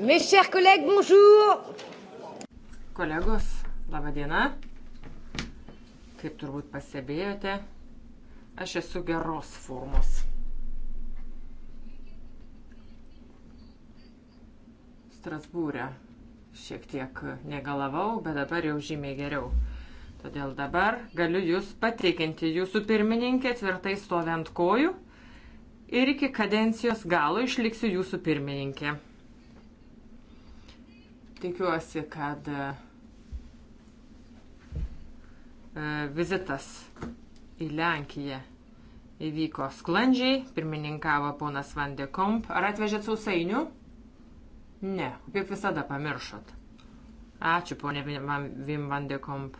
Mes chers collègues, bonjour. Kolegos, laba diena. Kaip turbūt pastebėjote, aš esu geros formos. Strasbūrė šiek tiek negalavau, bet dabar jau žymiai geriau. Todėl dabar galiu jūs patikinti, jūsų pirmininkė tvirtai stovi ant kojų ir iki kadencijos galo išliksiu jūsų pirmininkė. Tikiuosi, kad e, e, vizitas į Lenkiją įvyko sklandžiai, pirmininkavo ponas Van de Komp. Ar atvežėt sausainių? Ne, kaip visada pamiršot. Ačiū, ponė Vim Van de Komp.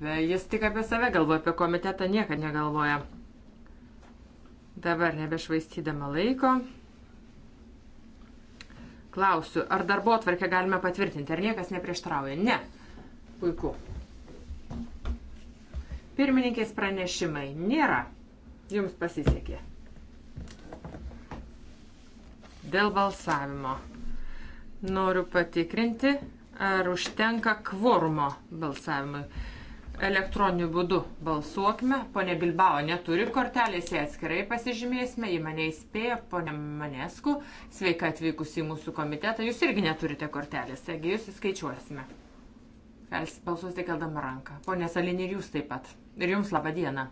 Be, jis tik apie save galvoja, apie komitetą niekad negalvoja. Dabar nebešvaistydama laiko. Klausiu, ar darbo atvarkę galime patvirtinti, ar niekas neprieštrauja? Ne. Puiku. Pirmininkės pranešimai nėra. Jums pasisekė. Dėl balsavimo. Noriu patikrinti, ar užtenka kvormo balsavimui. Elektroniniu būdu balsuokime. Pone Bilbao neturi kortelės, ją atskirai pasižymėsime. Į mane įspėjo, pone Manesku, sveika atvykusi į mūsų komitetą. Jūs irgi neturite kortelės, taigi jūs įskaičiuosime. Balsuosite keldama ranką. Pone Salinį ir jūs taip pat. Ir jums laba diena.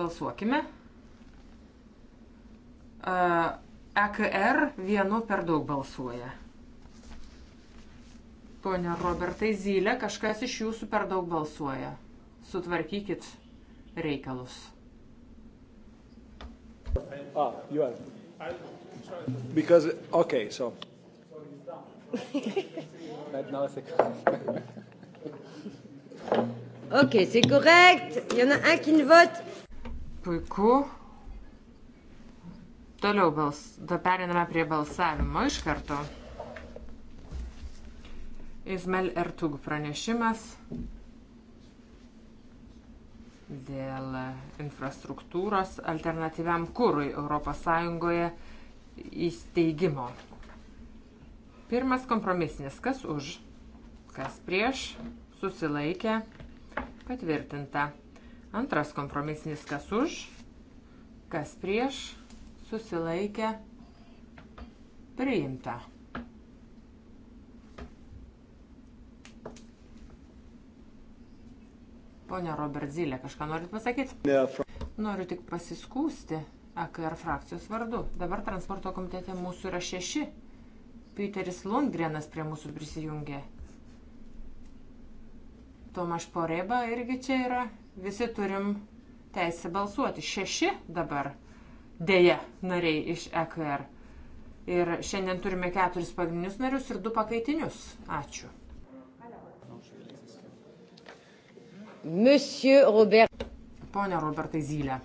Balsuokime. EKR vienu per daug balsuoja. Pone Robertai Zylė, kažkas iš jūsų per daug balsuoja. Sutvarkykit reikalus. Ah, you are. Because, okay, so. ok, c'est correct. Il y en a un qui ne vote. Puiku. Toliau bals... Da periname prie balsavimo iš karto. Izmel Ertug pranešimas dėl infrastruktūros alternatyviam kūrui ES įsteigimo. Pirmas kompromisinis, kas už, kas prieš, susilaikė, patvirtinta. Antras kompromisinis, kas už, kas prieš, susilaikė, priimta. Pone Robert Zylė, kažką norit pasakyti? Noriu tik pasiskūsti AKR frakcijos vardu. Dabar transporto komitete mūsų yra šeši. Peteris Lundgrenas prie mūsų prisijungė. Tomaš Poreba irgi čia yra. Visi turim teisę balsuoti. Šeši dabar dėja nariai iš EKR. Ir šiandien turime keturis pagrindinius narius ir du pakaitinius. Ačiū. Monsieur Robert. Pone Robertai Zylė.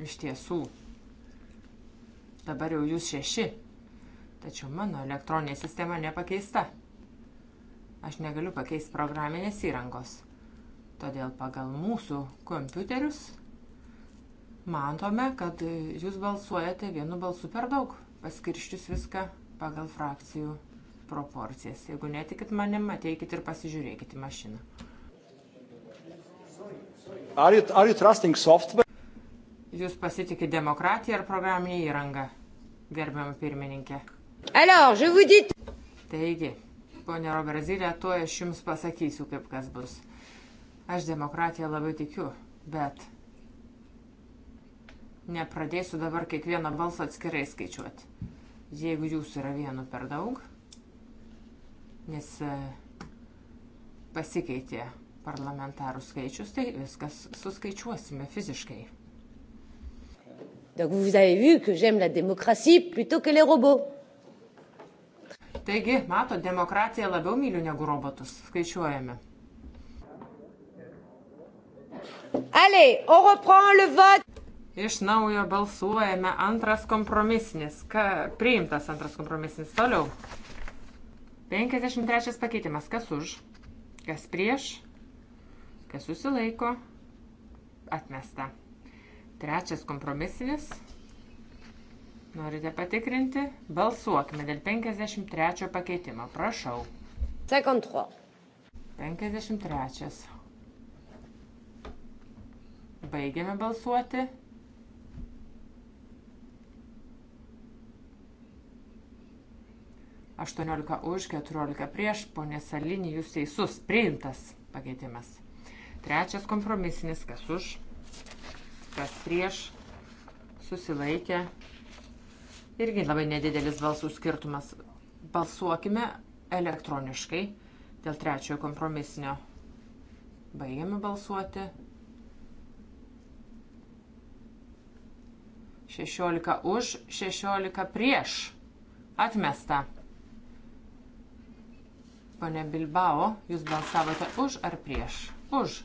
Iš tiesų, dabar jau jūs šeši, tačiau mano elektroninė sistema nepakeista. Aš negaliu pakeisti programinės įrangos. Todėl pagal mūsų kompiuterius matome, kad jūs balsuojate vienu balsu per daug, paskirščius viską pagal frakcijų proporcijas. Jeigu netikit manim, ateikit ir pasižiūrėkit į mašiną. Are you, are you trusting software? Jūs pasitikite demokratiją ar programinę įrangą, gerbiamą pirmininkę? Alors, je vous dis... Taigi, ponė Robrazilė, to aš jums pasakysiu, kaip kas bus. Aš demokratiją labai tikiu, bet nepradėsiu dabar kiekvieno balso atskirai skaičiuoti. Jeigu jūs yra vienu per daug, nes e, pasikeitė parlamentarų skaičius, tai viskas suskaičiuosime fiziškai. Donc vous avez vu que j'aime la démocratie plutôt que les robots. Taigi, mato, demokratiją labiau myliu negu robotus. Skaičiuojame. Allez, on reprend le vote. Iš naujo balsuojame antras kompromisinis. Ka, priimtas antras kompromisinis. Toliau. 53 pakeitimas. Kas už? Kas prieš? kas susilaiko, atmesta. Trečias kompromisinis. Norite patikrinti? Balsuokime dėl 53 pakeitimo. Prašau. 53. 53. Baigiame balsuoti. Aštuoniolika už, keturiolika prieš, ponė Salinį, jūs teisus, priimtas pakeitimas. Trečias kompromisinis, kas už, kas prieš, susilaikė. Irgi labai nedidelis balsų skirtumas. Balsuokime elektroniškai dėl trečiojo kompromisinio. Baigiame balsuoti. 16 už, 16 prieš. Atmesta. Pone Bilbao, jūs balsavote už ar prieš? Už.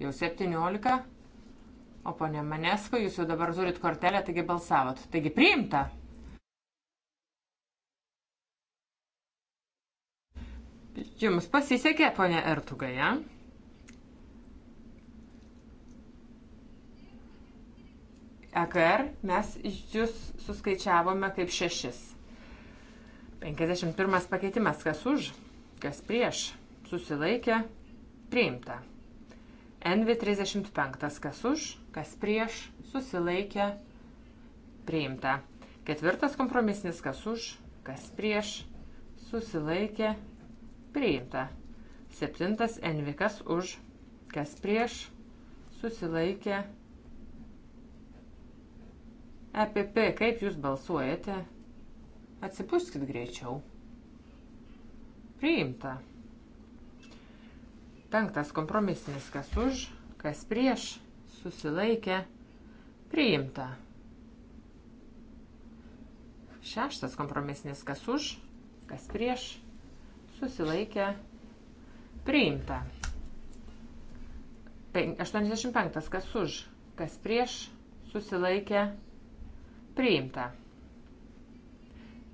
Jau 17. O ponė Manesko, jūs jau dabar turit kortelę, taigi balsavot. Taigi priimta. Jums pasisekė, ponė Ertuga, ja? EKR mes jūs suskaičiavome kaip šešis. 51 pakeitimas, kas už, kas prieš, susilaikė, priimta. NV35 kas už, kas prieš, susilaikė, priimta. Ketvirtas kompromisinis kas už, kas prieš, susilaikė, priimta. Septintas NV kas už, kas prieš, susilaikė. EPP, kaip jūs balsuojate? Atsipuskit greičiau. Priimta. Penktas kompromisinis, kas už, kas prieš, susilaikė, priimta. Šeštas kompromisinis, kas už, kas prieš, susilaikė, priimta. 85, kas už, kas prieš, susilaikė, priimta.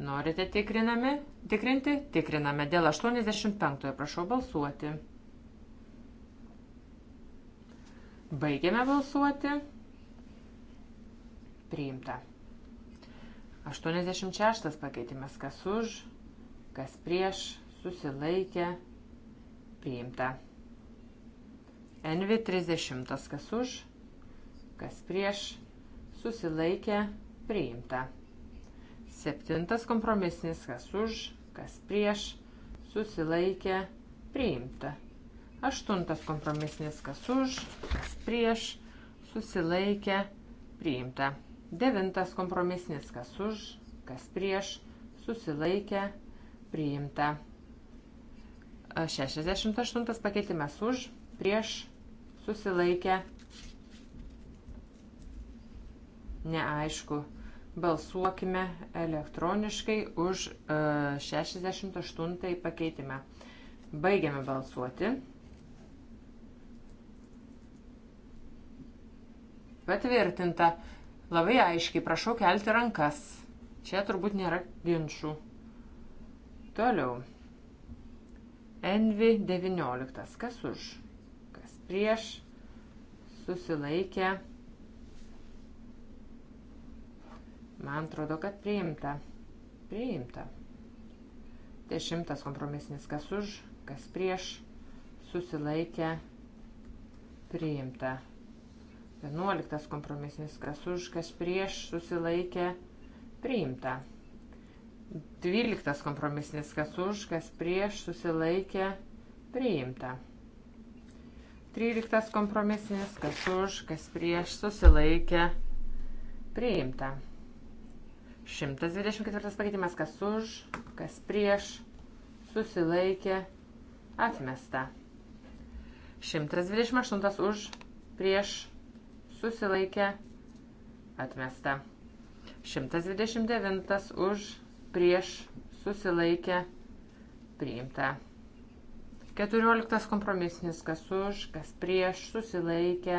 Norite tikrinami, tikrinti? Tikriname. Dėl 85, prašau balsuoti. Baigiame balsuoti. Priimta. 86 pakeitimas. Kas už, kas prieš, susilaikė. Priimta. NV30. Kas už, kas prieš, susilaikė. Priimta. Septintas kompromisinis. Kas už, kas prieš, susilaikė. Priimta. Aštuntas kompromisinis kas už, kas prieš, susilaikė, priimta. Devintas kompromisinis kas už, kas prieš, susilaikė, priimta. 68 pakeitimas už, prieš, susilaikė, neaišku. Balsuokime elektroniškai už 68 pakeitimą. Baigiame balsuoti. Patvirtinta. Labai aiškiai, prašau kelti rankas. Čia turbūt nėra ginčių. Toliau. Envi 19. Kas už? Kas prieš? Susilaikė. Man atrodo, kad priimta. Priimta. Dešimtas kompromisinis kas už, kas prieš, susilaikė, priimta. 11 kompromisinis, kas už, kas prieš susilaikė priimta. 12 kompromisinis, kas už, kas prieš susilaikė priimta. 13 kompromisinis, kas už, kas prieš susilaikė priimta. 124 pakeitimas, kas už, kas prieš susilaikė atmesta. 128 už prieš susilaikė, atmesta. 129 už, prieš, susilaikė, priimta. 14 kompromisinis, kas už, kas prieš, susilaikė,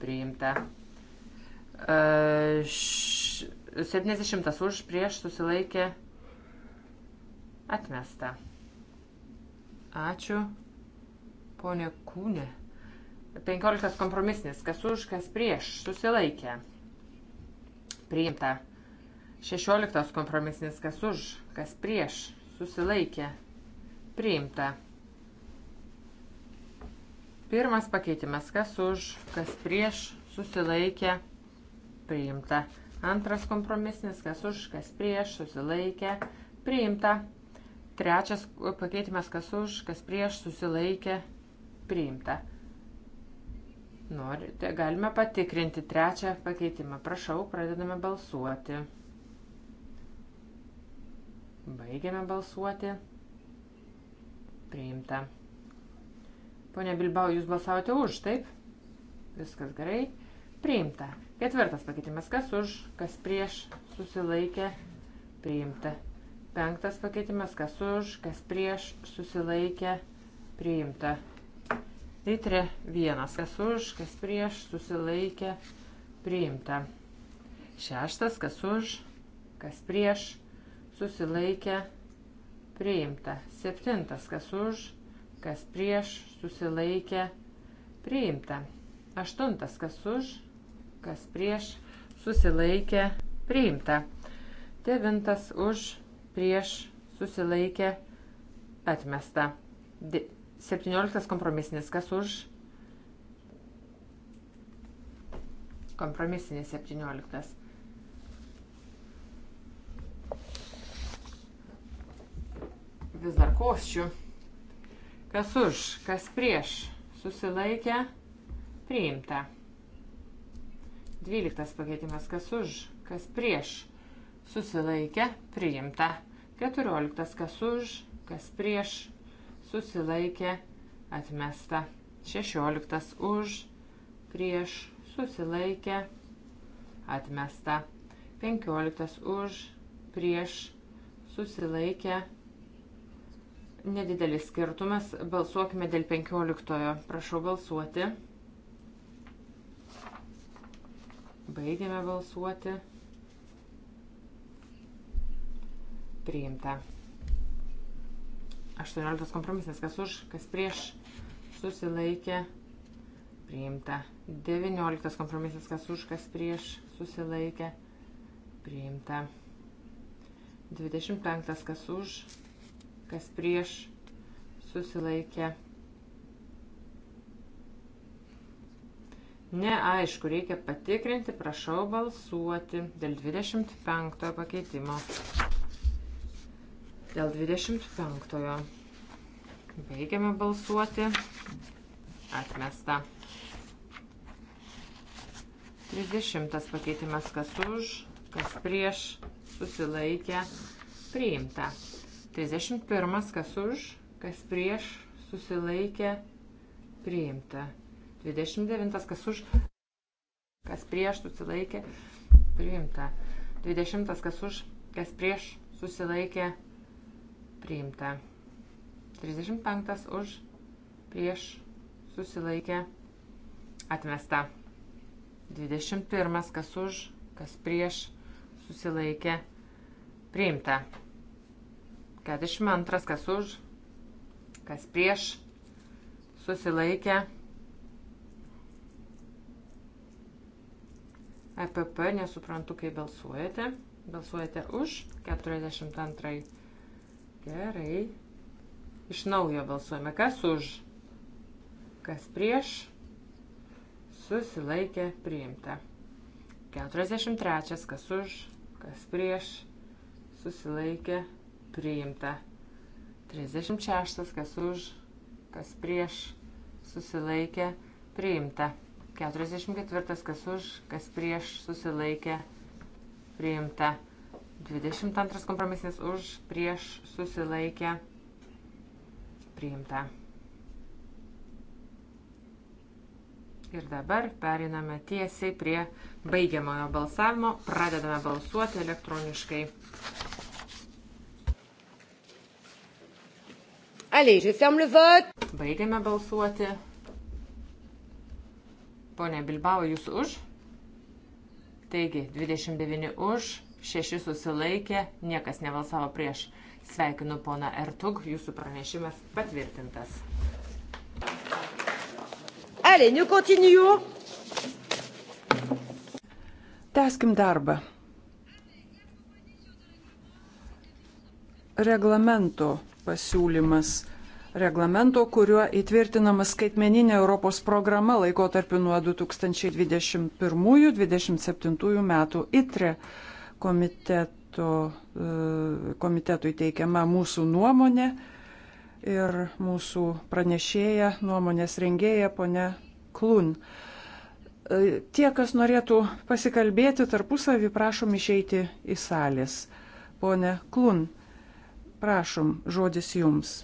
priimta. 70 e, už, prieš, susilaikė, atmesta. Ačiū, ponė Kūnė. 15 kompromisnis, kas už, kas prieš, susilaikė. Priimta. 16 kompromisnis, kas už, kas prieš, susilaikė. Priimta. Pirmas pakeitimas, kas už, kas prieš, susilaikė. Priimta. Antras kompromisnis, kas už, kas prieš, susilaikė. Priimta. Trečias pakeitimas, kas už, kas prieš, susilaikė. Priimta. Norite, galime patikrinti trečią pakeitimą. Prašau, pradedame balsuoti. Baigiame balsuoti. Priimta. Pone Bilbao, jūs balsavote už, taip? Viskas gerai. Priimta. Ketvirtas pakeitimas. Kas už, kas prieš, susilaikė. Priimta. Penktas pakeitimas. Kas už, kas prieš, susilaikė. Priimta. Litre vienas, kas už, kas prieš, susilaikė, priimta. Šeštas, kas už, kas prieš, susilaikė, priimta. Septintas, kas už, kas prieš, susilaikė, priimta. Aštuntas, kas už, kas prieš, susilaikė, priimta. Devintas, už, prieš, susilaikė, atmesta. De 17 kompromisinis, kas už? Kompromisinis 17. Vis dar koščiu. Kas už, kas prieš, susilaikę, priimta. 12 pakeitimas, kas už, kas prieš, susilaikę, priimta. 14 kas už, kas prieš, susilaikė, atmesta. 16 už, prieš, susilaikė, atmesta. 15 už, prieš, susilaikė. Nedidelis skirtumas. Balsuokime dėl 15. Prašau balsuoti. Baigiame balsuoti. Priimta. 18 kompromisas, kas už, kas prieš, susilaikė, priimta. 19 kompromisas, kas už, kas prieš, susilaikė, priimta. 25 kas už, kas prieš, susilaikė. Neaišku, reikia patikrinti, prašau balsuoti dėl 25 pakeitimo. Dėl 25. Baigiame balsuoti. Atmesta. 30 pakeitimas kas už, kas prieš, susilaikė, priimta. 31 kas už, kas prieš, susilaikė, priimta. 29 kas už, kas prieš, susilaikė, priimta. 20 kas už, kas prieš, susilaikė, priimta priimta. 35 už prieš susilaikę atmesta. 21 kas už, kas prieš susilaikę priimta. 42 kas už, kas prieš susilaikę. EPP nesuprantu, kai balsuojate. Balsuojate už 42 Gerai. Iš naujo balsuojame. Kas už? Kas prieš? Susilaikė priimta. 43. Kas už? Kas prieš? Susilaikė priimta. 36. Kas už? Kas prieš? Susilaikė priimta. 44. Kas už? Kas prieš? Susilaikė priimta. 22 kompromisinis už prieš susilaikę priimta. Ir dabar periname tiesiai prie baigiamojo balsavimo. Pradedame balsuoti elektroniškai. Allez, je ferme le vote. Baigiame balsuoti. Pone Bilbao, jūs už? Taigi, 29 už, šeši susilaikė, niekas nevalsavo prieš. Sveikinu pona Ertug, jūsų pranešimas patvirtintas. Allez, nous continuons. Teskim darbą. Reglamento pasiūlymas reglamento, kuriuo įtvirtinama skaitmeninė Europos programa laikotarpiu nuo 2021-2027 metų ITRE komiteto, e, komitetui teikiama mūsų nuomonė ir mūsų pranešėja, nuomonės rengėja ponė Klun. E, tie, kas norėtų pasikalbėti tarpusavį, prašom išeiti į salės. Pone Klun, prašom, žodis jums.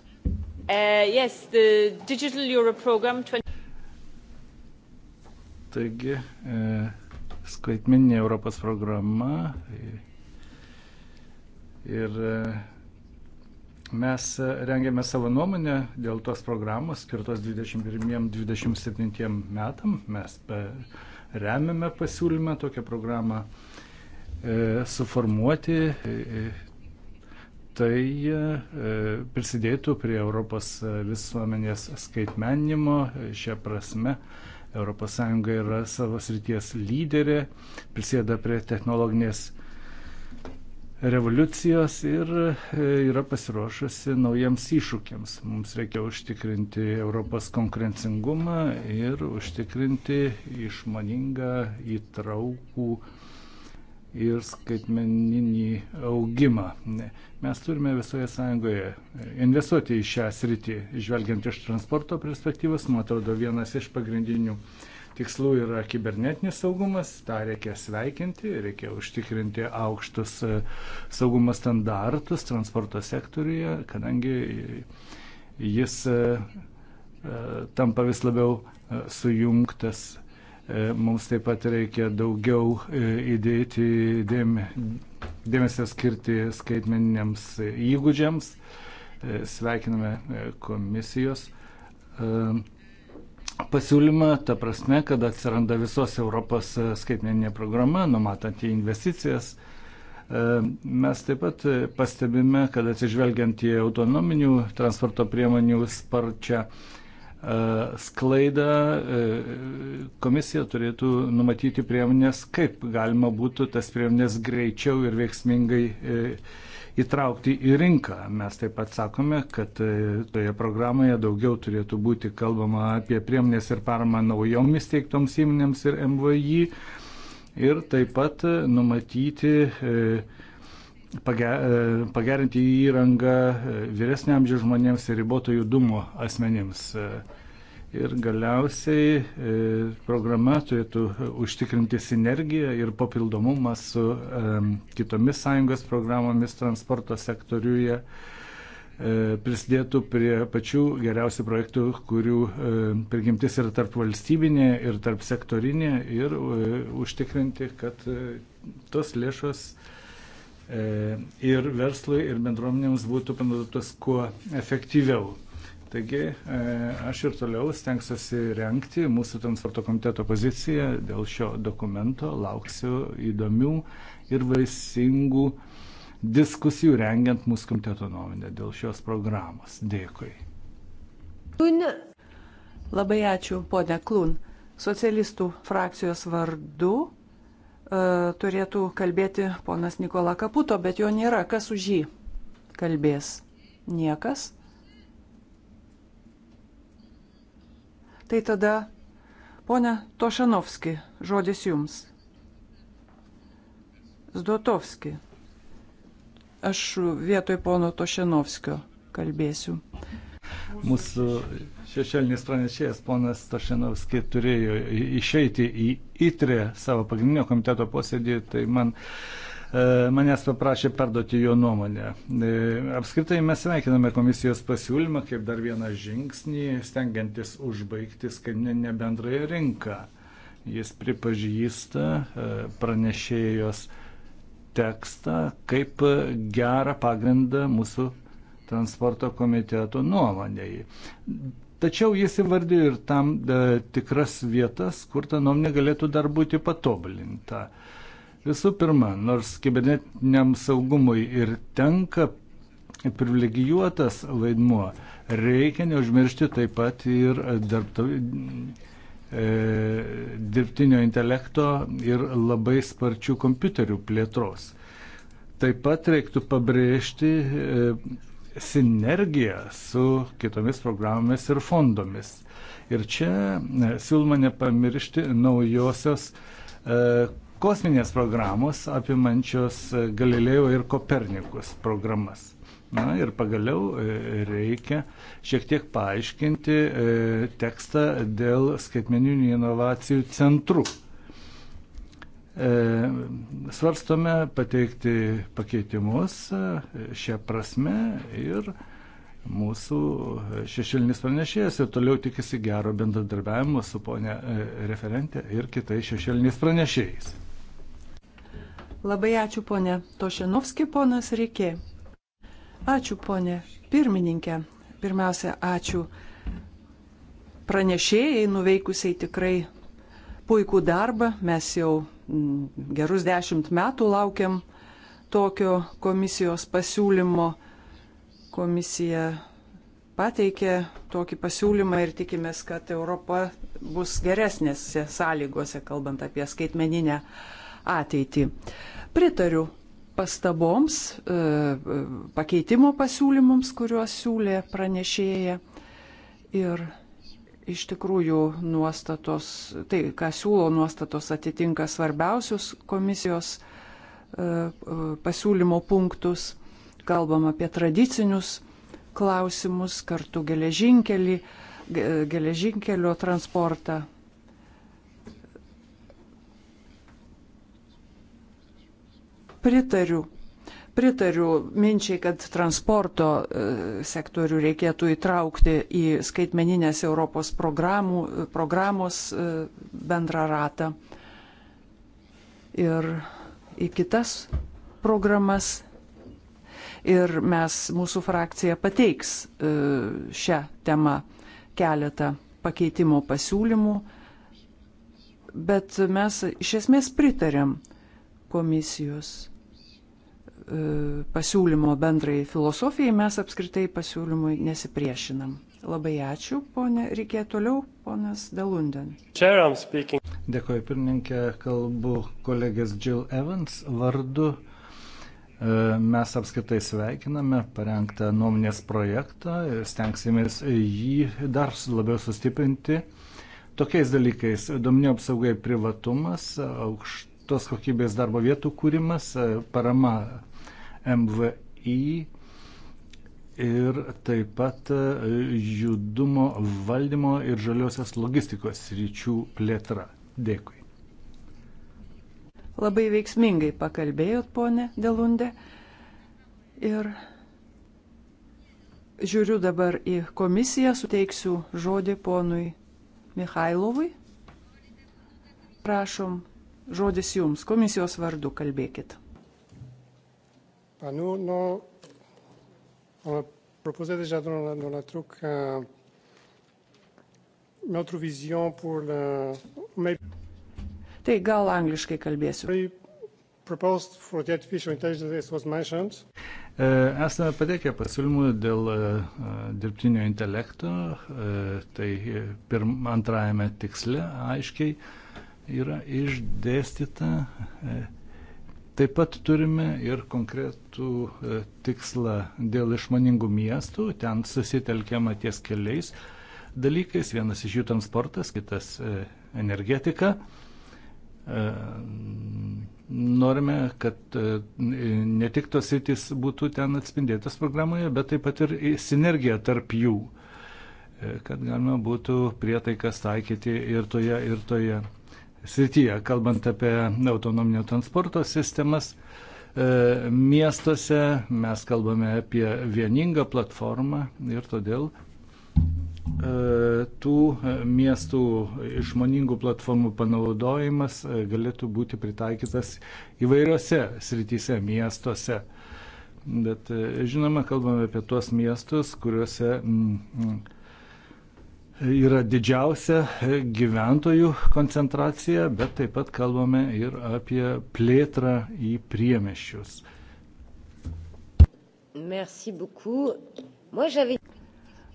Uh, yes, the Digital Euro program 20... Taigi, uh skaitmeninė Europos programa. Ir e, mes e, rengėme savo nuomonę dėl tos programos skirtos 21-27 metam. Mes e, remiame pasiūlymą tokią programą suformuoti. Tai prisidėtų prie Europos visuomenės skaitmenimo šią prasme. ES yra savo srities lyderė, prisėda prie technologinės revoliucijos ir e, yra pasiruošusi naujiems iššūkiams. Mums reikia užtikrinti Europos konkurencingumą ir užtikrinti išmaningą įtraukų ir skaitmeninį augimą. Mes turime visoje sąjungoje investuoti į šią sritį, žvelgiant iš transporto perspektyvos, man atrodo, vienas iš pagrindinių tikslų yra kibernetinis saugumas, tą reikia sveikinti, reikia užtikrinti aukštus e, saugumo standartus transporto sektoriuje, kadangi jis e, e, tampa vis labiau sujungtas E, mums taip pat reikia daugiau e, įdėti dėmesio skirti skaitmeniniams e, įgūdžiams. Sveikiname komisijos pasiūlymą, ta prasme, kad atsiranda visos Europos skaitmeninė programa, numatant į investicijas. Mes taip pat pastebime, kad atsižvelgiant į autonominių transporto priemonių sparčią sklaidą e, komisija turėtų numatyti priemonės, kaip galima būtų tas priemonės greičiau ir veiksmingai e, įtraukti į rinką. Mes taip pat sakome, kad e, toje programoje daugiau turėtų būti kalbama apie priemonės ir paramą naujomis teiktoms įmonėms ir MVI ir taip pat numatyti E, pagerinti įrangą e, vyresniam amžiaus žmonėms ir riboto judumo asmenims. E, ir galiausiai programa turėtų užtikrinti sinergiją ir papildomumą su kitomis sąjungos programomis transporto sektoriuje, prisidėtų prie pačių geriausių projektų, kurių prigimtis yra tarp valstybinė ir tarp sektorinė ir užtikrinti, kad tos lėšos E, ir verslui, ir bendruomenėms būtų panaudotas kuo efektyviau. Taigi e, aš ir toliau stengsiuosi renkti mūsų transporto komiteto poziciją dėl šio dokumento, lauksiu įdomių ir vaisingų diskusijų rengiant mūsų komiteto nuomonę dėl šios programos. Dėkui. Labai ačiū, ponia Klun. Socialistų frakcijos vardu E, turėtų kalbėti ponas Nikola Kaputo, bet jo nėra. Kas už jį kalbės? Niekas. Tai tada, ponia Tošanovski, žodis jums. Zdotovski. Aš vietoj pono Tošanovskio kalbėsiu. Mūsų šešėlinis pranešėjas ponas Tošinovski turėjo išeiti į ITRE savo pagrindinio komiteto posėdį, tai man e, manęs paprašė perduoti jo nuomonę. E, apskritai mes sveikiname komisijos pasiūlymą kaip dar vieną žingsnį, stengiantis užbaigti skandinę bendrąją rinką. Jis pripažįsta e, pranešėjos tekstą kaip gerą pagrindą mūsų transporto komiteto nuomonėjai. Tačiau jis įvardėjo ir tam da, e, tikras vietas, kur ta nuomonė galėtų dar būti patobulinta. Visų pirma, nors kibernetiniam saugumui ir tenka privilegijuotas vaidmuo, reikia neužmiršti taip pat ir darbtav... e, dirbtinio intelekto ir labai sparčių kompiuterių plėtros. Taip pat reiktų pabrėžti e, sinergiją su kitomis programomis ir fondomis. Ir čia e, siūloma nepamiršti naujosios e, kosminės programos apimančios e, Galilėjo ir Kopernikus programas. Na ir pagaliau e, reikia šiek tiek paaiškinti tekstą dėl skaitmeninių inovacijų centrų. E, svarstome pateikti pakeitimus e, šią prasme ir mūsų šešėlinis pranešėjas ir toliau tikisi gero bendradarbiavimo su ponia e, referente ir kitais šešėliniais pranešėjais. Labai ačiū ponė Tošinovski, ponas Reikė. Ačiū ponė pirmininkė. Pirmiausia, ačiū pranešėjai nuveikusiai tikrai puikų darbą. Mes jau mm, gerus dešimt metų laukiam tokio komisijos pasiūlymo. Komisija pateikė tokį pasiūlymą ir tikimės, kad Europa bus geresnėse sąlygose, kalbant apie skaitmeninę ateitį. Pritariu pastaboms, e, pakeitimo pasiūlymams, kuriuos siūlė pranešėja. Ir iš tikrųjų nuostatos, tai ką siūlo nuostatos atitinka svarbiausius komisijos e, e, pasiūlymo punktus. Kalbam apie tradicinius klausimus, kartu geležinkelį, geležinkelio transportą. Pritariu pritariu minčiai, kad transporto e, sektorių reikėtų įtraukti į skaitmeninės Europos programų, programos e, bendrą ratą ir į kitas programas. Ir mes, mūsų frakcija pateiks e, šią temą keletą pakeitimo pasiūlymų, bet mes iš esmės pritarėm komisijos E, pasiūlymo bendrai filosofijai mes apskritai pasiūlymui nesipriešinam. Labai ačiū, ponė. Reikėjo toliau, ponas Delunden. Dėkoju, pirmininkė, kalbu kolegės Jill Evans vardu. E, mes apskritai sveikiname parengtą nuomonės projektą ir stengsimės jį dar labiau sustiprinti. Tokiais dalykais - duomenų apsaugai privatumas, aukštos kokybės darbo vietų kūrimas, e, parama MVI ir taip pat e, judumo valdymo ir žaliosios logistikos ryčių plėtra. Dėkui. Labai veiksmingai pakalbėjot, ponė Delundė. Ir žiūriu dabar į komisiją, suteiksiu žodį ponui Mihailovui. Prašom, žodis jums, komisijos vardu kalbėkit. Dar ah, nu, nu am proposé déjà dans la, dans la truc euh, notre vision pour le... Uh, Mais... Tai gal angliškai kalbėsiu. Esame pateikę pasiūlymų dėl dirbtinio intelekto, tai uh, pirm, antrajame tiksle aiškiai yra išdėstyta uh, Taip pat turime ir konkretų e, tikslą dėl išmaningų miestų, ten susitelkiama ties keliais dalykais, vienas iš jų transportas, kitas e, energetika. E, norime, kad ne tik tos sritys būtų ten atspindėtas programoje, bet taip pat ir sinergija tarp jų, kad galima būtų prietaikas taikyti ir toje, ir toje srityje, kalbant apie autonominio transporto sistemas. E, miestuose mes kalbame apie vieningą platformą ir todėl e, tų miestų išmoningų platformų panaudojimas e, galėtų būti pritaikytas įvairiose srityse miestuose. Bet žinoma, kalbame apie tuos miestus, kuriuose yra didžiausia gyventojų koncentracija, bet taip pat kalbame ir apie plėtrą į priemešius.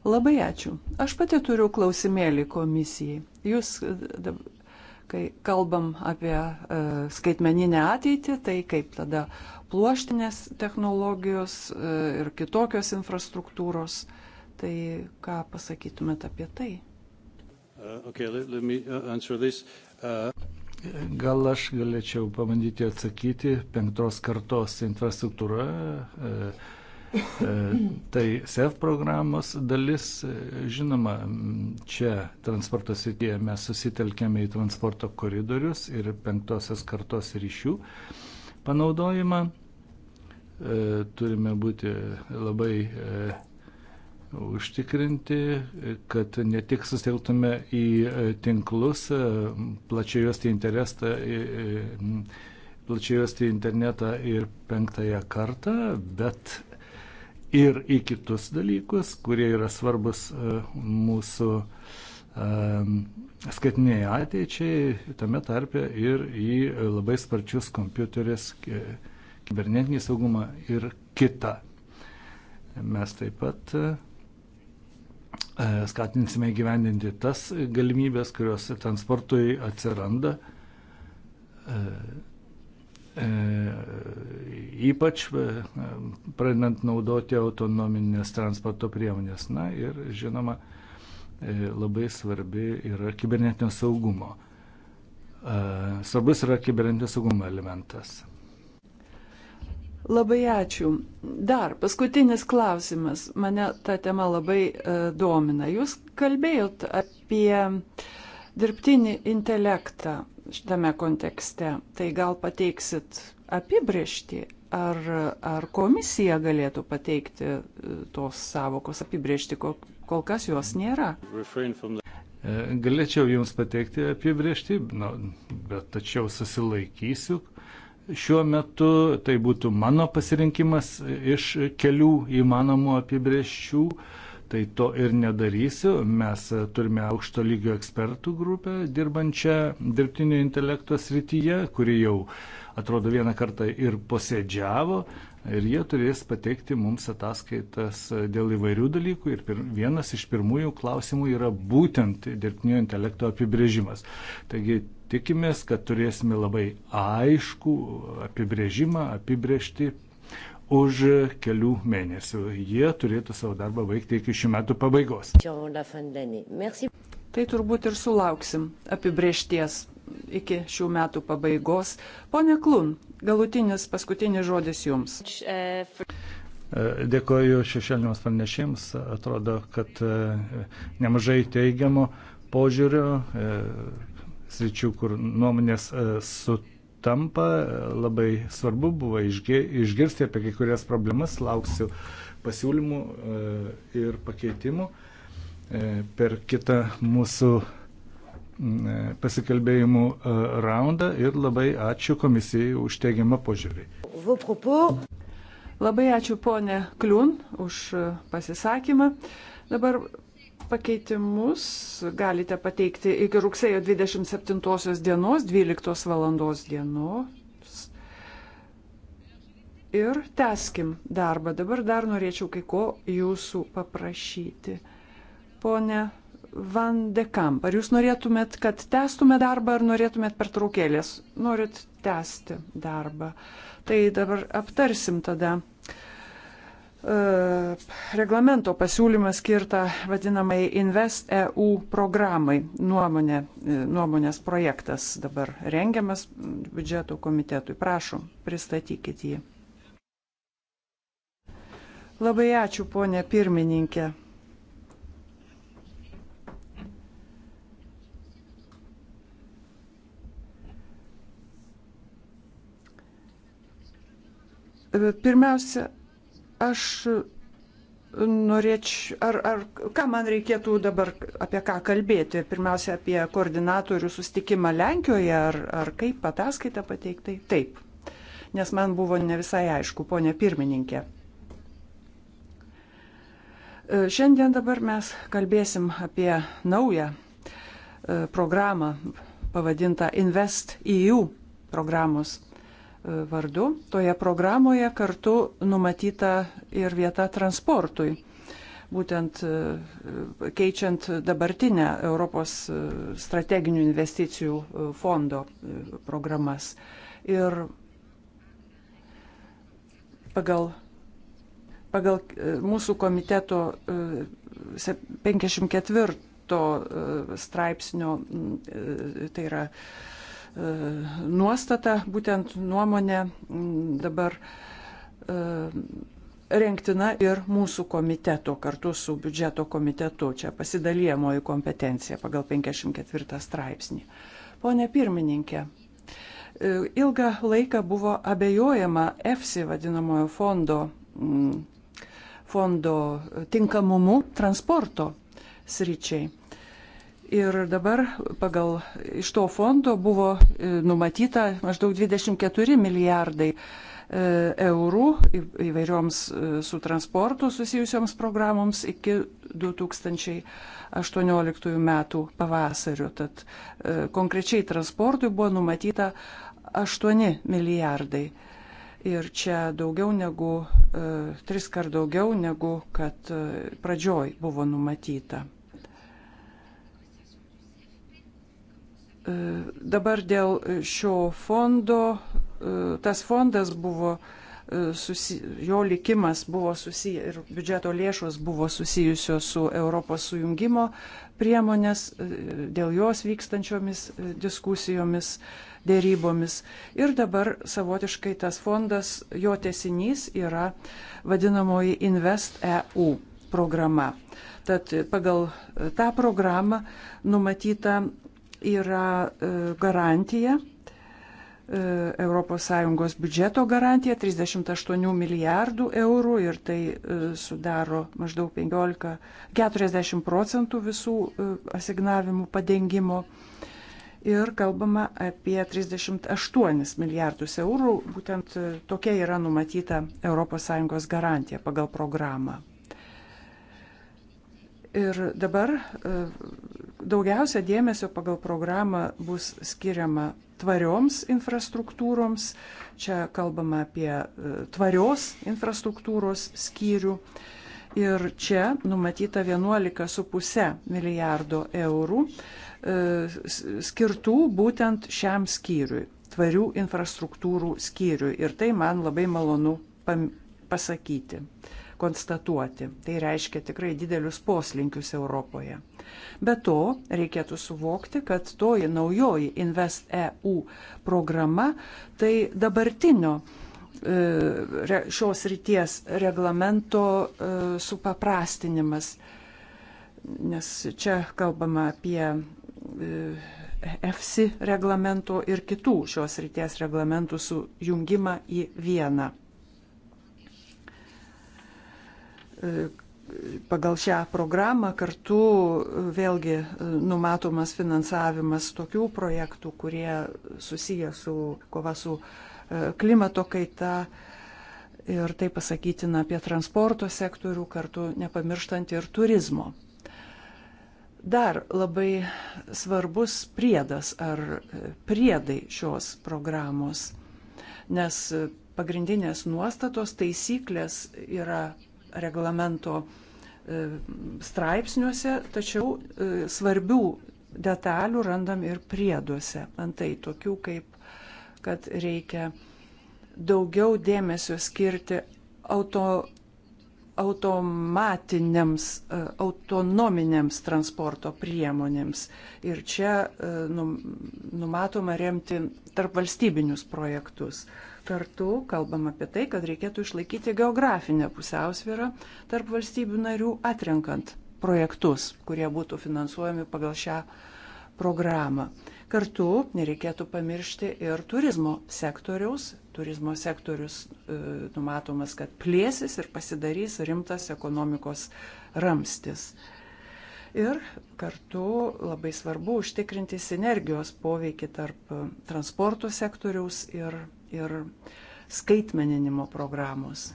Labai ačiū. Aš pati turiu klausimėlį komisijai. Jūs, e, kai kalbam apie e, skaitmeninę ateitį, tai kaip tada pluoštinės technologijos e, ir kitokios infrastruktūros uh, Tai ką pasakytumėt apie tai? Uh, okay, let, let me uh, answer this. Uh... Gal aš galėčiau pabandyti atsakyti, penktos kartos infrastruktūra, e, e, tai SEF programos dalis, žinoma, čia transporto srityje mes susitelkėme į transporto koridorius ir penktosios kartos ryšių panaudojimą. E, turime būti labai e, užtikrinti, kad ne tik susitelktume į e, tinklus, e, plačiai juosti interesą, e, plačiai juosti internetą ir penktąją kartą, bet ir į kitus dalykus, kurie yra svarbus mūsų skaitiniai ateičiai, tame tarpe ir į labai sparčius kompiuterius, kibernetinį saugumą ir kitą. Mes taip pat E, skatinsime gyvendinti tas galimybės, kurios transportui atsiranda, e, e, ypač pradedant naudoti autonominės transporto priemonės. Na ir žinoma, labai svarbi yra kibernetinio saugumo. Svarbus yra kibernetinio saugumo elementas. Labai ačiū. Dar paskutinis klausimas. Mane ta tema labai e, domina. Jūs kalbėjot apie dirbtinį intelektą šitame kontekste. Tai gal pateiksit apibriešti, ar, ar komisija galėtų pateikti e, tos savokos apibriešti, kol, kol kas jos nėra. E, galėčiau Jums pateikti apibriešti, nu, bet tačiau susilaikysiu, šiuo metu, tai būtų mano pasirinkimas iš kelių įmanomų apibrėžčių. Tai to ir nedarysiu. Mes turime aukšto lygio ekspertų grupę dirbančią dirbtinio intelekto srityje, kuri jau atrodo vieną kartą ir posėdžiavo ir jie turės pateikti mums ataskaitas e, dėl įvairių dalykų ir pir, vienas iš pirmųjų klausimų yra būtent dirbtinio intelekto apibrėžimas. Taigi tikimės, kad turėsime labai aišku apibrėžimą, apibrėžti už kelių mėnesių. Jie turėtų savo darbą baigti iki šių metų pabaigos. Tai turbūt ir sulauksim apibriešties iki šių metų pabaigos. Pone Klun, galutinis paskutinis žodis jums. E, dėkoju šešėliniams pranešėjams. Atrodo, kad e, nemažai teigiamo požiūrio, e, sričių, kur nuomonės sutampa, labai svarbu buvo išgirsti apie kai kurias problemas, lauksiu pasiūlymų ir pakeitimų per kitą mūsų E, pasikalbėjimų e, raundą ir labai ačiū komisijai už teigiamą požiūrį. Labai ačiū ponė Kliun už e, pasisakymą. Dabar pakeitimus galite pateikti iki rugsėjo 27 dienos, 12 valandos dienos. Ir teskim darbą. Dabar dar norėčiau kai ko jūsų paprašyti. Pone Van de Kamp, ar jūs norėtumėt, kad tęstume darbą, ar norėtumėt pertraukėlės? Norit tęsti darbą. Tai dabar aptarsim tada e, reglamento pasiūlymą skirtą vadinamai Invest EU programai. Nuomonė, e, nuomonės projektas dabar rengiamas biudžeto komitetui. Prašom, pristatykit jį. Labai ačiū, ponė pirmininkė. Pirmiausia, aš norėčiau, ar, ar ką man reikėtų dabar apie ką kalbėti? Pirmiausia, apie koordinatorių sustikimą Lenkijoje, ar, ar kaip ataskaita pateiktai? Taip, nes man buvo ne visai aišku, ponė pirmininkė. E, šiandien dabar mes kalbėsim apie naują e, programą pavadintą Invest EU programos vardu. Toje programoje kartu numatyta ir vieta transportui, būtent e, keičiant dabartinę Europos e, strateginių investicijų e, fondo programas. Ir pagal, pagal mūsų komiteto 54 straipsnio, tai yra nuostata, būtent nuomonė mm, dabar e, renktina ir mūsų komiteto kartu su biudžeto komitetu. Čia pasidalėjamoji kompetencija pagal 54 straipsnį. Pone pirmininkė, e, ilgą laiką buvo abejojama EFSI vadinamojo fondo, mm, fondo tinkamumu transporto sričiai. Ir dabar pagal iš to fondo buvo e, numatyta maždaug 24 milijardai e, eurų įvairioms e, su transportu susijusioms programoms iki 2018 metų pavasario. Tad konkrečiai transportui buvo numatyta 8 milijardai. Ir čia daugiau negu, tris kart daugiau negu kad pradžioj buvo numatyta. E, dabar dėl šio fondo, e, tas fondas buvo, e, susi, jo likimas buvo susiję ir biudžeto lėšos buvo susijusios su Europos sujungimo priemonės, dėl jos vykstančiomis diskusijomis, dėrybomis. Ir dabar savotiškai tas fondas, jo tesinys yra vadinamoji Invest EU programa. Tad pagal tą programą numatyta yra e, garantija, ES biudžeto garantija 38 milijardų eurų ir tai e, sudaro maždaug 15, 40 procentų visų e, asignavimų padengimo. Ir kalbama apie 38 milijardus eurų, būtent tokia yra numatyta ES garantija pagal programą. Ir dabar daugiausia dėmesio pagal programą bus skiriama tvarioms infrastruktūroms. Čia kalbama apie e, tvarios infrastruktūros skyrių. Ir čia numatyta 11,5 milijardo eurų e, skirtų būtent šiam skyriui, tvarių infrastruktūrų skyriui. Ir tai man labai malonu pasakyti, konstatuoti. Tai reiškia tikrai didelius poslinkius Europoje. Be to, reikėtų suvokti, kad toji naujoji InvestEU programa tai dabartinio e, šios ryties reglamento e, supaprastinimas, nes čia kalbama apie EFSI reglamento ir kitų šios ryties reglamentų sujungimą į vieną. E, pagal šią programą kartu vėlgi e, numatomas finansavimas tokių projektų, kurie susiję su kova su e, klimato kaita. Ir tai pasakytina apie transporto sektorių, kartu nepamirštant ir turizmo. Dar labai svarbus priedas ar e, priedai šios programos, nes pagrindinės nuostatos taisyklės yra reglamento e, straipsniuose, tačiau e, svarbių detalių randam ir prieduose. Antai tokių kaip, kad reikia daugiau dėmesio skirti auto automatiniams, e, autonominiams transporto priemonėms. Ir čia e, numatoma remti tarp valstybinius projektus. Kartu kalbam apie tai, kad reikėtų išlaikyti geografinę pusiausvyrą tarp valstybių narių atrenkant projektus, kurie būtų finansuojami pagal šią programą. Kartu nereikėtų pamiršti ir turizmo sektoriaus. Turizmo sektorius e, numatomas, kad plėsis ir pasidarys rimtas ekonomikos ramstis. Ir kartu labai svarbu užtikrinti sinergijos poveikį tarp e, transporto sektoriaus ir, ir skaitmeninimo programos.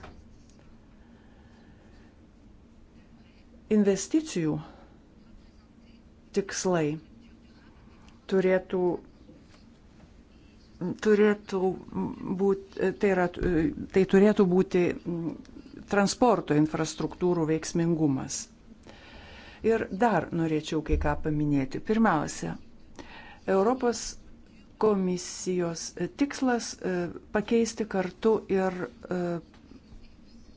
Investicijų tikslai turėtų, turėtų būti, tai, yra, tai turėtų būti transporto infrastruktūrų veiksmingumas. Ir dar norėčiau kai ką paminėti. Pirmiausia, Europos komisijos tikslas e, pakeisti kartu ir e,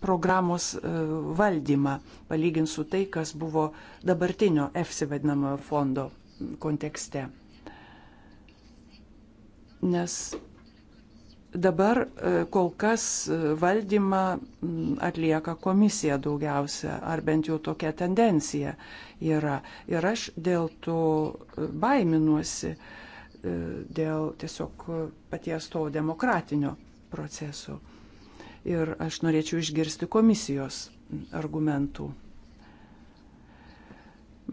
programos e, valdymą, palygint su tai, kas buvo dabartinio EFSI vadinamojo fondo kontekste nes dabar e, kol kas e, valdymą atlieka komisija daugiausia, ar bent jau tokia tendencija yra. Ir aš dėl to e, baiminuosi, dėl tiesiog paties to demokratinio proceso. Ir aš norėčiau išgirsti komisijos argumentų.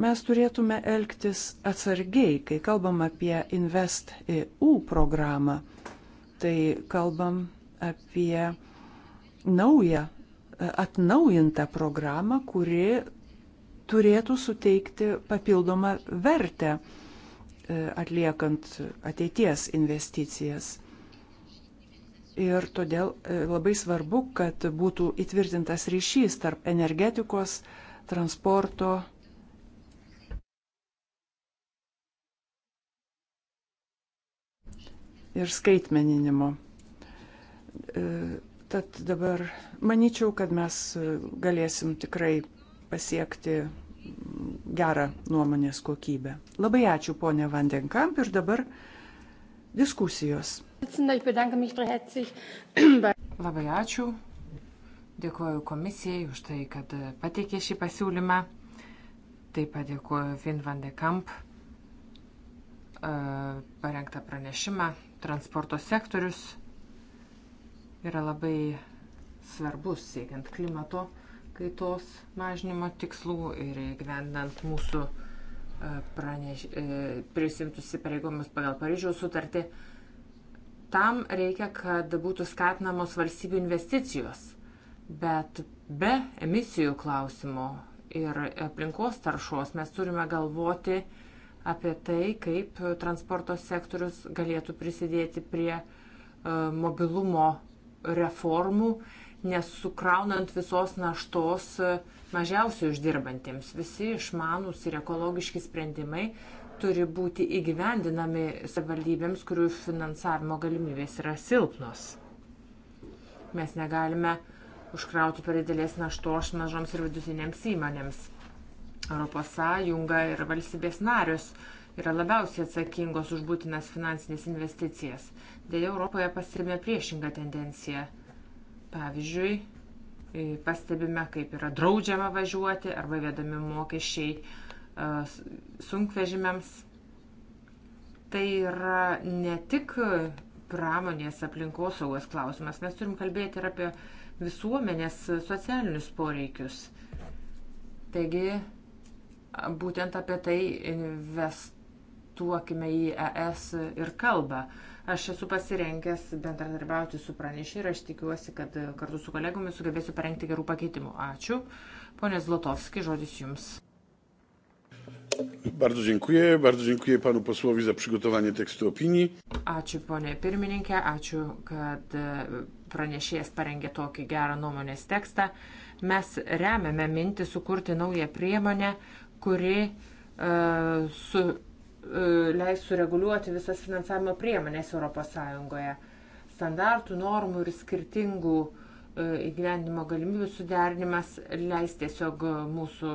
Mes turėtume elgtis atsargiai, kai kalbam apie Invest EU programą, tai kalbam apie naują, e, atnaujintą programą, kuri turėtų suteikti papildomą vertę e, atliekant ateities investicijas. Ir todėl e, labai svarbu, kad būtų įtvirtintas ryšys tarp energetikos, transporto ir skaitmeninimo. E, tad dabar manyčiau, kad mes galėsim tikrai pasiekti gerą nuomonės kokybę. Labai ačiū ponė Vandenkamp ir dabar diskusijos. Labai ačiū. Dėkuoju komisijai už tai, kad pateikė šį pasiūlymą. Taip pat dėkuoju Vin Vandekamp e, parengtą pranešimą transporto sektorius yra labai svarbus siekiant klimato kaitos mažinimo tikslų ir gyvendant mūsų e, praneš, e, prisimtus įpareigomus pagal Paryžiaus sutartį. Tam reikia, kad būtų skatinamos valstybių investicijos, bet be emisijų klausimo ir aplinkos taršos mes turime galvoti, apie tai, kaip transporto sektorius galėtų prisidėti prie e, mobilumo reformų, nesukraunant visos naštos e, mažiausiai uždirbantiems. Visi išmanus ir ekologiški sprendimai turi būti įgyvendinami savivaldybėms, kurių finansavimo galimybės yra silpnos. Mes negalime užkrauti per didelės naštos mažoms ir vidutinėms įmonėms. ES ir valstybės narius yra labiausiai atsakingos už būtinas finansinės investicijas. Deja, Europoje pastebime priešingą tendenciją. Pavyzdžiui, e, pastebime, kaip yra draudžiama važiuoti arba vedami mokesčiai e, sunkvežimiams. Tai yra ne tik pramonės aplinkosaugos klausimas, mes turim kalbėti ir apie visuomenės socialinius poreikius. Taigi, būtent apie tai investuokime į ES ir kalbą. Aš esu pasirengęs bendradarbiauti su pranešiu ir aš tikiuosi, kad kartu su kolegomis sugebėsiu parengti gerų pakeitimų. Ačiū. Pone Zlotovski, žodis Jums. Bardzo dziękuję, bardzo dziękuję panu posłowi za przygotowanie tekstu opinii. Ačiū ponė pirmininkė, ačiū, kad e, pranešėjas parengė tokį gerą nuomonės tekstą. Mes remiame mintį sukurti naują priemonę, kuri uh, su, uh, leis sureguliuoti visas finansavimo priemonės ES. Standartų, normų ir skirtingų uh, įgyvendimo galimybių suderinimas leis tiesiog mūsų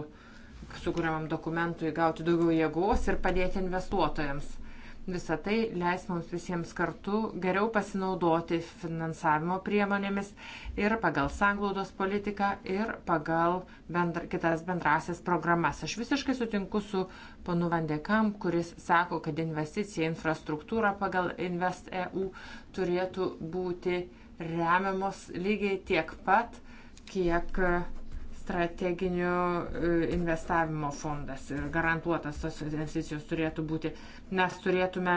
sukūriamam dokumentui gauti daugiau jėgos ir padėti investuotojams Visą tai leis mums visiems kartu geriau pasinaudoti finansavimo priemonėmis ir pagal sanglaudos politiką ir pagal bendra, kitas bendrasias programas. Aš visiškai sutinku su ponu Vandekam, kuris sako, kad investicija į infrastruktūrą pagal InvestEU turėtų būti remiamos lygiai tiek pat, kiek strateginių e, investavimo fondas ir garantuotas tos investicijos turėtų būti mes turėtume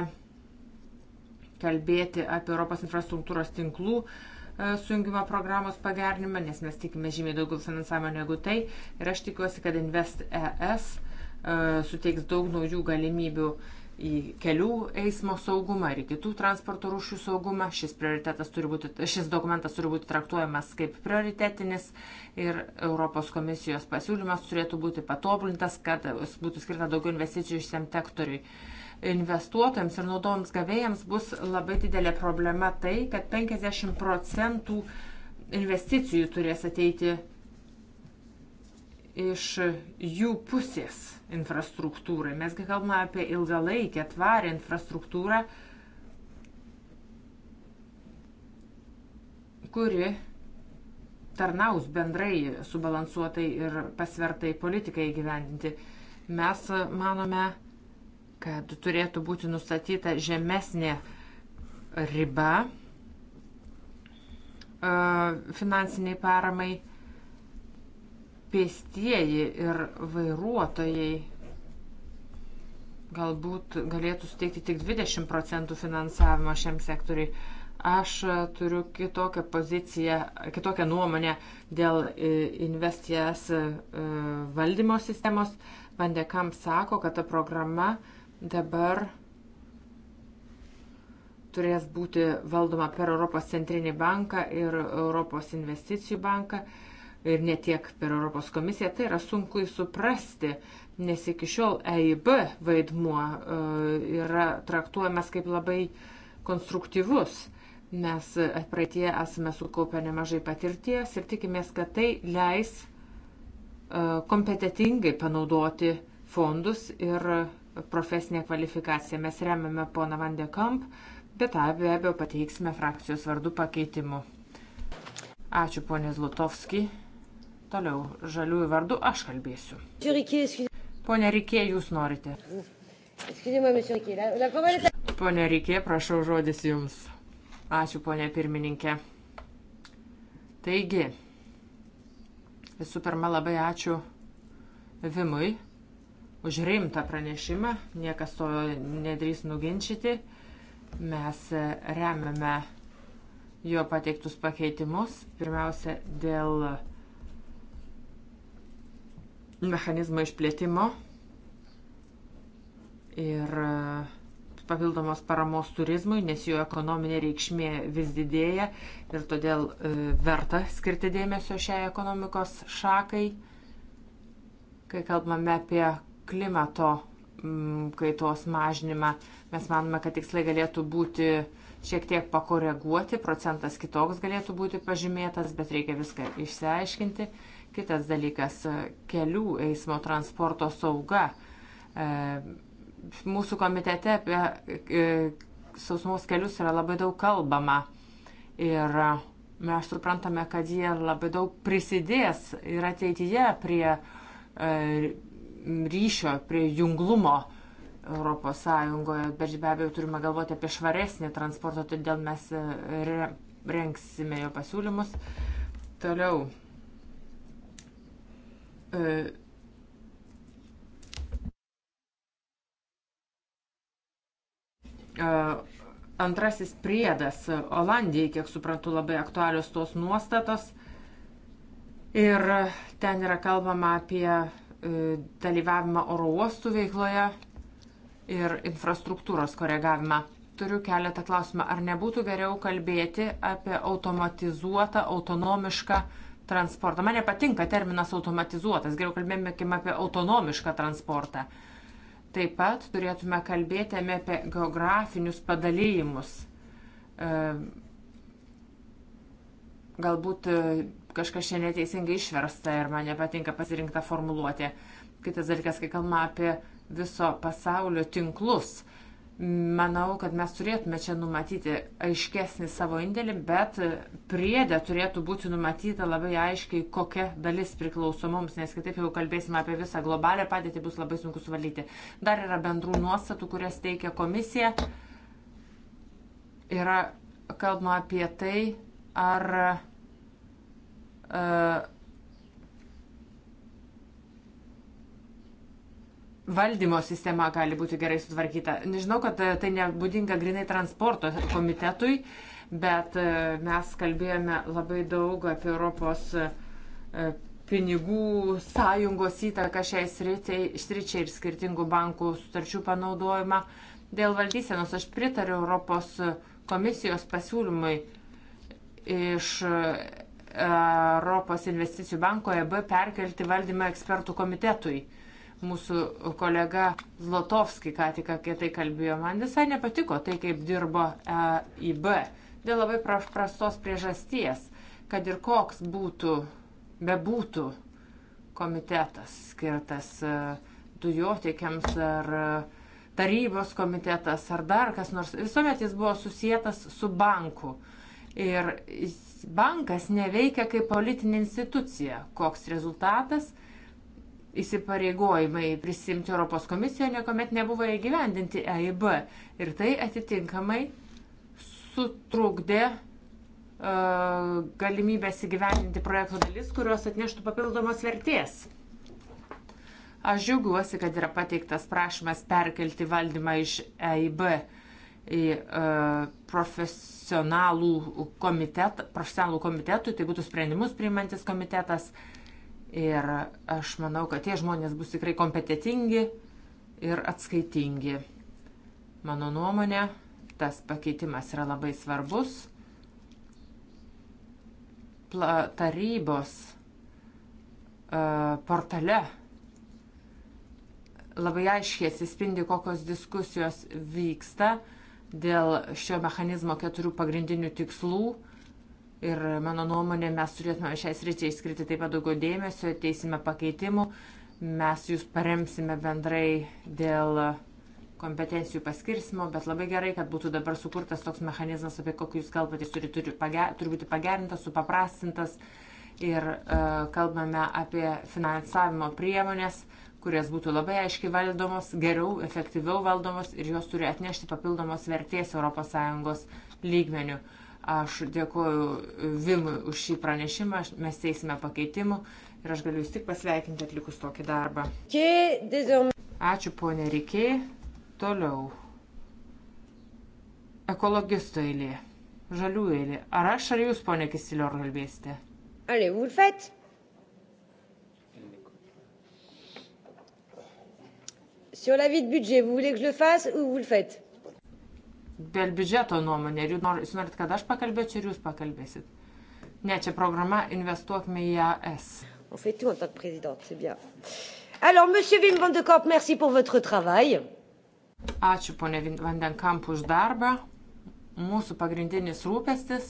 kalbėti apie Europos infrastruktūros tinklų e, sujungimo programos pagernimą, nes mes tikime žymiai daugiau finansavimo negu tai. Ir aš tikiuosi, kad Invest ES e, suteiks daug naujų galimybių į kelių eismo saugumą ir kitų transporto rūšių saugumą. Šis, turi būti, šis dokumentas turi būti traktuojamas kaip prioritetinis ir Europos komisijos pasiūlymas turėtų būti patobulintas, kad būtų skirta daugiau investicijų šiam sektoriui. Uh, investuotojams ir naudoms gavėjams bus labai didelė problema tai, kad 50 procentų investicijų turės ateiti iš jų pusės infrastruktūrai. Mesgi kalbame apie ilgalaikę tvarę infrastruktūrą, kuri tarnaus bendrai subalansuotai ir pasvertai politikai gyvendinti. Mes manome, kad turėtų būti nustatyta žemesnė riba e, finansiniai paramai. Pėstieji ir vairuotojai galbūt galėtų suteikti tik 20 procentų finansavimo šiam sektoriui. Aš turiu kitokią poziciją, kitokią nuomonę dėl e, investijas e, valdymo sistemos. Vandekam sako, kad ta programa uh, dabar turės būti valdoma per Europos centrinį banką ir Europos investicijų banką ir ne tiek per Europos komisiją. Tai yra sunku suprasti, nes iki šiol EIB vaidmuo e, yra traktuojamas kaip labai konstruktyvus. Mes praeitie esame sukaupę nemažai patirties ir tikimės, kad tai leis e, kompetitingai panaudoti fondus ir profesinę kvalifikaciją. Mes remiame poną Vandekamp, bet be abejo pateiksime frakcijos vardu pakeitimu. Ačiū ponė Zlutovski. Toliau žaliųjų vardu aš kalbėsiu. Pone Rikė, jūs norite. Pone Rikė, prašau žodis jums. Ačiū, ponė pirmininkė. Taigi, visų pirma, labai ačiū Vimui už rimtą pranešimą, niekas to nedrys nuginčyti. Mes e, remiame jo pateiktus pakeitimus, pirmiausia dėl mechanizmo išplėtimo ir e, papildomos paramos turizmui, nes jo ekonominė reikšmė vis didėja ir todėl e, verta skirti dėmesio šiai ekonomikos šakai. Kai kalbame apie klimato mm, kaitos mažinimą. Mes manome, kad tikslai galėtų būti šiek tiek pakoreguoti, procentas kitoks galėtų būti pažymėtas, bet reikia viską išsiaiškinti. Kitas dalykas - kelių eismo transporto sauga. E, mūsų komitete apie e, sausumos kelius yra labai daug kalbama. Ir mes suprantame, kad jie labai daug prisidės ir ateityje prie e, ryšio, prie junglumo ES, bet be abejo turime galvoti apie švaresnį transportą, todėl mes e, re, rengsime jo pasiūlymus. Toliau. E, e, antrasis priedas Olandijai, kiek suprantu, labai aktualios tos nuostatos. Ir ten yra kalbama apie E, dalyvavimą oro uostų veikloje ir infrastruktūros koregavimą. Turiu keletą klausimą. Ar nebūtų geriau kalbėti apie automatizuotą, autonomišką transportą? Man nepatinka terminas automatizuotas, geriau kalbėkime apie autonomišką transportą. Taip pat turėtume kalbėti apie geografinius padalyjimus. E, galbūt e, kažkas čia neteisingai išversta ir man nepatinka pasirinkta formuluotė. Kitas dalykas, kai kalbame apie viso pasaulio tinklus, manau, kad mes turėtume čia numatyti aiškesnį savo indėlį, bet priedė turėtų būti numatyta labai aiškiai, kokia dalis priklauso mums, nes kitaip jau kalbėsime apie visą globalę padėtį, bus labai sunku suvaldyti. Dar yra bendrų nuostatų, kurias teikia komisija. Yra kalbama apie tai, ar valdymo sistema gali būti gerai sutvarkyta. Nežinau, kad e, tai nebūdinga grinai transporto komitetui, bet e, mes kalbėjome labai daug apie Europos e, pinigų sąjungos įtaką šiai sričiai ir skirtingų bankų sutarčių panaudojimą. Dėl valdysenos aš pritariu Europos komisijos pasiūlymui iš Europos investicijų banko EB perkelti valdymo ekspertų komitetui. Mūsų kolega Zlotovski ką tik apie tai kalbėjo. Man visai nepatiko tai, kaip dirbo EIB. Dėl labai prastos priežasties, kad ir koks būtų, bebūtų komitetas skirtas e, dujotiekiams ar e, tarybos komitetas ar dar kas nors, visuomet jis buvo susijęs su banku. Uh, Ir bankas neveikia kaip politinė institucija. Koks rezultatas? Įsipareigojimai prisimti Europos komisijoje niekuomet nebuvo įgyvendinti EIB. Ir tai atitinkamai sutrukdė uh, galimybės įgyvendinti projektų dalis, kurios atneštų papildomos vertės. Aš džiaugiuosi, kad yra pateiktas prašymas perkelti valdymą iš EIB į e, profesionalų, komitet, profesionalų komitetų, tai būtų sprendimus priimantis komitetas. Ir aš manau, kad tie žmonės bus tikrai kompetitingi ir atskaitingi. Mano nuomonė, tas pakeitimas yra labai svarbus. Pla, tarybos uh, portale labai aiškiai atsispindi, kokios diskusijos vyksta. Uh, dėl šio mechanizmo keturių pagrindinių tikslų. Ir mano nuomonė, mes turėtume šiai sričiai skirti taip pat daugiau dėmesio, teisime pakeitimų, mes jūs paremsime bendrai dėl kompetencijų paskirsimo, bet labai gerai, kad būtų dabar sukurtas toks mechanizmas, apie kokį jūs kalbate, jis turi, turi, pager, turi būti pagerintas, supaprastintas ir uh, kalbame apie finansavimo priemonės. Uh, kurias būtų labai aiškiai valdomos, geriau, efektyviau valdomos ir jos turi atnešti papildomos vertės ES lygmenių. Aš dėkoju Vimui už šį pranešimą, mes teisime pakeitimų ir aš galiu jūs tik pasveikinti atlikus tokį darbą. Ačiū ponė Rikiai. Toliau. Ekologisto eilė. Žalių eilė. Ar aš ar jūs, ponė Kisilio, kalbėsite? Allez, vous le faites Sur l'avis de budget, vous voulez que je le fasse ou vous le faites? Dėl biudžeto nuomonė, ar nor, jūs norit, kad aš pakalbėčiau ir jūs pakalbėsit? Ne, čia programa Investuokime į AS. On fait tout en tant que présidente, c'est bien. Alors, monsieur Wim van de Kamp, merci pour votre travail. Ačiū, ponė Vandenkamp, už darbą. Mūsų pagrindinis rūpestis,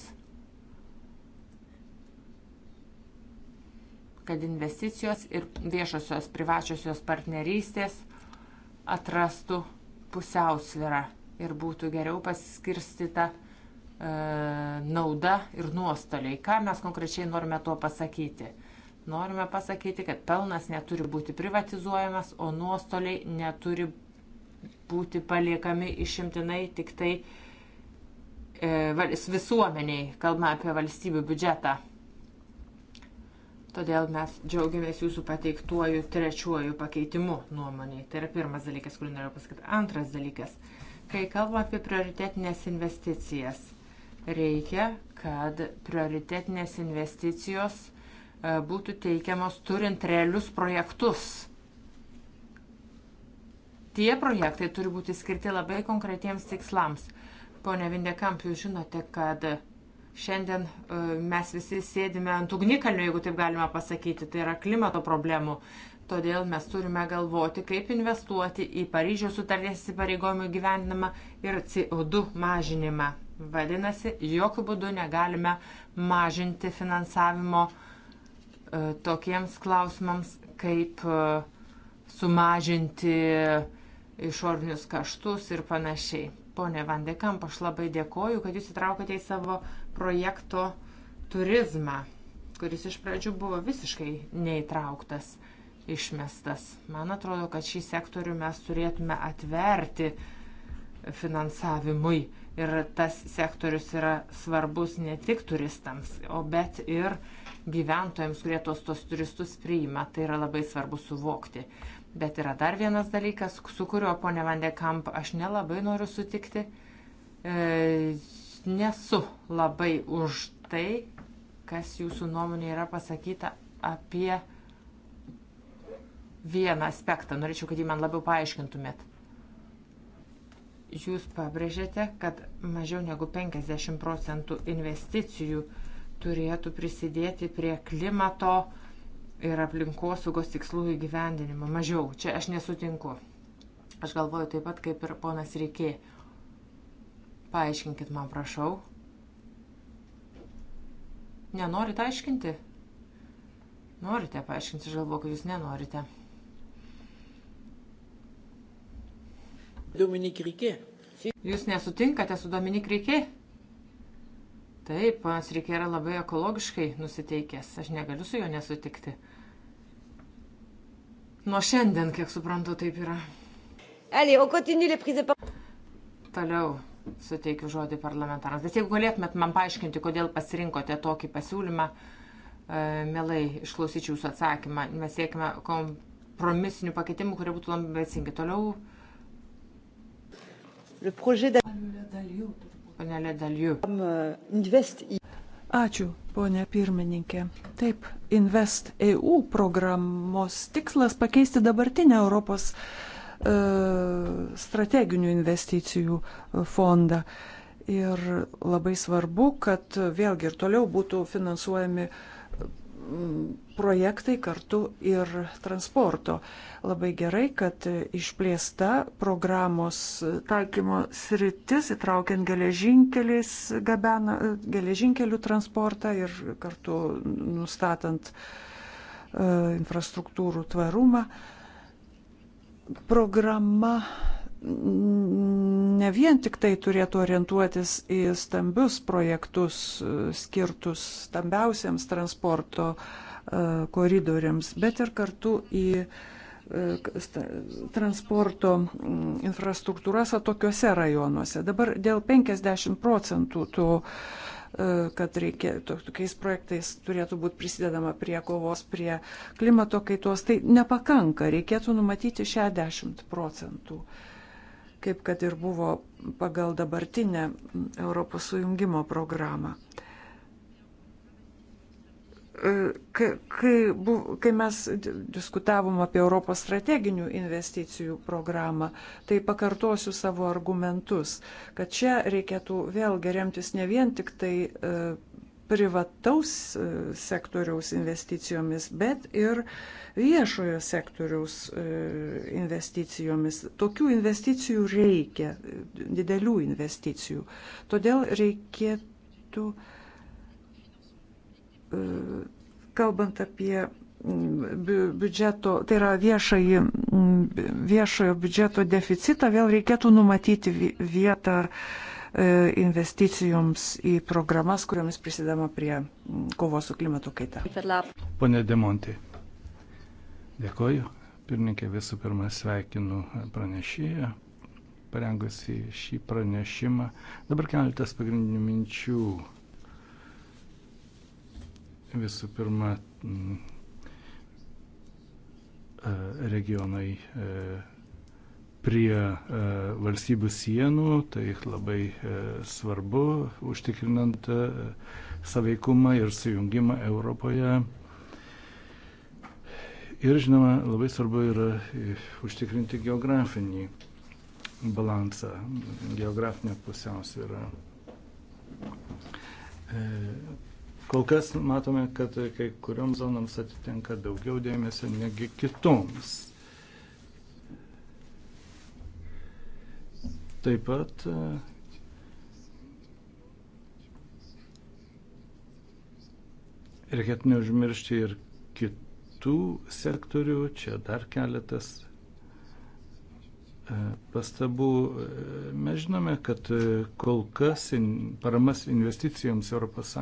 kad investicijos ir viešosios privačiosios partnerystės – atrastų pusiausvirą ir būtų geriau paskirstita e, nauda ir nuostoliai. Ką mes konkrečiai norime tuo pasakyti? Norime pasakyti, kad pelnas neturi būti privatizuojamas, o nuostoliai neturi būti paliekami išimtinai tik tai e, visuomeniai, kalbame apie valstybių biudžetą. Todėl mes džiaugiamės jūsų pateiktuoju trečiuoju pakeitimu nuomonėje. Tai yra pirmas dalykas, kurį noriu pasakyti. Antras dalykas. Kai kalbame apie prioritetinės investicijas, reikia, kad prioritetinės investicijos e, būtų teikiamos turint realius projektus. Tie projektai turi būti skirti labai konkretiems tikslams. Pone Vindekamp, jūs žinote, kad Šiandien e, mes visi sėdime ant ugnikalnio, jeigu taip galima pasakyti, tai yra klimato problemų. Todėl mes turime galvoti, kaip investuoti į Paryžiaus sutarties įsipareigojimų gyvendinimą ir CO2 mažinimą. Vadinasi, jokių būdų negalime mažinti finansavimo e, tokiems klausimams, kaip e, sumažinti išorinius kaštus ir panašiai. Pone Vandekamp, aš labai dėkoju, kad jūs įtraukate į savo projekto turizmą, kuris iš pradžių buvo visiškai neįtrauktas, išmestas. Man atrodo, kad šį sektorių mes turėtume atverti finansavimui. Ir tas sektorius yra svarbus ne tik turistams, o bet ir gyventojams, kurie tos tos turistus priima. Tai yra labai svarbu suvokti. Bet yra dar vienas dalykas, su kuriuo, ponė Vandekamp, aš nelabai noriu sutikti. E, nesu labai už tai, kas jūsų nuomonė yra pasakyta apie vieną aspektą. Norėčiau, kad jį man labiau paaiškintumėt. Jūs pabrėžėte, kad mažiau negu 50 procentų investicijų turėtų prisidėti prie klimato ir aplinkosaugos tikslų įgyvendinimo. Mažiau. Čia aš nesutinku. Aš galvoju taip pat kaip ir ponas Reikėjai Paaiškinkit man, prašau. Nenorit aiškinti? Norite paaiškinti, žalvo, kad jūs nenorite. Dominik Rikė. Jūs nesutinkate su Dominik Rikė? Taip, panas Rikė yra labai ekologiškai nusiteikęs. Aš negaliu su juo nesutikti. Nuo šiandien, kiek suprantu, taip yra. Allez, on continue les prises de parole. Toliau suteikiu žodį parlamentarams. Bet jeigu galėtumėt man paaiškinti, kodėl pasirinkote tokį pasiūlymą, e, mielai išklausyčiau jūsų atsakymą. Mes siekime kompromisinių pakeitimų, kurie būtų labai ambicingi. Toliau. Panelė Daliu. Euh, Ačiū, ponė pirmininkė. Taip, Invest EU programos tikslas pakeisti dabartinę Europos uh, E, strateginių investicijų fondą. Ir labai svarbu, kad vėlgi ir toliau būtų finansuojami projektai kartu ir transporto. Labai gerai, kad išplėsta programos taikymo sritis, įtraukiant geležinkeliais, gabena, geležinkelių transportą ir kartu nustatant uh, infrastruktūrų tvarumą. Uh, programa ne vien tik tai turėtų orientuotis į stambius projektus e, skirtus stambiausiems transporto e, koridoriams, bet ir kartu į e, transporto mm, infrastruktūras atokiuose rajonuose. Dabar dėl 50 procentų to E, kad reikia, tokiais projektais turėtų būti prisidedama prie kovos prie klimato kaitos, tai nepakanka, reikėtų numatyti 60 procentų, kaip kad ir buvo pagal dabartinę Europos sujungimo programą kai, buv, kai mes diskutavom apie Europos strateginių investicijų programą, tai pakartosiu savo argumentus, kad čia reikėtų vėl geremtis ne vien tik tai e, privataus e, sektoriaus investicijomis, bet ir viešojo sektoriaus e, investicijomis. Tokių investicijų reikia, didelių investicijų. Todėl reikėtų kalbant apie mm, biudžeto, tai yra viešai, mm, viešojo biudžeto deficitą, vėl reikėtų numatyti vietą e, investicijoms į programas, kuriomis prisidama prie mm, kovos su klimato kaita. Pone Demonti, dėkoju. Pirmininkė visų pirma sveikinu pranešėją, parengusi šį pranešimą. Dabar keletas pagrindinių minčių Visų pirma, e, regionai e, prie e, valstybių sienų, tai labai svarbu užtikrinant saveikumą ir sujungimą Europoje. Ir žinoma, labai svarbu yra užtikrinti geografinį balansą, geografinę pusiausvyrą. Kol kas matome, kad kai kurioms zonoms atitenka daugiau dėmesio negi kitoms. Taip pat e, reikėtų neužmiršti ir kitų sektorių, čia dar keletas pastabų. Mes žinome, kad kol kas paramas investicijoms ES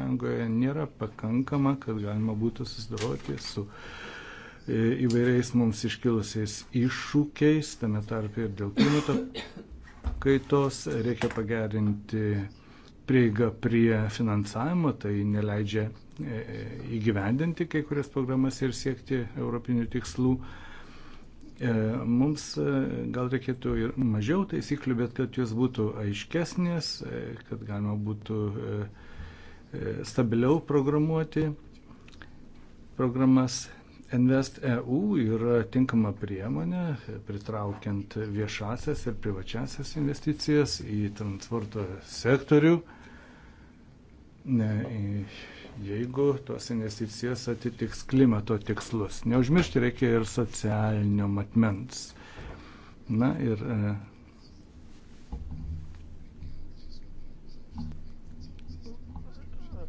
nėra pakankama, kad galima būtų susidoroti su e, įvairiais mums iškilusiais iššūkiais, tame tarp ir dėl klimato kaitos. Reikia pagerinti prieigą prie finansavimo, tai neleidžia e, e, įgyvendinti kai kurias programas ir siekti europinių tikslų. E, mums e, gal reikėtų ir mažiau taisyklių, bet kad jos būtų aiškesnės, e, kad galima būtų stabiliau programuoti programas. Invest EU yra tinkama priemonė, pritraukiant viešasias ir privačiasias investicijas į transporto sektorių. Ne, į jeigu tos investicijas atitiks klimato tikslus. Neužmiršti reikia ir socialinio matmens. Na ir e,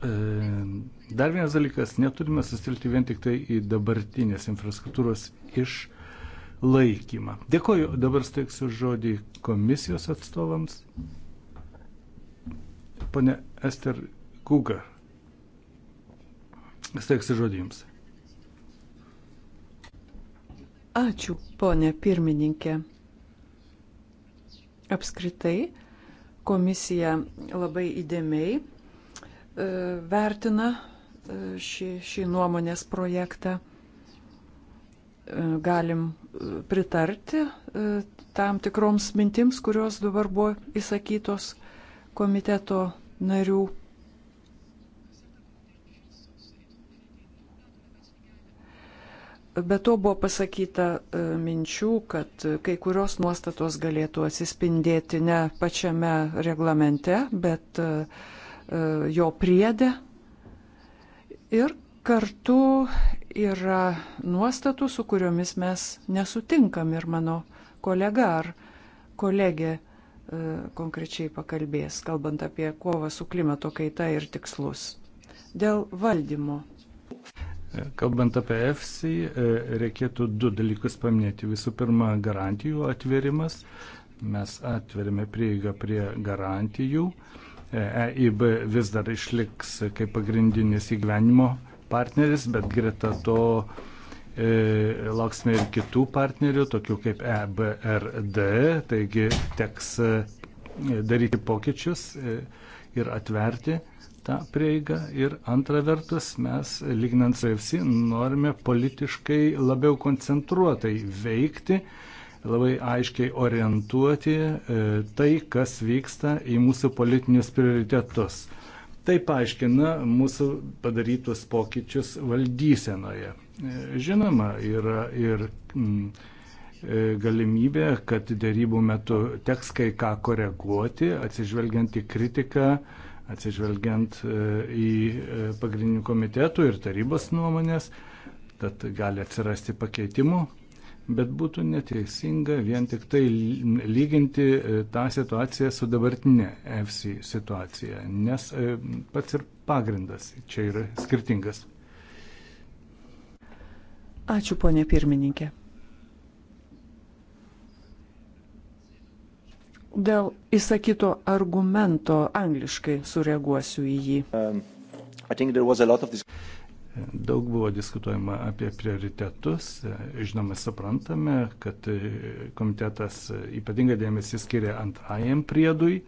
e, Dar vienas dalykas, neturime sustilti vien tik tai į dabartinės infrastruktūros išlaikymą. Dėkoju, dabar steiksiu žodį komisijos atstovams. Pane Ester Kuga, Steiksiu žodį jums. Ačiū, ponė pirmininkė. Apskritai, komisija labai įdėmiai e, vertina e, šį, šį nuomonės projektą. E, galim e, pritarti tam tikroms mintims, kurios dabar buvo įsakytos komiteto narių. Be to buvo pasakyta e, minčių, kad kai kurios nuostatos galėtų atsispindėti ne pačiame reglamente, bet e, e, jo priedė. Ir kartu yra nuostatų, su kuriomis mes nesutinkam ir mano kolega ar kolegė konkrečiai pakalbės, kalbant apie kovą su klimato kaita ir tikslus. Dėl valdymo. Kalbant apie EFSI, reikėtų du dalykus paminėti. Visų pirma, garantijų atverimas. Mes atverime prieigą prie garantijų. EIB e vis dar išliks kaip pagrindinis įgyvenimo partneris, bet greta to e, lauksime ir kitų partnerių, tokių kaip EBRD, taigi teks e, daryti pokyčius e, ir atverti tą prieigą ir antra vertus mes, lygnant su EFSI, norime politiškai labiau koncentruotai veikti, labai aiškiai orientuoti e, tai, kas vyksta į mūsų politinius prioritetus. Tai paaiškina mūsų padarytus pokyčius valdysenoje. E, žinoma, yra ir mm, e, galimybė, kad dėrybų metu teks kai ką koreguoti, atsižvelgiant į kritiką, e, atsižvelgiant e, į e, pagrindinių komitetų ir tarybos nuomonės, tad gali atsirasti pakeitimų, bet būtų neteisinga vien tik tai lyginti e, tą situaciją su dabartinė FC situacija, nes pats ir pagrindas čia yra skirtingas. Ačiū, ponė pirmininkė. Dėl įsakyto argumento angliškai sureaguosiu į jį. Um, Daug buvo diskutuojama apie prioritetus. Žinoma, suprantame, kad komitetas ypatingą dėmesį skiria antrajam priedui.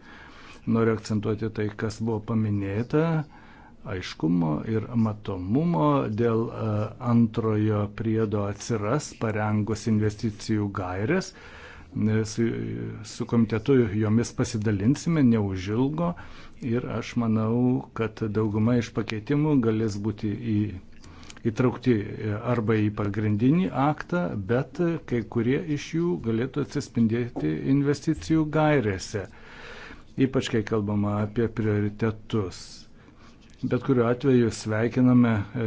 Noriu akcentuoti tai, kas buvo paminėta - aiškumo ir matomumo dėl uh, antrojo priedo atsiras parengus investicijų gairės. E, su, su komitetu jomis pasidalinsime neužilgo ir aš manau, kad dauguma iš pakeitimų galės būti į, įtraukti e, arba į pagrindinį aktą, bet kai kurie iš jų galėtų atsispindėti investicijų gairėse, ypač kai kalbama apie prioritetus. Bet kuriuo atveju sveikiname e,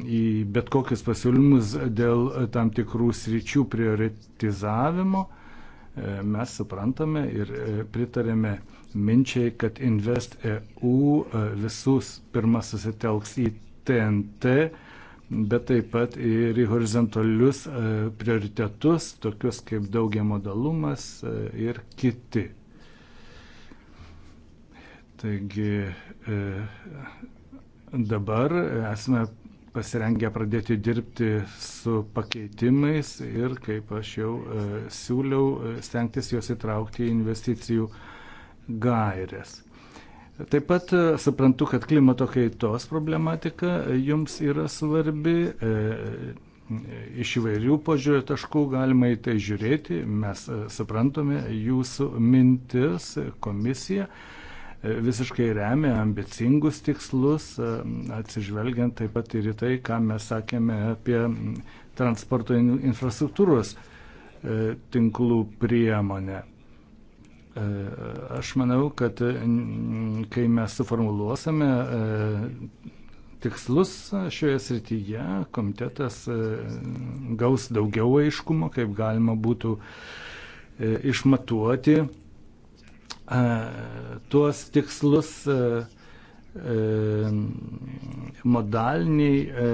į bet kokius pasiūlymus dėl tam tikrų sričių prioritizavimo. E, mes suprantame ir e, pritarėme minčiai, kad Invest EU visus pirmą susitelks į TNT, bet taip pat ir į horizontalius prioritetus, tokius kaip daugiamodalumas ir kiti. Taigi e, dabar esame pasirengę pradėti dirbti su pakeitimais ir, kaip aš jau e, siūliau, e, stengtis juos įtraukti į investicijų gairės. Taip pat suprantu, kad klimato kaitos problematika jums yra svarbi. Iš įvairių požiūrio taškų galima į tai žiūrėti. Mes suprantame jūsų mintis, komisija visiškai remia ambicingus tikslus, e, atsižvelgiant taip pat ir į tai, ką mes sakėme apie transporto infrastruktūros e, tinklų priemonę. E, aš manau, kad kai mes suformuluosime tikslus šioje srityje, komitetas gaus daugiau aiškumo, kaip galima būtų išmatuoti tuos tikslus e, modaliniai e,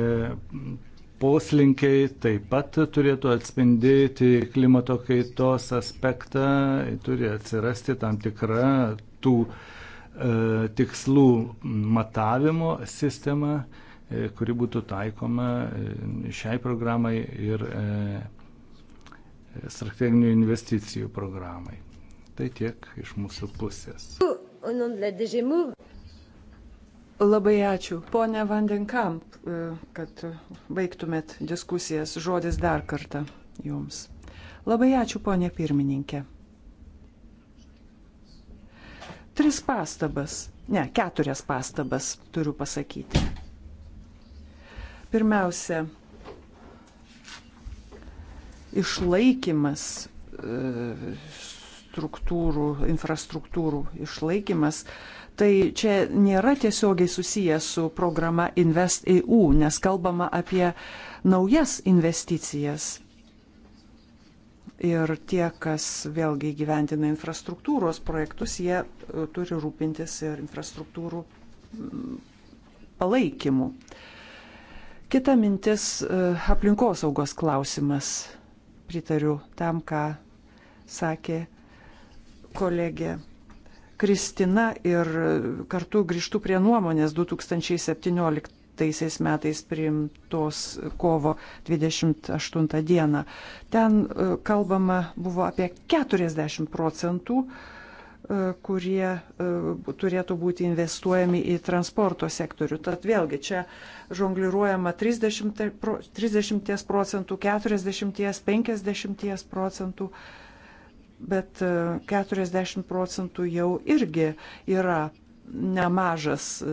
poslinkiai taip pat turėtų atspindėti klimato kaitos aspektą, turi atsirasti tam tikra tų e, tikslų matavimo sistema, kuri būtų taikoma šiai programai ir strateginių investicijų programai. Tai tiek iš mūsų pusės. Labai ačiū, ponė Vandenkamp, e, kad baigtumėt diskusijas. Žodis dar kartą jums. Labai ačiū, ponė pirmininkė. Tris pastabas, ne, keturias pastabas turiu pasakyti. Pirmiausia, išlaikimas e, struktūrų, infrastruktūrų išlaikymas, tai čia nėra tiesiogiai susijęs su programa InvestEU, nes kalbama apie naujas investicijas. Ir tie, kas vėlgi gyventina infrastruktūros projektus, jie e, turi rūpintis ir infrastruktūrų mm, palaikymu. Kita mintis e, - aplinkosaugos klausimas. Pritariu tam, ką sakė kolegė Kristina ir kartu grįžtų prie nuomonės 2017 metais priimtos kovo 28 dieną. Ten e, kalbama buvo apie 40 procentų e, kurie e, turėtų būti investuojami į transporto sektorių. Tad vėlgi čia žongliruojama 30, 30 procentų, 40, 50 procentų bet 40 e, procentų jau irgi yra nemažas, e,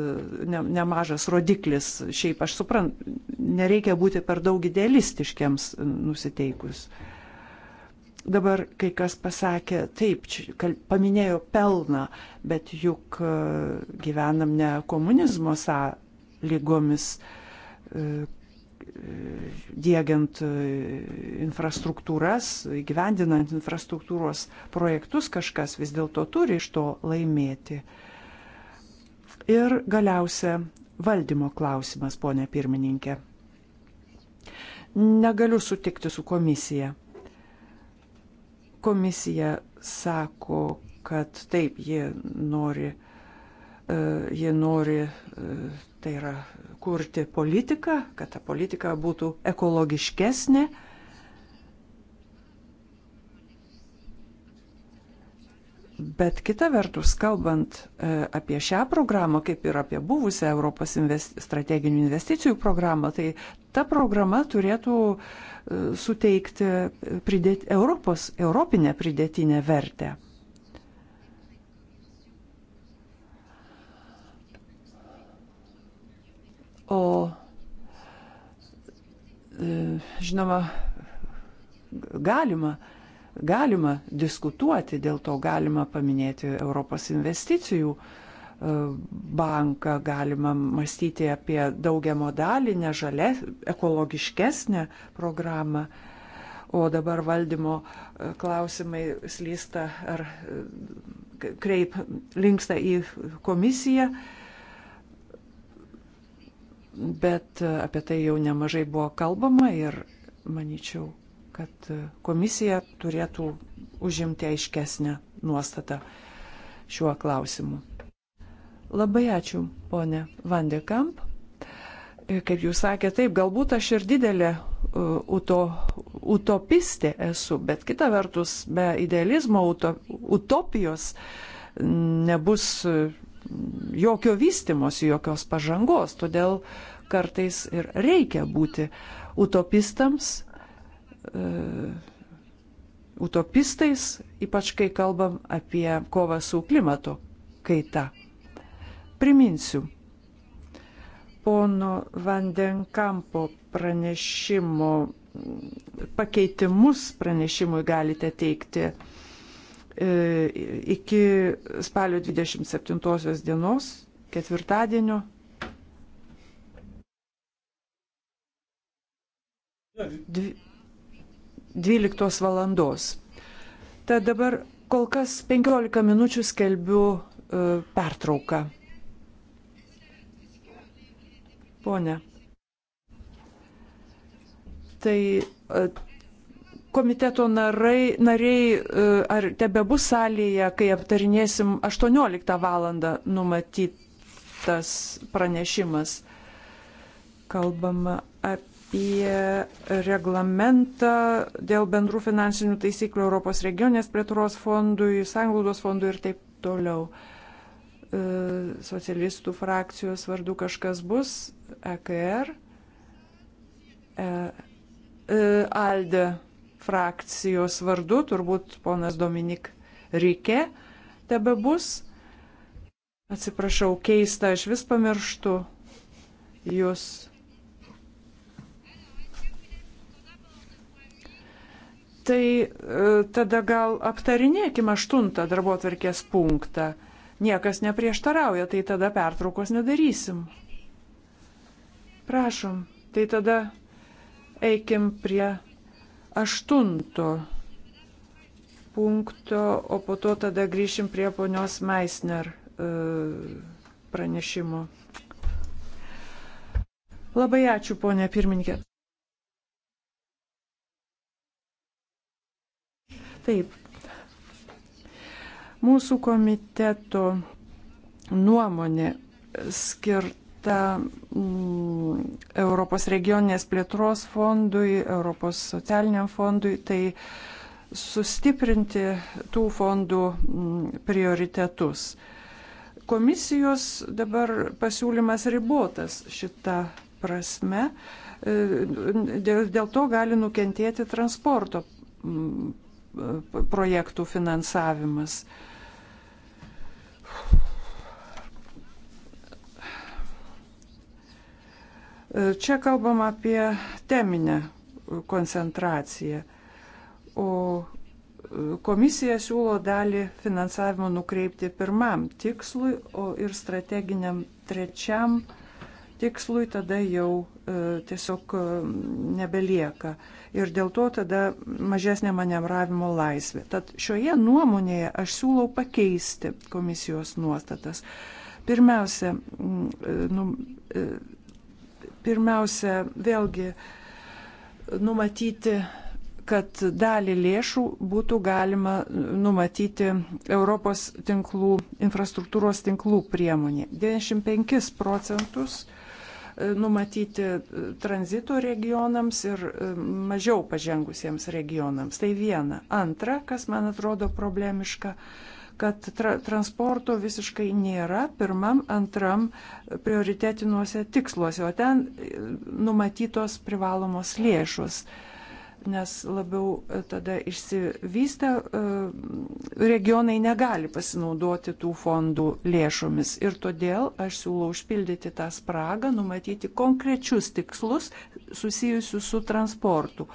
ne, nemažas rodiklis. Šiaip aš suprantu, nereikia būti per daug idealistiškiams nusiteikus. Dabar kai kas pasakė, taip, paminėjo pelną, bet juk e, gyvenam ne komunizmo sąlygomis, dėgiant e, infrastruktūras, gyvendinant infrastruktūros projektus, kažkas vis dėlto turi iš to laimėti. Ir galiausia valdymo klausimas, ponė pirmininkė. Negaliu sutikti su komisija. Komisija sako, kad taip, ji nori E, Jie nori, e, tai yra, kurti politiką, kad ta politika būtų ekologiškesnė. Bet kita vertus, kalbant e, apie šią programą, kaip ir apie buvusią Europos invest strateginių investicijų programą, tai ta programa turėtų suteikti pridėt, Europos, europinę pridėtinę vertę. O e, žinoma, galima, galima diskutuoti, dėl to galima paminėti Europos investicijų e, banką, galima mąstyti apie daugiamodalinę, žalę, ekologiškesnę programą. O dabar valdymo e, klausimai slysta ar kreip linksta į komisiją bet e, apie tai jau nemažai buvo kalbama ir manyčiau, kad e, komisija turėtų užimti aiškesnę nuostatą šiuo klausimu. Labai ačiū, ponė Vandekamp. E, kaip jūs sakėte, taip, galbūt aš ir didelė uto, utopistė esu, bet kita vertus, be idealizmo, uto, utopijos nebus jokio vystimosi, jokios pažangos. Todėl kartais ir reikia būti utopistams, e, utopistais, ypač kai kalbam apie kovą su klimato kaita. Priminsiu, pono Vandenkampo pranešimo pakeitimus pranešimui galite teikti E, iki spalio 27 dienos, ketvirtadienio. Dvi, 12 valandos. Tad dabar kol kas 15 minučių skelbiu e, pertrauką. Pone. Tai e, komiteto narai, nariai e, ar tebe bus salėje, kai aptarinėsim 18 val. numatytas pranešimas. Kalbama apie reglamentą dėl bendrų finansinių taisyklių Europos regionės plėtros fondui, Sanglaudos fondui ir taip toliau. E, socialistų frakcijos vardu kažkas bus, EKR, e, e, ALDE frakcijos vardu, turbūt ponas Dominik Rike tebe bus. Atsiprašau, keista, aš vis pamirštu jūs. Tai e, tada gal aptarinėkime aštuntą darbo atvarkės punktą. Niekas neprieštarauja, tai tada pertraukos nedarysim. Prašom, tai tada eikim prie aštunto punkto, o po to tada grįšim prie ponios Meisner e, pranešimo. Labai ačiū, ponė pirmininkė. Taip. Mūsų komiteto nuomonė skirta skirta mm, Europos regioninės plėtros fondui, Europos socialiniam fondui, tai sustiprinti tų fondų mm, prioritetus. Komisijos dabar pasiūlymas ribotas šitą prasme, e, dėl, dėl to gali nukentėti transporto mm, projektų finansavimas. Čia kalbam apie teminę koncentraciją, o komisija siūlo dalį finansavimo nukreipti pirmam tikslui, o ir strateginiam trečiam tikslui tada jau e, tiesiog e, nebelieka. Ir dėl to tada mažesnė manevravimo laisvė. Tad šioje nuomonėje aš siūlau pakeisti komisijos nuostatas. Pirmiausia, e, nu, pirmiausia, vėlgi numatyti, kad dalį lėšų būtų galima numatyti Europos tinklų, infrastruktūros tinklų priemonė. 95 procentus e, numatyti e, tranzito regionams ir e, mažiau pažengusiems regionams. Tai viena. Antra, kas man atrodo problemiška, kad tra transporto visiškai nėra pirmam, antram prioritetinuose tiksluose, o ten e, numatytos privalomos lėšos nes labiau e, tada išsivystę e, regionai negali pasinaudoti tų fondų lėšomis. Ir todėl aš siūlau užpildyti tą spragą, numatyti konkrečius tikslus susijusius su transportu,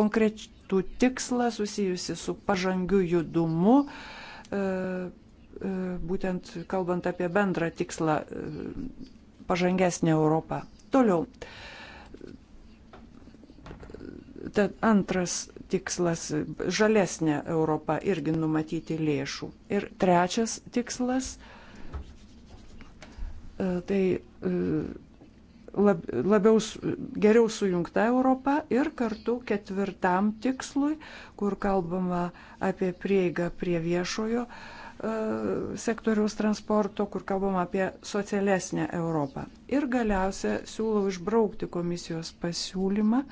konkretų tikslą susijusi su pažangiu judumu, uh, E, e, būtent kalbant apie bendrą tikslą e, pažangesnė Europa. Toliau. Tad antras tikslas - žalesnė Europa irgi numatyti lėšų. Ir trečias tikslas - tai lab, labiau geriau sujungta Europa ir kartu ketvirtam tikslui, kur kalbama apie prieigą prie viešojo e, sektoriaus transporto, kur kalbam apie socialesnę Europą. Ir galiausia siūlau išbraukti komisijos pasiūlymą,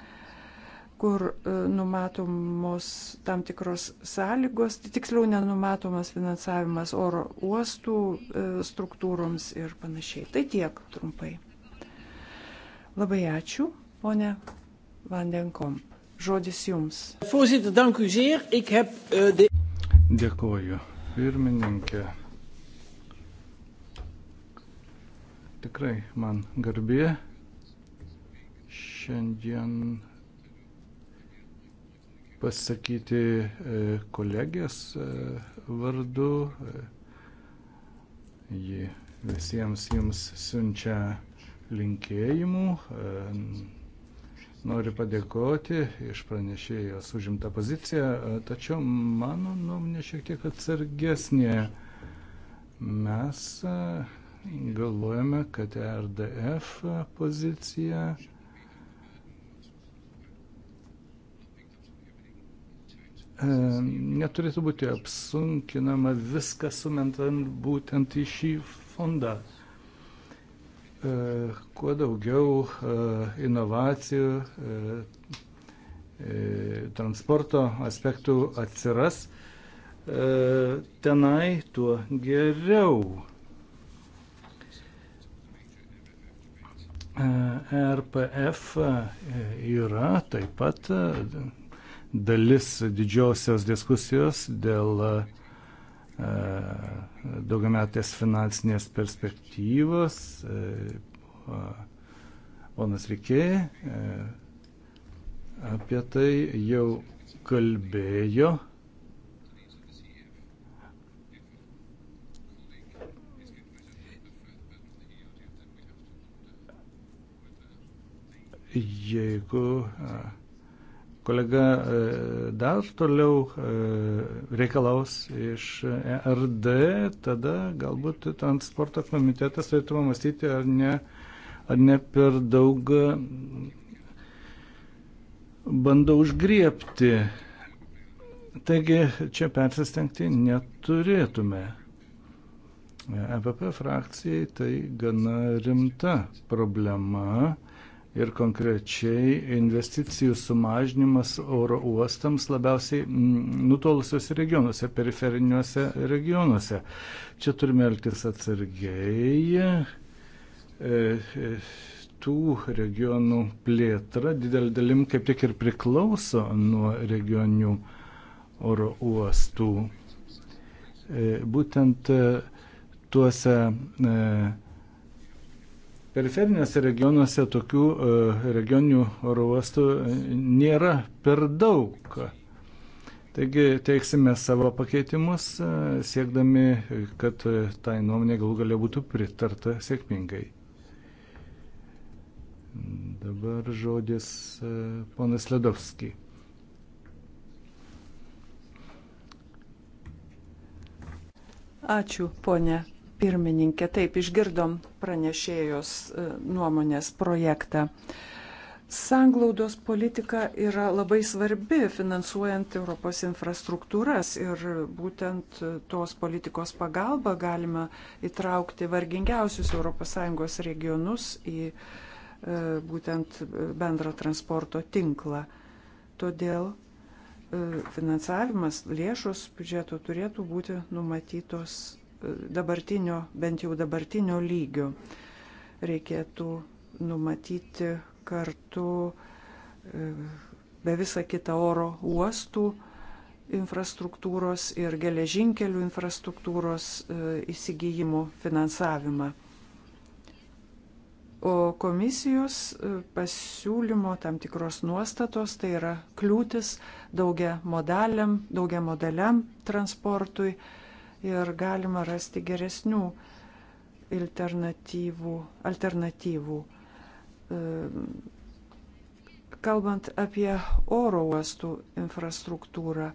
kur e, numatomos tam tikros sąlygos, tiksliau nenumatomas finansavimas oro uostų e, struktūroms ir panašiai. Tai tiek trumpai. Labai ačiū, ponė Vandenkomp. Žodis jums. Voorzitter, dank u zeer. Ik heb uh, de. Dėkoju, pirmininkė. Tikrai man garbė šiandien pasakyti e, kolegės e, vardu. E, ji visiems jums siunčia linkėjimų. E, noriu padėkoti iš pranešėjos užimtą poziciją, e, tačiau mano nuomonė šiek tiek atsargesnė. Mes e, galvojame, kad RDF pozicija neturėtų būti apsunkinama viskas sumentant būtent į šį fondą. E, kuo daugiau e, inovacijų, e, transporto aspektų atsiras tenai, tuo geriau. RPF yra taip pat dalis didžiosios diskusijos dėl uh, E, daugiametės finansinės perspektyvos. E, ponas Rikė e, apie tai jau kalbėjo. Jeigu a, Kolega e, dar toliau e, reikalaus iš ERD, tada galbūt transporto komitetas turėtų pamastyti, ar ne, ar ne per daug bando užgriepti. Taigi čia persistengti neturėtume. EPP e frakcijai tai gana rimta problema ir konkrečiai investicijų sumažinimas oro uostams labiausiai mm, nutolusiuose regionuose, periferiniuose regionuose. Čia turime elgtis atsargiai. E, e, tų regionų plėtra didelį dalim kaip tik ir priklauso nuo regionių oro uostų. E, būtent tuose e, Periferinėse regionuose tokių e, regioninių oro uostų e, nėra per daug. Taigi teiksime savo pakeitimus, e, siekdami, kad tai nuomonė galų galia būtų pritarta sėkmingai. Dabar žodis ponas Ledovskis. Ačiū, ponė pirmininkė. Taip, išgirdom pranešėjos e, nuomonės projektą. Sanglaudos politika yra labai svarbi finansuojant Europos infrastruktūras ir būtent tos politikos pagalba galima įtraukti vargingiausius ES regionus į e, būtent bendrą transporto tinklą. Todėl e, finansavimas, lėšos biudžeto turėtų būti numatytos dabartinio, bent jau dabartinio lygio. Reikėtų numatyti kartu e, be visą kitą oro uostų infrastruktūros ir geležinkelių infrastruktūros e, įsigijimų finansavimą. O komisijos e, pasiūlymo tam tikros nuostatos tai yra kliūtis daugia modaliam, daugia modaliam transportui ir galima rasti geresnių alternatyvų. alternatyvų. Ehm, kalbant apie oro uostų infrastruktūrą,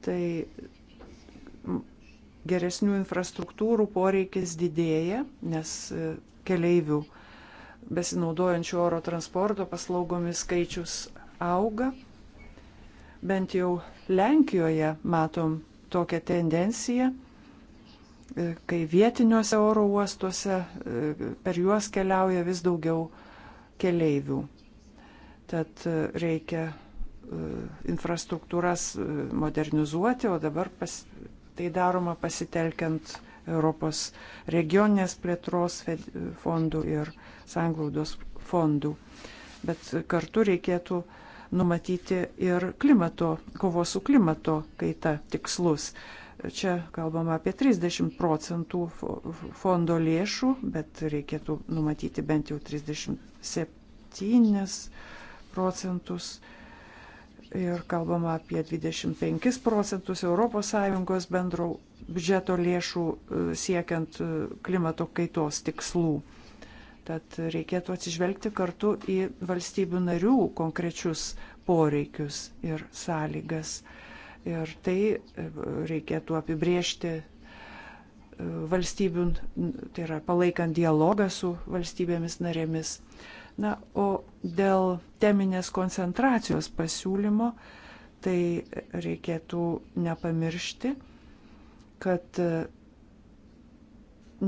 tai geresnių infrastruktūrų poreikis didėja, nes e, keleivių besinaudojančių oro transporto paslaugomis skaičius auga. Bent jau Lenkijoje matom tokią tendenciją, e, kai vietiniuose oro uostuose e, per juos keliauja vis daugiau keleivių. Tad e, reikia infrastruktūras modernizuoti, o dabar pas, tai daroma pasitelkiant Europos regioninės plėtros fondų ir sanglaudos fondų. Bet kartu reikėtų uh, numatyti ir klimato, kovos su klimato kaita tikslus. Čia kalbama apie 30 procentų fondo lėšų, bet reikėtų numatyti bent jau 37 procentus. Ir kalbama apie 25 procentus ES bendro biudžeto lėšų e, siekiant e, klimato kaitos tikslų. Tad reikėtų atsižvelgti kartu į valstybių narių konkrečius poreikius ir sąlygas. Ir tai e, reikėtų apibriežti e, valstybių, tai yra palaikant dialogą su valstybėmis narėmis. Na, o dėl teminės koncentracijos pasiūlymo, tai reikėtų nepamiršti, kad e,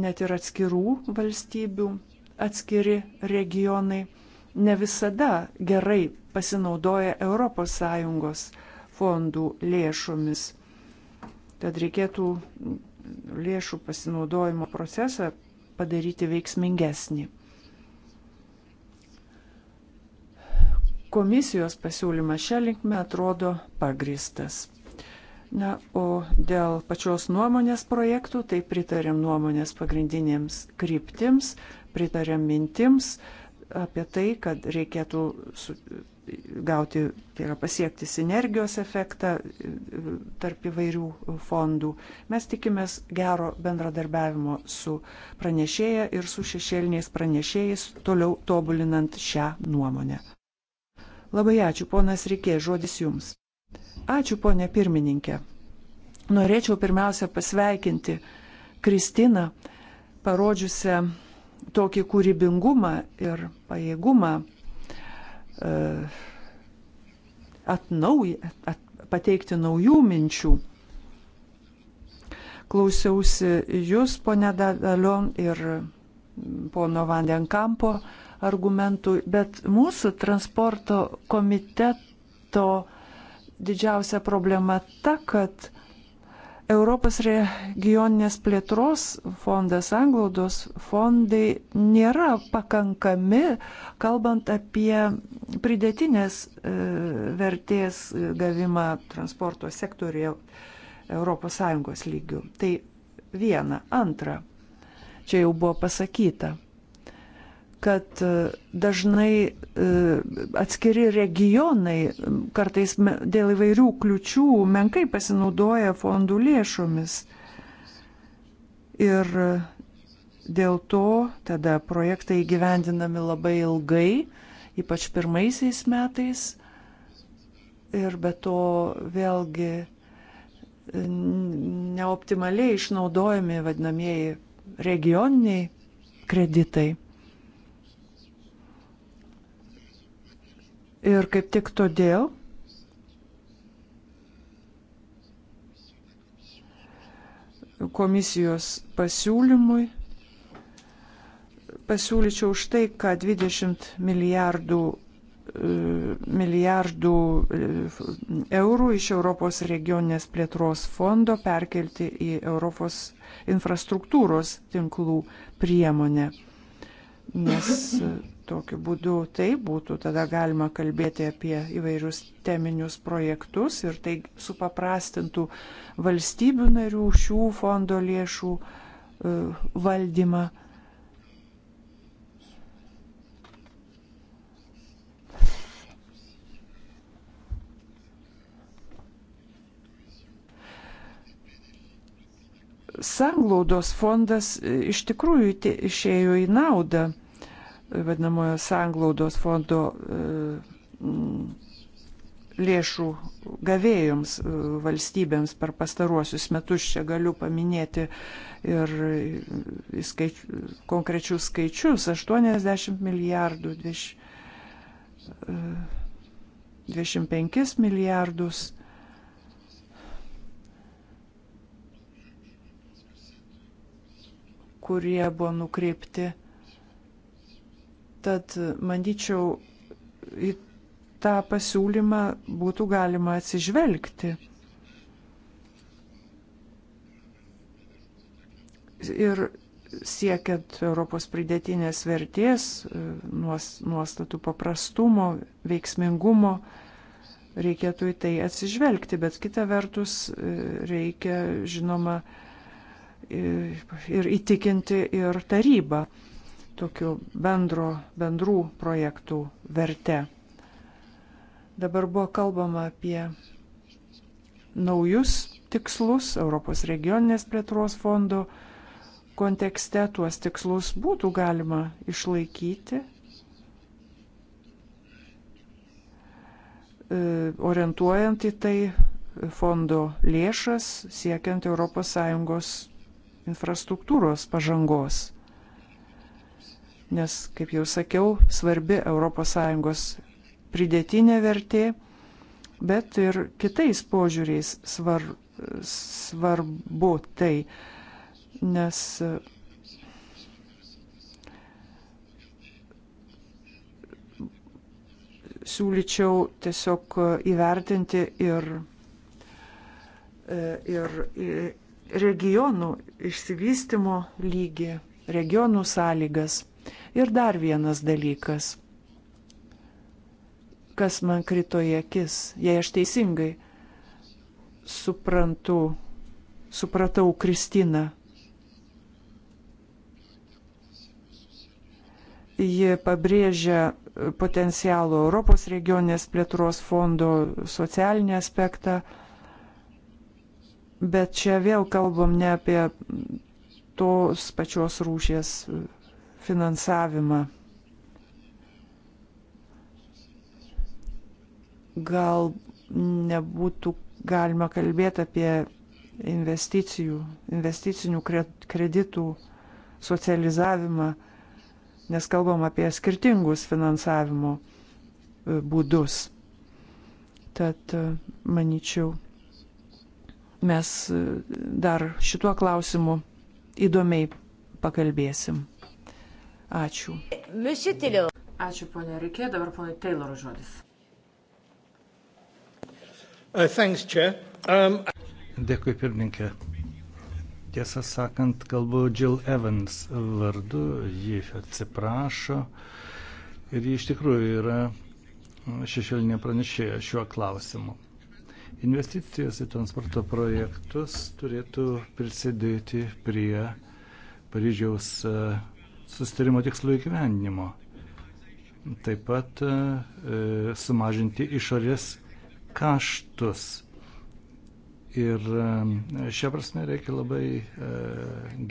net ir atskirų valstybių atskiri regionai ne visada gerai pasinaudoja ES fondų lėšomis. Tad reikėtų lėšų pasinaudojimo procesą padaryti veiksmingesnį. Komisijos pasiūlymas šią linkmę atrodo pagristas. Na, o dėl pačios nuomonės projektų, tai pritarėm nuomonės pagrindinėms kryptims, pritarė mintims apie tai, kad reikėtų gauti, tai yra pasiekti sinergijos efektą e, tarp įvairių fondų. Mes tikimės gero bendradarbiavimo su pranešėja ir su šešėliniais pranešėjais, toliau tobulinant šią nuomonę. Labai ačiū, ponas Rikė, žodis jums. Ačiū, ponė pirmininkė. Norėčiau pirmiausia pasveikinti Kristiną, parodžiusią tokį kūrybingumą ir pajėgumą e, atnauj, at, pateikti naujų minčių. Klausiausi jūs, ponė Dalio, ir pono Vandenkampo argumentų, bet mūsų transporto komiteto didžiausia problema ta, kad Europos regioninės plėtros fondas, anglaudos fondai nėra pakankami, kalbant apie pridėtinės e, vertės gavimą transporto sektoriuje ES lygių. Tai viena. Antra, čia jau buvo pasakyta, kad e, dažnai e, atskiri regionai kartais dėl įvairių kliučių menkai pasinaudoja fondų lėšomis. Ir e, dėl to tada projektai įgyvendinami labai ilgai, ypač pirmaisiais metais. Ir be to vėlgi neoptimaliai išnaudojami vadinamieji regioniniai kreditai. Ir kaip tik todėl komisijos pasiūlymui pasiūlyčiau už tai, kad 20 milijardų e, milijardų e, eurų iš Europos regioninės plėtros fondo perkelti į Europos infrastruktūros tinklų priemonę. Nes Tokiu būdu tai būtų tada galima kalbėti apie įvairius teminius projektus ir tai supaprastintų valstybių narių šių fondo lėšų e, valdymą. sanglaudos fondas e, iš tikrųjų išėjo į naudą vadinamojo sanglaudos fondo e, lėšų gavėjams e, valstybėms per pastaruosius metus. Čia galiu paminėti ir e, skaič, konkrečius skaičius - 80 milijardų, 25 milijardus. kurie buvo nukreipti Tad manyčiau, į tą pasiūlymą būtų galima atsižvelgti. Ir siekiant Europos pridėtinės vertės, e, nuostatų paprastumo, veiksmingumo, reikėtų į tai atsižvelgti, bet kita vertus e, reikia, žinoma, e, ir įtikinti ir tarybą tokių bendro, bendrų projektų verte. Dabar buvo kalbama apie naujus tikslus Europos regioninės plėtros fondo kontekste. Tuos tikslus būtų galima išlaikyti, e, orientuojant į tai fondo lėšas, siekiant ES infrastruktūros pažangos nes, kaip jau sakiau, svarbi ES pridėtinė vertė, bet ir kitais požiūriais svar, svarbu tai, nes siūlyčiau tiesiog įvertinti ir, ir regionų išsivystimo lygį, regionų sąlygas. Ir dar vienas dalykas, kas man krito į akis, jei aš teisingai suprantu, supratau Kristiną. Ji pabrėžia potencialų Europos regionės plėtros fondo socialinį aspektą, bet čia vėl kalbam ne apie tos pačios rūšės finansavimą. Gal nebūtų galima kalbėti apie investicijų, investicinių kreditų socializavimą, nes kalbam apie skirtingus finansavimo e, būdus. Tad e, manyčiau, mes e, dar šituo klausimu įdomiai pakalbėsim. Ačiū. Ačiū, ponė Rikė, dabar ponė Taylor žodis. Uh, thanks, um... Dėkui, pirmininkė. Tiesą sakant, kalbu Jill Evans vardu, ji atsiprašo ir ji iš tikrųjų yra šešėlinė pranešėja šiuo klausimu. Investicijos į transporto projektus turėtų prisidėti prie Paryžiaus uh, sustarimo tikslų įgyvendinimo. Taip pat e, e, sumažinti išorės kaštus. Ir e, šią prasme reikia labai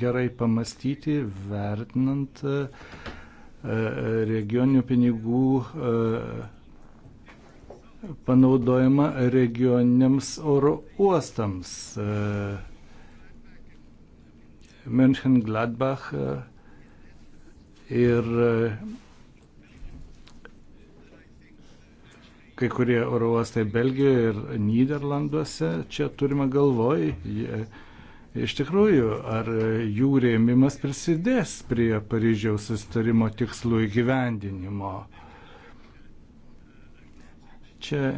gerai pamastyti, vertinant regioninių pinigų panaudojama regioniniams oro uostams. Mönchengladbach ir e, kai kurie oro uostai Belgijoje ir Niderlanduose, čia turime galvoj, jie, iš tikrųjų, ar jų rėmimas prisidės prie Paryžiaus sustarimo tikslų įgyvendinimo. Čia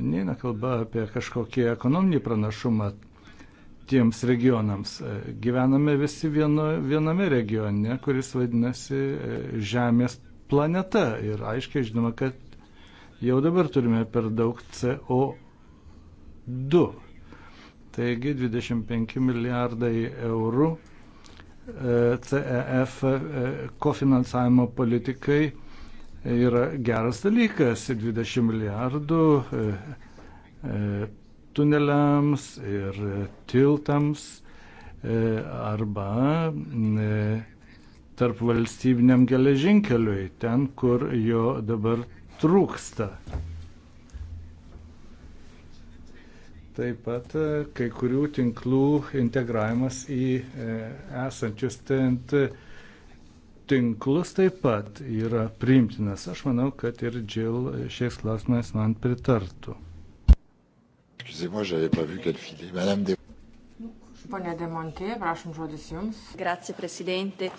neina kalba apie kažkokį ekonominį pranašumą, tiems regionams. E, gyvename visi vieno, viename regione, kuris vadinasi e, Žemės planeta. Ir aiškiai žinoma, kad jau dabar turime per daug CO2. Taigi 25 milijardai eurų e, CEF kofinansavimo politikai yra geras dalykas. 20 milijardų tuneliams ir tiltams e, arba e, tarp valstybiniam geležinkeliui, ten, kur jo dabar trūksta. Taip pat e, kai kurių tinklų integravimas į esančius TNT tinklus taip pat yra priimtinas. Aš manau, kad ir Džil šiais klausimais man pritartų. Excusez-moi, j'avais pas vu qu'elle filait. Madame De... Pone Demonte, prašom žodis jums. Grazie, Presidente.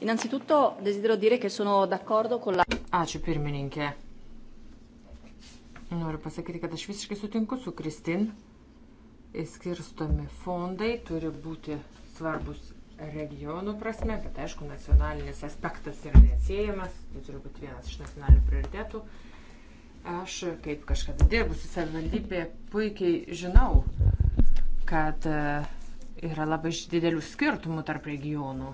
Innanzitutto desidero dire che sono d'accordo con la... Ačiū, pirmininkė. Noriu pasakyti, kad aš visiškai sutinku su Kristin. Įskirstomi fondai turi būti svarbus regionų prasme, bet aišku, nacionalinis aspektas yra neatsiejamas, tai turi būti vienas iš nacionalinių prioritetų. Uh, Aš, kaip kažkada dirbusi savivaldybėje, puikiai žinau, kad e, yra labai didelių skirtumų tarp regionų.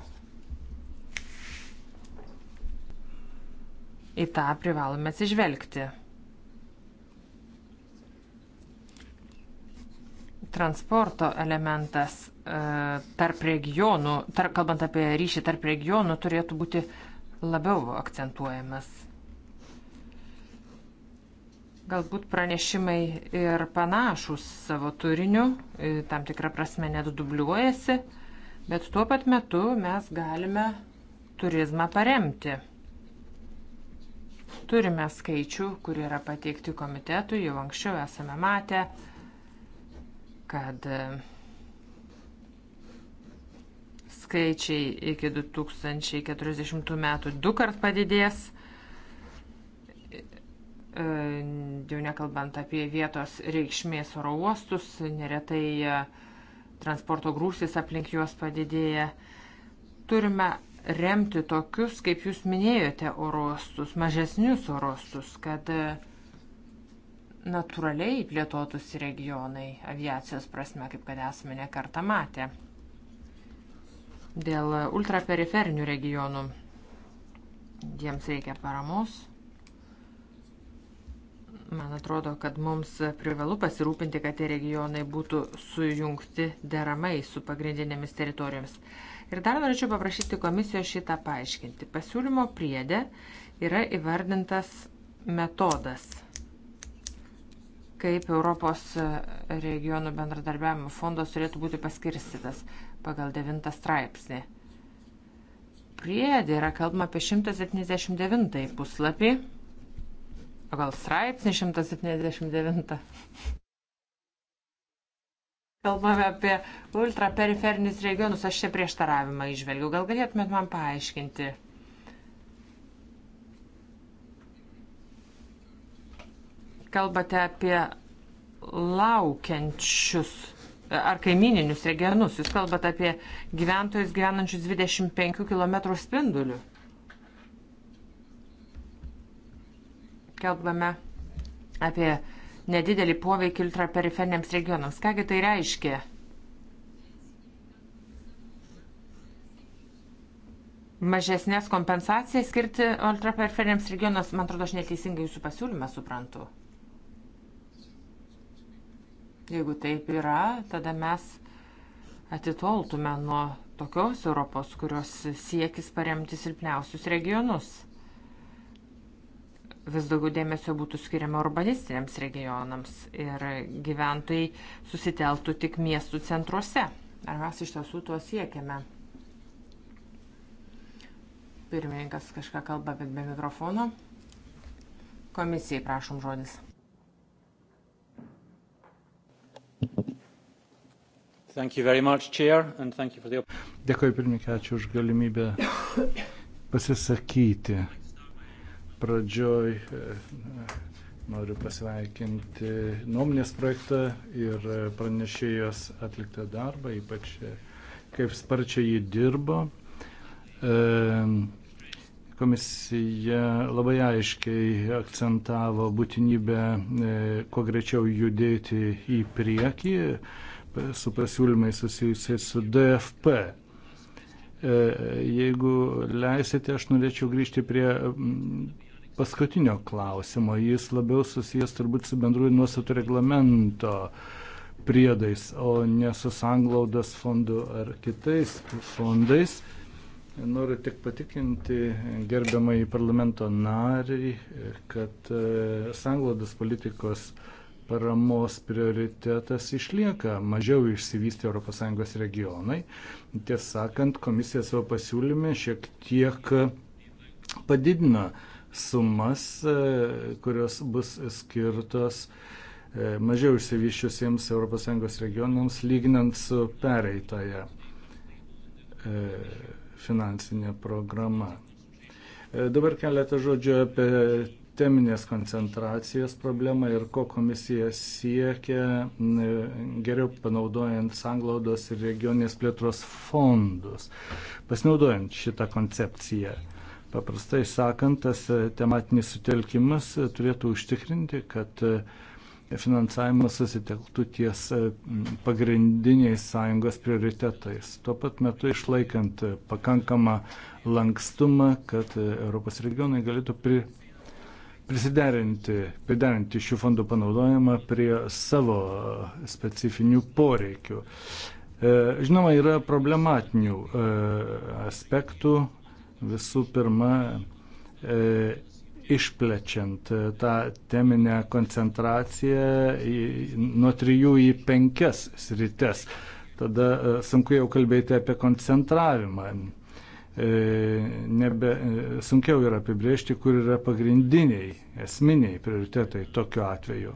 Į tą privalome atsižvelgti. Transporto elementas e, tarp regionų, tar, kalbant apie ryšį tarp regionų, turėtų būti labiau akcentuojamas. Galbūt pranešimai ir panašus savo turiniu, e, tam tikrą prasme net dubliuojasi, bet tuo pat metu mes galime turizmą paremti. Turime skaičių, kur yra pateikti komitetui, jau anksčiau esame matę, kad e, skaičiai iki 2040 metų du kart padidės E, jau nekalbant apie vietos reikšmės oro uostus, neretai e, transporto grūsis aplink juos padidėja. Turime remti tokius, kaip jūs minėjote, oro uostus, mažesnius oro uostus, kad e, natūraliai plėtotųsi regionai aviacijos prasme, kaip kad esame nekartą matę. Dėl ultraperiferinių regionų jiems reikia paramos Man atrodo, kad mums privalu pasirūpinti, kad tie regionai būtų sujungti deramai su pagrindinėmis teritorijomis. Ir dar norėčiau paprašyti komisijos šitą paaiškinti. Pasiūlymo priedė yra įvardintas metodas, kaip Europos regionų bendradarbiavimo fondas turėtų būti paskirstytas pagal 9 straipsnį. Priedė yra kalbama apie 179 puslapį pagal straipsnį 179. Kalbame apie ultraperiferinius regionus, aš čia prieštaravimą išvelgiu. Gal galėtumėt man paaiškinti? Kalbate apie laukiančius ar kaimininius regionus. Jūs kalbate apie gyventojus gyvenančius 25 km spinduliu. kalbame apie nedidelį poveikį ultraperiferiniams regionams. Kągi tai reiškia? Mažesnės kompensacijas skirti ultraperiferiniams regionams, man atrodo, aš neteisingai jūsų pasiūlymą suprantu. Jeigu taip yra, tada mes atitoltume nuo tokios Europos, kurios siekis paremti silpniausius regionus vis daugiau dėmesio būtų skiriama urbanistiniams regionams ir gyventojai susiteltų tik miestų centruose. Ar mes iš tiesų tuo siekiame? Pirmininkas kažką kalba, bet be mikrofono. Komisijai prašom žodis. Much, Chair, the... Dėkui pirmininkė, ačiū už galimybę pasisakyti. Pradžioj e, noriu pasveikinti nuomonės projektą ir pranešėjos atliktą darbą, ypač e, kaip sparčiai jį dirbo. E, komisija labai aiškiai akcentavo būtinybę kuo greičiau judėti į priekį su pasiūlymais susijusiais su DFP. Jeigu leisite, aš norėčiau grįžti prie paskutinio klausimo. Jis labiau susijęs turbūt su bendruoju nuostatų reglamento priedais, o ne su sanglaudas fondu ar kitais fondais. Noriu tik patikinti gerbiamai parlamento narį, kad e, sanglaudas politikos paramos prioritetas išlieka mažiau išsivystę ES regionai. Tiesą sakant, komisija savo pasiūlyme šiek tiek padidina uh, sumas, e, kurios bus skirtos e, mažiau išsivyščiusiems ES regionams lyginant su pereitoje e, finansinė programa. Dabar keletą žodžių apie teminės koncentracijos problemą ir ko komisija siekia geriau panaudojant sanglaudos ir regioninės plėtros fondus, pasinaudojant šitą koncepciją. Paprastai sakant, tas e, tematinis sutelkimas e, turėtų užtikrinti, kad e, finansavimas susitelktų ties pagrindiniais sąjungos prioritetais. Tuo pat metu išlaikant pakankamą lankstumą, kad Europos regionai galėtų pri, prisiderinti, priderinti šių fondų panaudojimą prie savo specifinių poreikių. Žinoma, yra problematinių aspektų, Visų pirma, e, išplečiant e, tą teminę koncentraciją į, nuo trijų į penkias srites. Tada e, sunku jau kalbėti apie koncentravimą. E, nebe, e, sunkiau yra apibriežti, kur yra pagrindiniai, esminiai prioritetai tokiu atveju.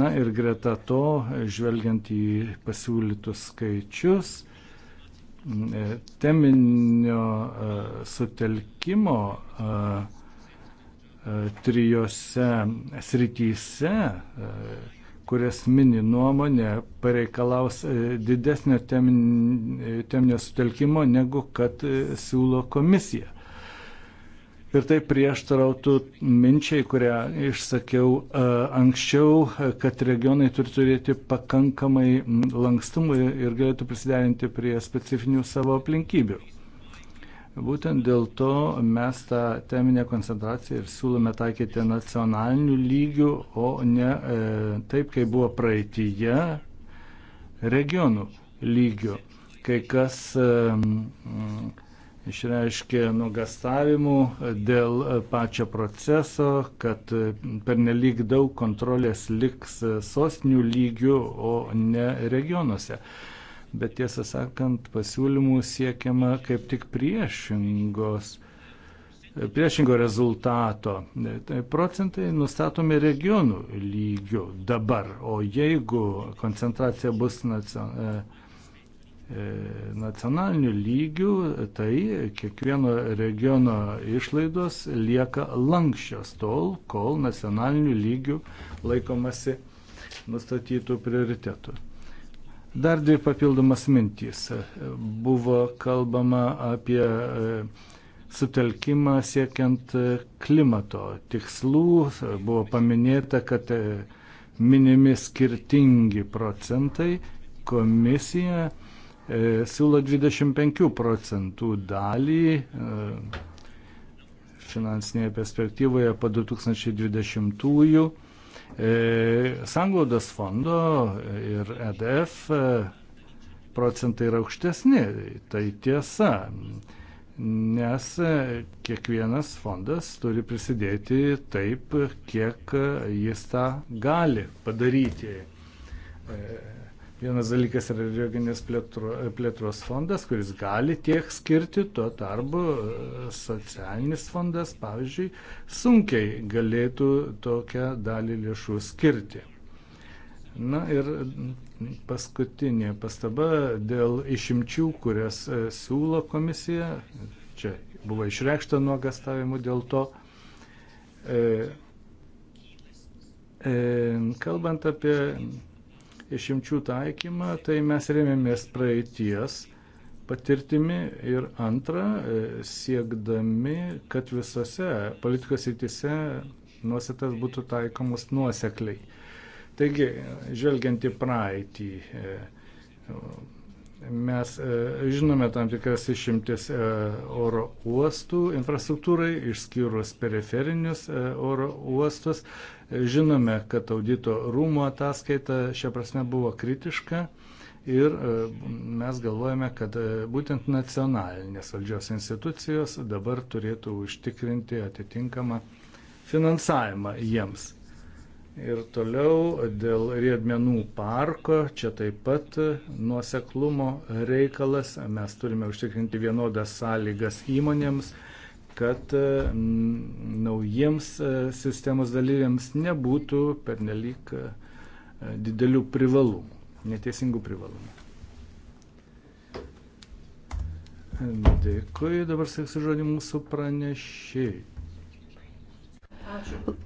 Na ir greta to, žvelgiant į pasiūlytus skaičius, teminio e, sutelkimo e, e, trijose srityse, kurias mini nuomonė, pareikalaus didesnio teminio sutelkimo negu kad siūlo komisija. Ir tai prieštarautų minčiai, kurią išsakiau e, anksčiau, e, kad regionai turi turėti pakankamai lankstumų ir galėtų prisiderinti prie specifinių savo aplinkybių. Būtent dėl to mes tą teminę koncentraciją ir siūlome taikyti nacionaliniu lygiu, o ne e, taip, kaip buvo praeitįje, regionų lygiu. Kai kas e, mm, išreiškė nugastavimų dėl pačio proceso, kad pernelyg daug kontrolės liks sostinių lygių, o ne regionuose. Bet tiesą sakant, pasiūlymų siekiama kaip tik priešingos. Priešingo rezultato. Tai procentai nustatomi regionų lygių dabar, o jeigu koncentracija bus nacionalinė e, E, nacionaliniu lygiu, tai kiekvieno regiono išlaidos lieka lankščios tol, kol nacionaliniu lygiu laikomasi nustatytų prioritetų. Dar dvi papildomas mintys. Buvo kalbama apie e, sutelkimą siekiant e, klimato tikslų. Buvo paminėta, kad minimi skirtingi procentai. Komisija E, siūlo 25 procentų dalį e, finansinėje perspektyvoje po 2020-ųjų. E, sanglaudos fondo ir EDF procentai yra aukštesni, tai tiesa, nes kiekvienas fondas turi prisidėti taip, kiek jis tą gali padaryti Vienas dalykas yra regioninės plėtro, plėtros fondas, kuris gali tiek skirti, tuo tarpu e, socialinis fondas, pavyzdžiui, sunkiai galėtų tokią dalį lėšų skirti. Na ir paskutinė pastaba dėl išimčių, kurias e, siūlo komisija. Čia buvo išreikšta nuogastavimų dėl to. E, e, kalbant apie išimčių taikymą, tai mes remiamės praeities patirtimi ir antra, e, siekdami, kad visose politikos rytise nuosetas būtų taikomas nuosekliai. Taigi, žvelgiant į praeitį, e, mes e, žinome tam tikras išimtis oro uostų infrastruktūrai, išskyrus periferinius oro uostus, Žinome, kad audito rūmų ataskaita šia prasme buvo kritiška ir e, mes galvojame, kad e, būtent nacionalinės valdžios institucijos dabar turėtų užtikrinti atitinkamą finansavimą jiems. Ir toliau dėl riedmenų parko, čia taip pat nuoseklumo reikalas, mes turime užtikrinti vienodas sąlygas įmonėms, kad e, naujiems e, sistemos dalyviams nebūtų pernelyg e, didelių privalumų, neteisingų privalumų. Dėkui, dabar sėksiu žodį mūsų pranešiai. Ačiū.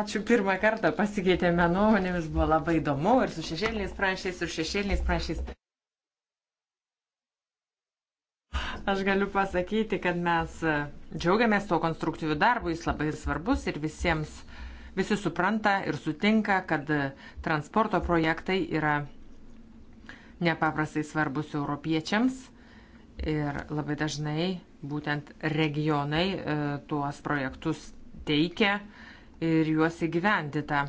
Ačiū pirmą kartą, pasikeitėme nuomonėmis, buvo labai įdomu ir su šešėliniais pranešiais, ir šešėliniais pranešiais. Aš galiu pasakyti, kad mes e, džiaugiamės tuo konstruktyviu darbu, jis labai svarbus ir visiems, visi supranta ir sutinka, kad e, transporto projektai yra nepaprastai svarbus europiečiams ir labai dažnai būtent regionai e, tuos projektus teikia ir juos įgyvendita.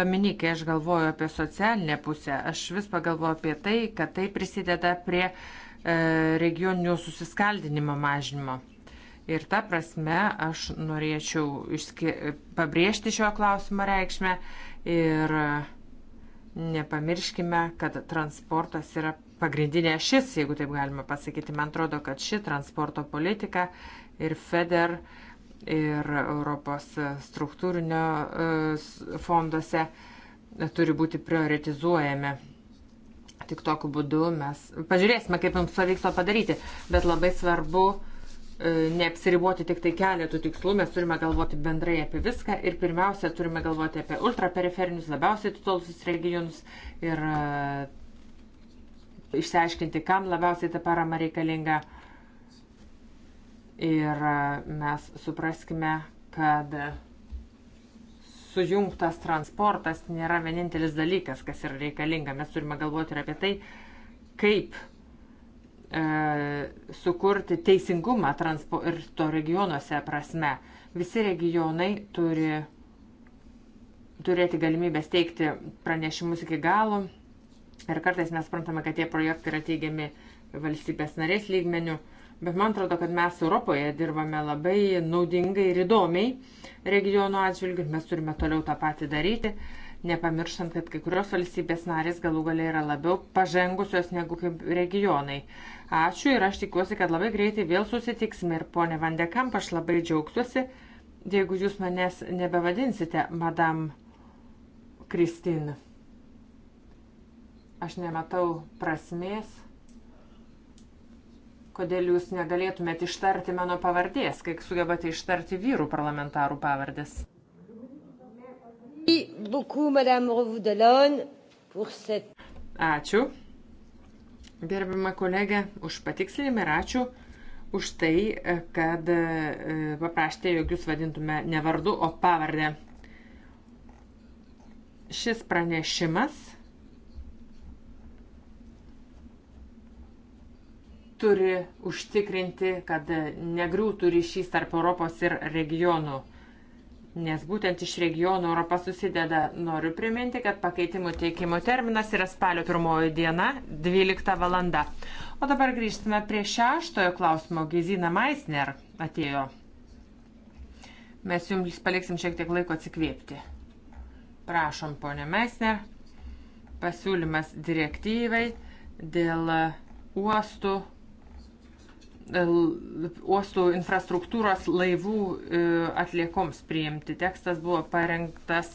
Dominikai, aš galvoju apie socialinę pusę, aš vis pagalvoju apie tai, kad tai prisideda prie uh, E, regioninio susiskaldinimo mažinimo. Ir ta prasme aš norėčiau išski... pabrėžti šio klausimo reikšmę ir nepamirškime, kad transportas yra pagrindinė šis, jeigu taip galima pasakyti. Man atrodo, kad ši transporto politika ir FEDER ir Europos struktūrinio e, fonduose turi būti prioritizuojami Tik tokiu būdu mes pažiūrėsime, kaip jums pavyks to padaryti. Bet labai svarbu e, neapsiriboti tik tai keletų tikslų, mes turime galvoti bendrai apie viską ir pirmiausia turime galvoti apie ultraperiferinius, labiausiai tutolusius regionus ir e, išsiaiškinti, kam labiausiai ta parama reikalinga. Ir e, mes supraskime, kad sujungtas transportas nėra vienintelis dalykas, kas yra reikalinga. Mes turime galvoti ir apie tai, kaip e, sukurti teisingumą transporto regionuose prasme. Visi regionai turi turėti galimybę teikti pranešimus iki galo. Ir kartais mes suprantame, kad tie projektai yra teigiami valstybės narės lygmenių. E, Bet man atrodo, kad mes Europoje dirbame labai naudingai ir įdomiai regionų atžvilgių. Mes turime toliau tą patį daryti, nepamirštant, kad kai kurios valstybės narės galų galiai yra labiau pažengusios negu kaip regionai. Ačiū ir aš tikiuosi, kad labai greitai vėl susitiksime. Ir ponė Vandekamp, aš labai džiaugsiuosi, jeigu jūs manęs nebevadinsite Madam Kristin. Aš nematau prasmės kodėl jūs negalėtumėte ištarti mano pavardės, kai sugebate ištarti vyrų parlamentarų pavardės. Ačiū, gerbima kolegė, už patikslinimą ir ačiū už tai, kad e, paprašėte, jog jūs vadintume ne vardu, o pavardę. Šis pranešimas turi užtikrinti, kad negriūtų ryšys tarp Europos ir regionų. Nes būtent iš regionų Europa susideda. Noriu priminti, kad pakeitimų teikimo terminas yra spalio pirmoji diena, 12 valanda. O dabar grįžtame prie šeštojo klausimo. Gezina Maisner atėjo. Mes jums paliksim šiek tiek laiko atsikvėpti. Prašom, ponė Maisner, pasiūlymas direktyvai dėl uostų uostų infrastruktūros laivų e, atliekoms priimti. Tekstas buvo parengtas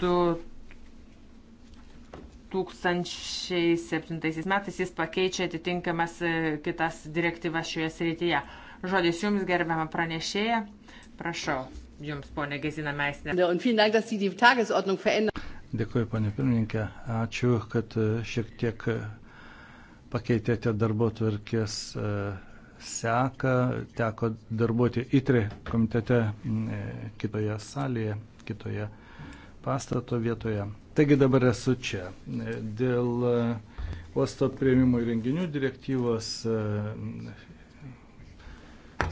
2007 metais, jis pakeičia atitinkamas e, kitas direktyvas šioje srityje. Žodis jums gerbiamą pranešėją. Prašau, jums ponė Gezina Meisner. Dėkuoju, ponė pirmininkė. Ačiū, kad e, šiek tiek pakeitėte darbo tvarkės e, seką, teko darbuoti įtri komitete e, kitoje salėje, kitoje pastato vietoje. Taigi dabar esu čia. E, dėl uosto prieimimo įrenginių direktyvos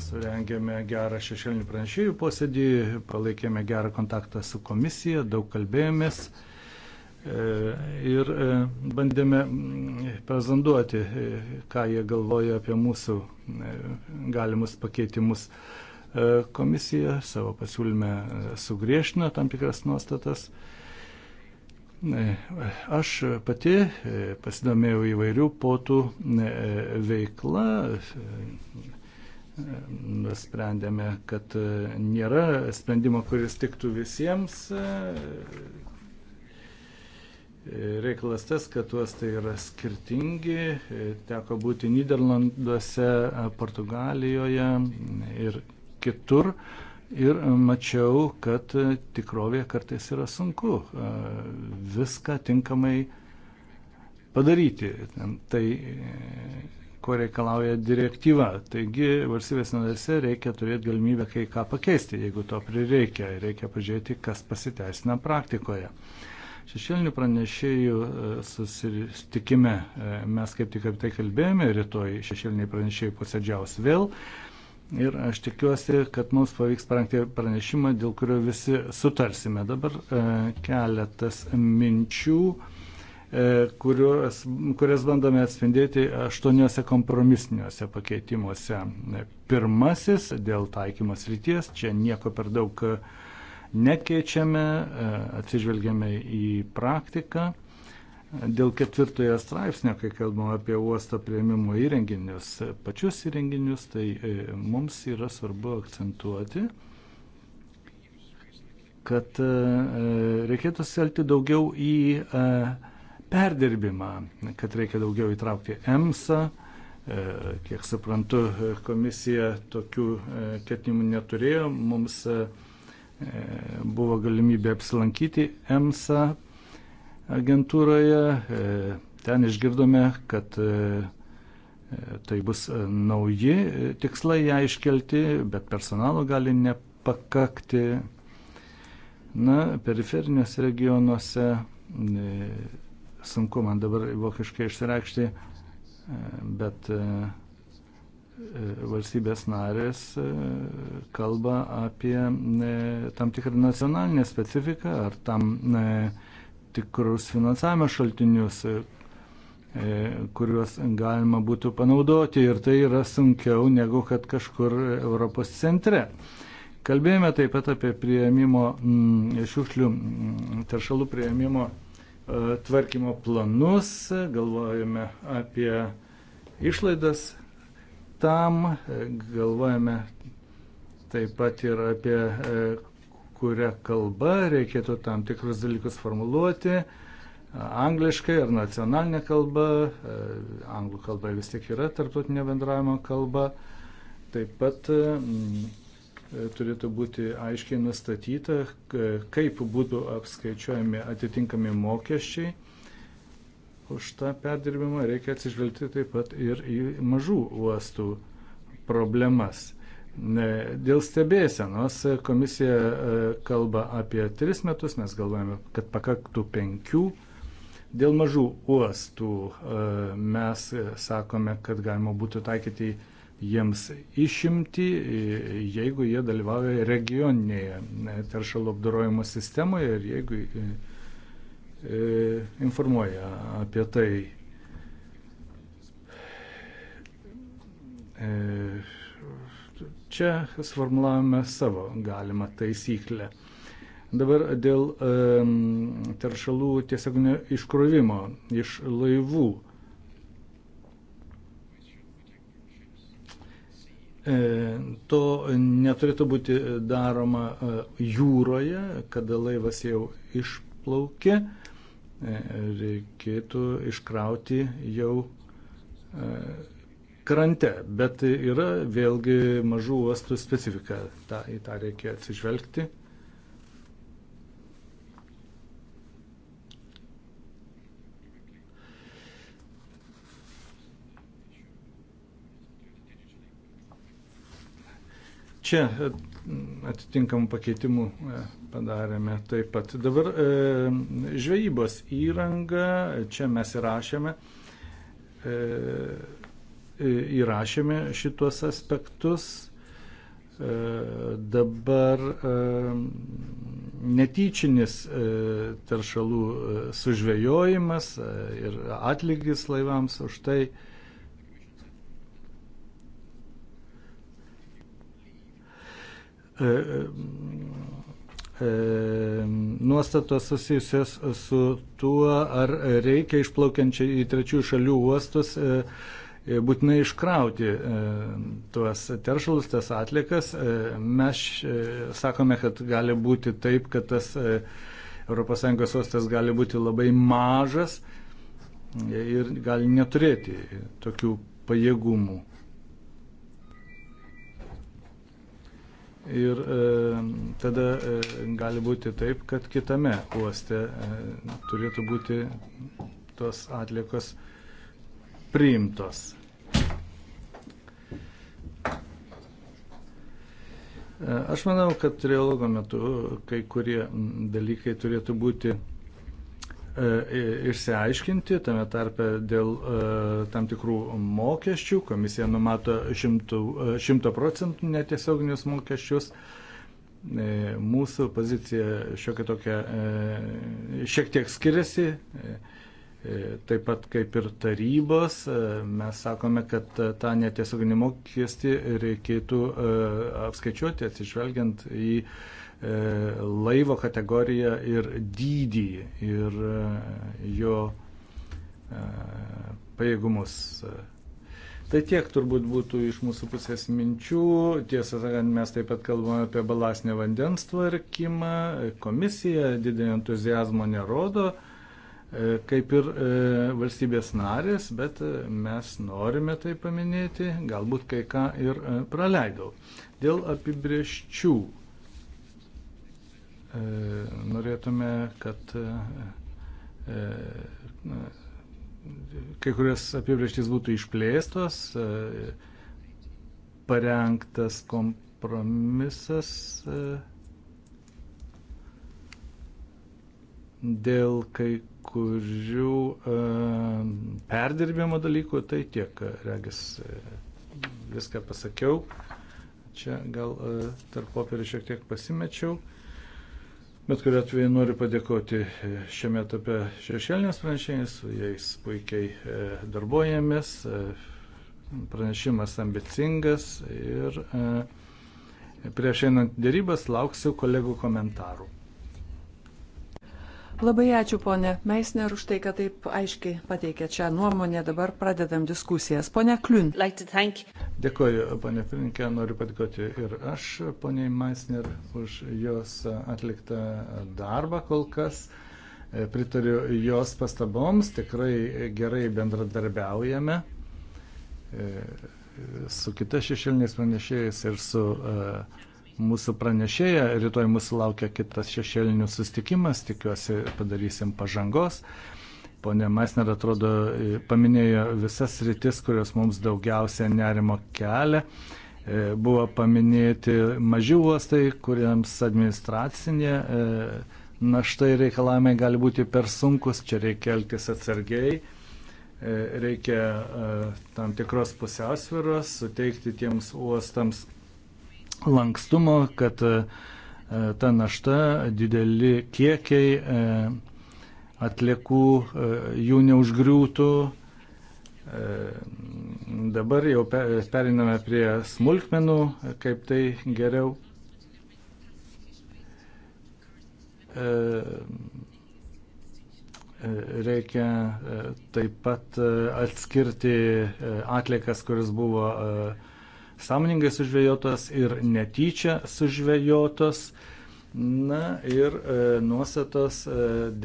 surengėme gerą šešėlinių pranešėjų posėdį, palaikėme gerą kontaktą su komisija, daug kalbėjomės. E, ir e, bandėme prezanduoti, e, ką jie galvoja apie mūsų galimus pakeitimus. Komisija savo pasiūlyme sugriešino tam tikras nuostatas. Aš pati pasidomėjau įvairių potų veiklą, nusprendėme, kad nėra sprendimo, kuris tiktų visiems Reikalas tas, kad uostai yra skirtingi, teko būti Niderlanduose, Portugalijoje ir kitur ir mačiau, kad tikrovė kartais yra sunku viską tinkamai padaryti. Tai e, ko reikalauja direktyva. Taigi valstybės narėse reikia turėti galimybę kai ką pakeisti, jeigu to prireikia. Reikia pažiūrėti, kas pasiteisina praktikoje šešėlinių pranešėjų e, susitikime. E, mes kaip tik apie tai kalbėjome, rytoj šešėliniai pranešėjai posėdžiaus vėl. Ir aš tikiuosi, kad mums pavyks parengti pranešimą, dėl kurio visi sutarsime. Dabar e, keletas minčių, e, kurios, kurias bandome atspindėti aštuoniuose kompromisiniuose pakeitimuose. Pirmasis dėl taikymos ryties, čia nieko per daug. E, nekeičiame, e, atsižvelgiame į praktiką. Dėl ketvirtojo straipsnio, kai kalbame apie uosto prieimimo įrenginius, pačius įrenginius, tai e, mums yra svarbu akcentuoti, kad e, reikėtų selti daugiau į perdirbimą, kad reikia daugiau įtraukti EMSA, kiek suprantu, komisija tokių ketinimų neturėjo, mums E, buvo galimybė apsilankyti EMSA agentūroje. E, ten išgirdome, kad e, tai bus nauji tikslai ją iškelti, bet personalo gali nepakakti. Na, periferiniuose regionuose, sunku man dabar vokiškai išsireikšti, bet E, valstybės narės e, kalba apie e, tam tikrą nacionalinę specifiką ar tam tikrus finansavimo šaltinius, kuriuos galima būtų panaudoti ir tai yra sunkiau negu kad kažkur Europos centre. Kalbėjome taip pat apie prieimimo mm, šiukšlių mm, teršalų prieimimo tvarkymo planus, galvojame apie išlaidas tam. Galvojame taip pat ir apie e, kurią kalbą reikėtų tam tikrus dalykus formuluoti. Angliškai ar nacionalinė kalba, e, anglų kalba vis tik yra tarptautinė bendravimo kalba. Taip pat e, turėtų būti aiškiai nustatyta, kaip būtų apskaičiuojami atitinkami mokesčiai už tą perdirbimą, reikia atsižvelgti taip pat ir į mažų uostų problemas. Dėl stebėsenos komisija e, kalba apie 3 metus, mes galvojame, kad pakaktų 5. Dėl mažų uostų e, mes sakome, kad galima būtų taikyti jiems išimti, e, jeigu jie dalyvauja regioninėje teršalų apdorojimo sistemoje ir jeigu E, informuoja apie tai. E, čia sformulavome savo galimą taisyklę. Dabar dėl teršalų tiesioginio iškrovimo iš laivų. E, to neturėtų būti daroma jūroje, kada laivas jau išplaukė. E, reikėtų iškrauti jau e, krante, bet yra vėlgi mažų uostų specifika, ta, į tą reikia atsižvelgti. Čia e, atitinkamų pakeitimų e, padarėme taip pat. Dabar e, žvejybos įranga, čia mes įrašėme, įrašėme šitos aspektus. Dabar netyčinis teršalų sužvejojimas ir atlygis laivams už tai E, e, nuostatos susijusios su tuo, ar reikia išplaukiančiai į trečių šalių uostus e, būtinai iškrauti tuos teršalus, tas atlikas. Mes sakome, kad gali būti taip, kad tas ES uostas gali būti labai mažas ir gali neturėti tokių pajėgumų. Ir e, tada e, gali būti taip, kad kitame uoste e, turėtų būti tos atliekos priimtos. E, aš manau, kad trialogo metu kai kurie dalykai turėtų būti E, išsiaiškinti, tame tarpe dėl e, tam tikrų mokesčių. Komisija numato 100 e, procentų netiesioginius mokesčius. Mūsų pozicija tokia, šiek tiek skiriasi, taip pat kaip ir tarybos. Mes sakome, kad tą netiesioginį mokestį reikėtų apskaičiuoti atsižvelgiant į E, laivo kategoriją ir dydį ir e, jo e, pajėgumus. Tai tiek turbūt būtų iš mūsų pusės minčių. Tiesą sakant, mes taip pat kalbame apie balasnio vandens tvarkymą. Komisija didelį entuzijazmą nerodo, kaip ir valstybės narės, bet mes norime tai paminėti, galbūt kai ką ir praleidau. Dėl apibrieščių E, norėtume, kad e, e, kai kurias apibrieštys būtų išplėstos, parengtas kompromisas dėl kai kurių perdirbimo dalykų, tai tiek, regis, viską pasakiau. Čia gal tarp popierių šiek tiek pasimečiau. Bet kuriu atveju noriu padėkoti e, šiame etape šešėlinės pranešėjais, su jais puikiai e, darbojamės, e, pranešimas ambicingas ir prieš einant dėrybas lauksiu kolegų komentarų. Labai ačiū, ponė Meisner, už tai, kad taip aiškiai pateikė čia nuomonę. Dabar pradedam diskusijas. Pone Kliun. Dėkuoju, ponė Pirinkė, noriu padėkoti ir aš, ponė Meisner, už jos atliktą darbą kol kas. Pritariu jos pastaboms, tikrai gerai bendradarbiaujame e, su kitais šešėliniais pranešėjais ir su uh, mūsų pranešėja. Rytoj mūsų laukia kitas šešėlinių sustikimas, tikiuosi padarysim pažangos. Pone Masner, atrodo, e, paminėjo visas rytis, kurios mums daugiausia nerimo kelia. E, buvo paminėti maži uostai, kuriems administracinė e, našta ir reikalavimai gali būti per sunkus, čia reikia elgtis atsargiai reikia tam tikros pusiausviros, suteikti tiems uostams lankstumo, kad e, ta našta, dideli kiekiai e, atliekų e, jų neužgriūtų. Dabar jau periname prie smulkmenų, kaip tai geriau. Reikia taip pat atskirti atliekas, kuris buvo uh, sąmoningai sužvėjotos ir netyčia sužvėjotos. Na ir e, nuostatos e,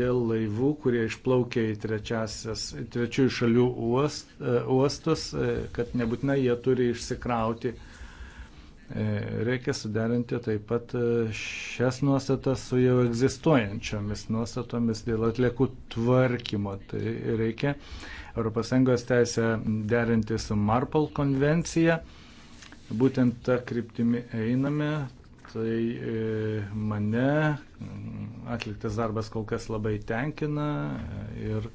dėl laivų, kurie išplaukia į trečiųjų šalių uost, e, uostus, e, kad nebūtinai jie turi išsikrauti. E, reikia suderinti taip pat e, šias nuostatas su jau egzistuojančiomis nuostatomis dėl atliekų tvarkymo. Tai reikia ES teisę derinti su Marpol konvencija. E, Būtent tą kryptimį einame, tai e, mane mm, atliktas darbas kol kas labai tenkina e, ir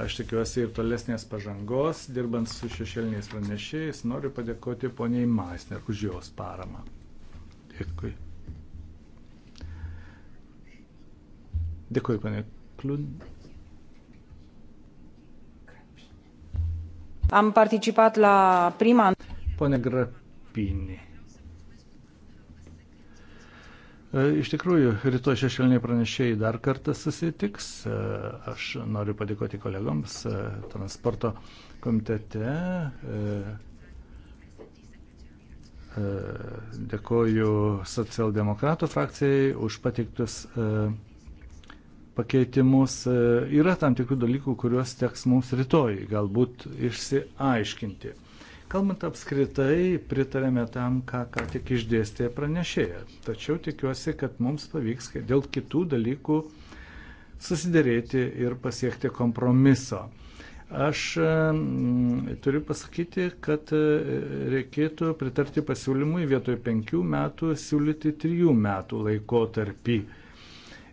aš tikiuosi ir tolesnės pažangos, dirbant su šešėliniais pranešėjais, noriu padėkoti poniai Maisner už jos paramą. Dėkui. Dėkui, panė Klun. Am participat la prima. Pone Grap Grapinį. E, iš tikrųjų, rytoj šešėliniai pranešėjai dar kartą susitiks. E, aš noriu padėkoti kolegoms e, transporto komitete. Dėkoju socialdemokratų frakcijai už pateiktus pakeitimus. Yra tam tikrų dalykų, kuriuos teks mums rytoj galbūt išsiaiškinti. Kalbant apskritai, pritarėme tam, ką ką tik išdėstė pranešėja. Tačiau tikiuosi, kad mums pavyks dėl kitų dalykų susidėrėti ir pasiekti kompromiso. Aš mm, turiu pasakyti, kad e, reikėtų pritarti pasiūlymui vietoj penkių metų siūlyti trijų metų laikotarpį. tarpį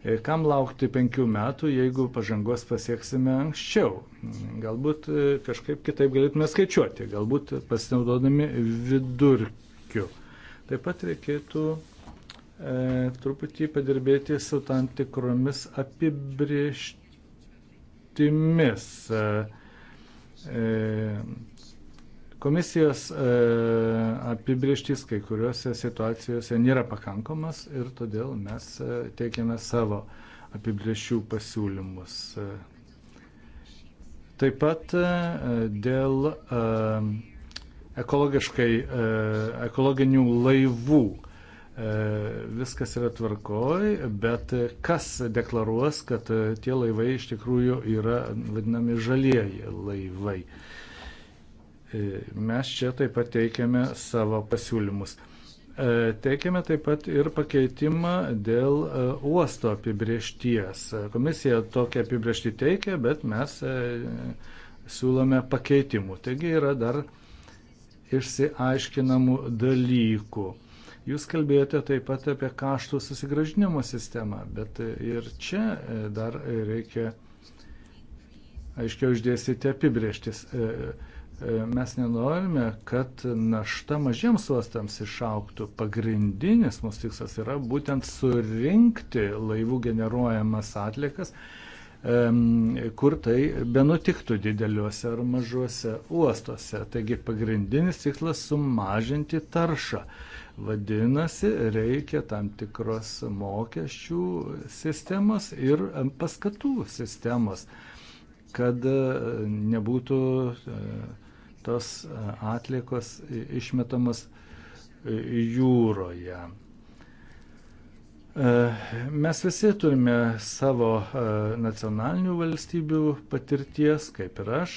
E, kam laukti penkių metų, jeigu pažangos pasieksime anksčiau? Galbūt e, kažkaip kitaip galėtume skaičiuoti, galbūt pasinaudodami vidurkiu. Taip pat reikėtų e, truputį padirbėti su tam tikromis apibrieštimis. E, e, Komisijos e, apibrieštys kai kuriuose situacijose nėra pakankamas ir todėl mes e, teikiame savo apibrieščių pasiūlymus. E, taip pat e, dėl e, ekologiškai, e, ekologinių laivų e, viskas yra tvarkoj, bet kas deklaruos, kad tie laivai iš tikrųjų yra vadinami žalieji laivai. E, mes čia taip pat teikiame savo pasiūlymus. E, teikiame taip pat ir pakeitimą dėl e, uosto apibriešties. Komisija tokią apibriešti teikia, bet mes siūlome pakeitimų. Taigi yra dar išsiaiškinamų dalykų. Jūs kalbėjote taip pat apie kaštų susigražinimo sistemą, bet ir čia dar reikia aiškiau išdėstyti apibrieštis. E, E, mes nenorime, kad našta mažiems uostams išauktų. Pagrindinis mūsų tikslas yra būtent surinkti laivų generuojamas atlikas, kur tai benutiktų dideliuose ar mažuose uostuose. Taigi pagrindinis tikslas sumažinti taršą. Vadinasi, reikia tam tikros mokesčių sistemos ir paskatų sistemos, kad e, nebūtų e, tos e, atlikos išmetamos e, jūroje. E, mes visi turime savo nacionalinių valstybių patirties, kaip ir aš,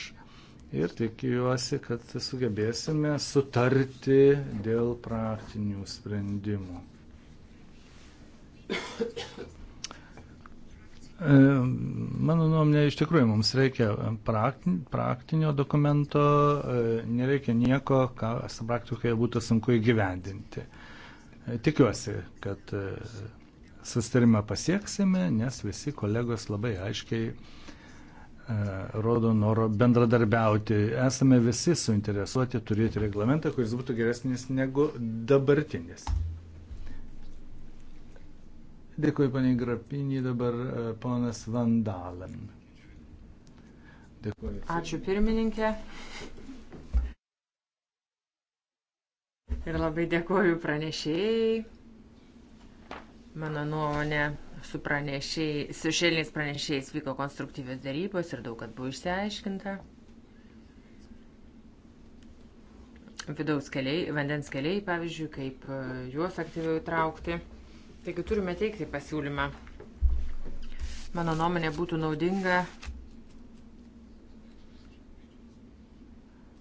ir tikiuosi, kad sugebėsime sutarti dėl praktinių sprendimų. E, mano nuomonė, iš tikrųjų mums reikia praktinio dokumento, e, nereikia nieko, ką praktikoje būtų sunku įgyvendinti. E, tikiuosi, kad sustarimą pasieksime, nes visi kolegos labai aiškiai rodo noro bendradarbiauti. Esame visi suinteresuoti turėti reglamentą, kuris būtų geresnis negu dabartinis. Dėkui, paniai Grapinį, dabar e, ponas Vandalin. Dėkui. Ačiū pirmininkė. Ir labai dėkoju pranešėjai. Mano nuomonė, su, pranešėjai, su šeliniais pranešėjais vyko konstruktyvios darybos ir daug kad buvo išsiaiškinta. Vidaus keliai, vandens keliai, pavyzdžiui, kaip e, juos aktyviau įtraukti. Taigi turime teikti pasiūlymą. Mano nuomonė būtų naudinga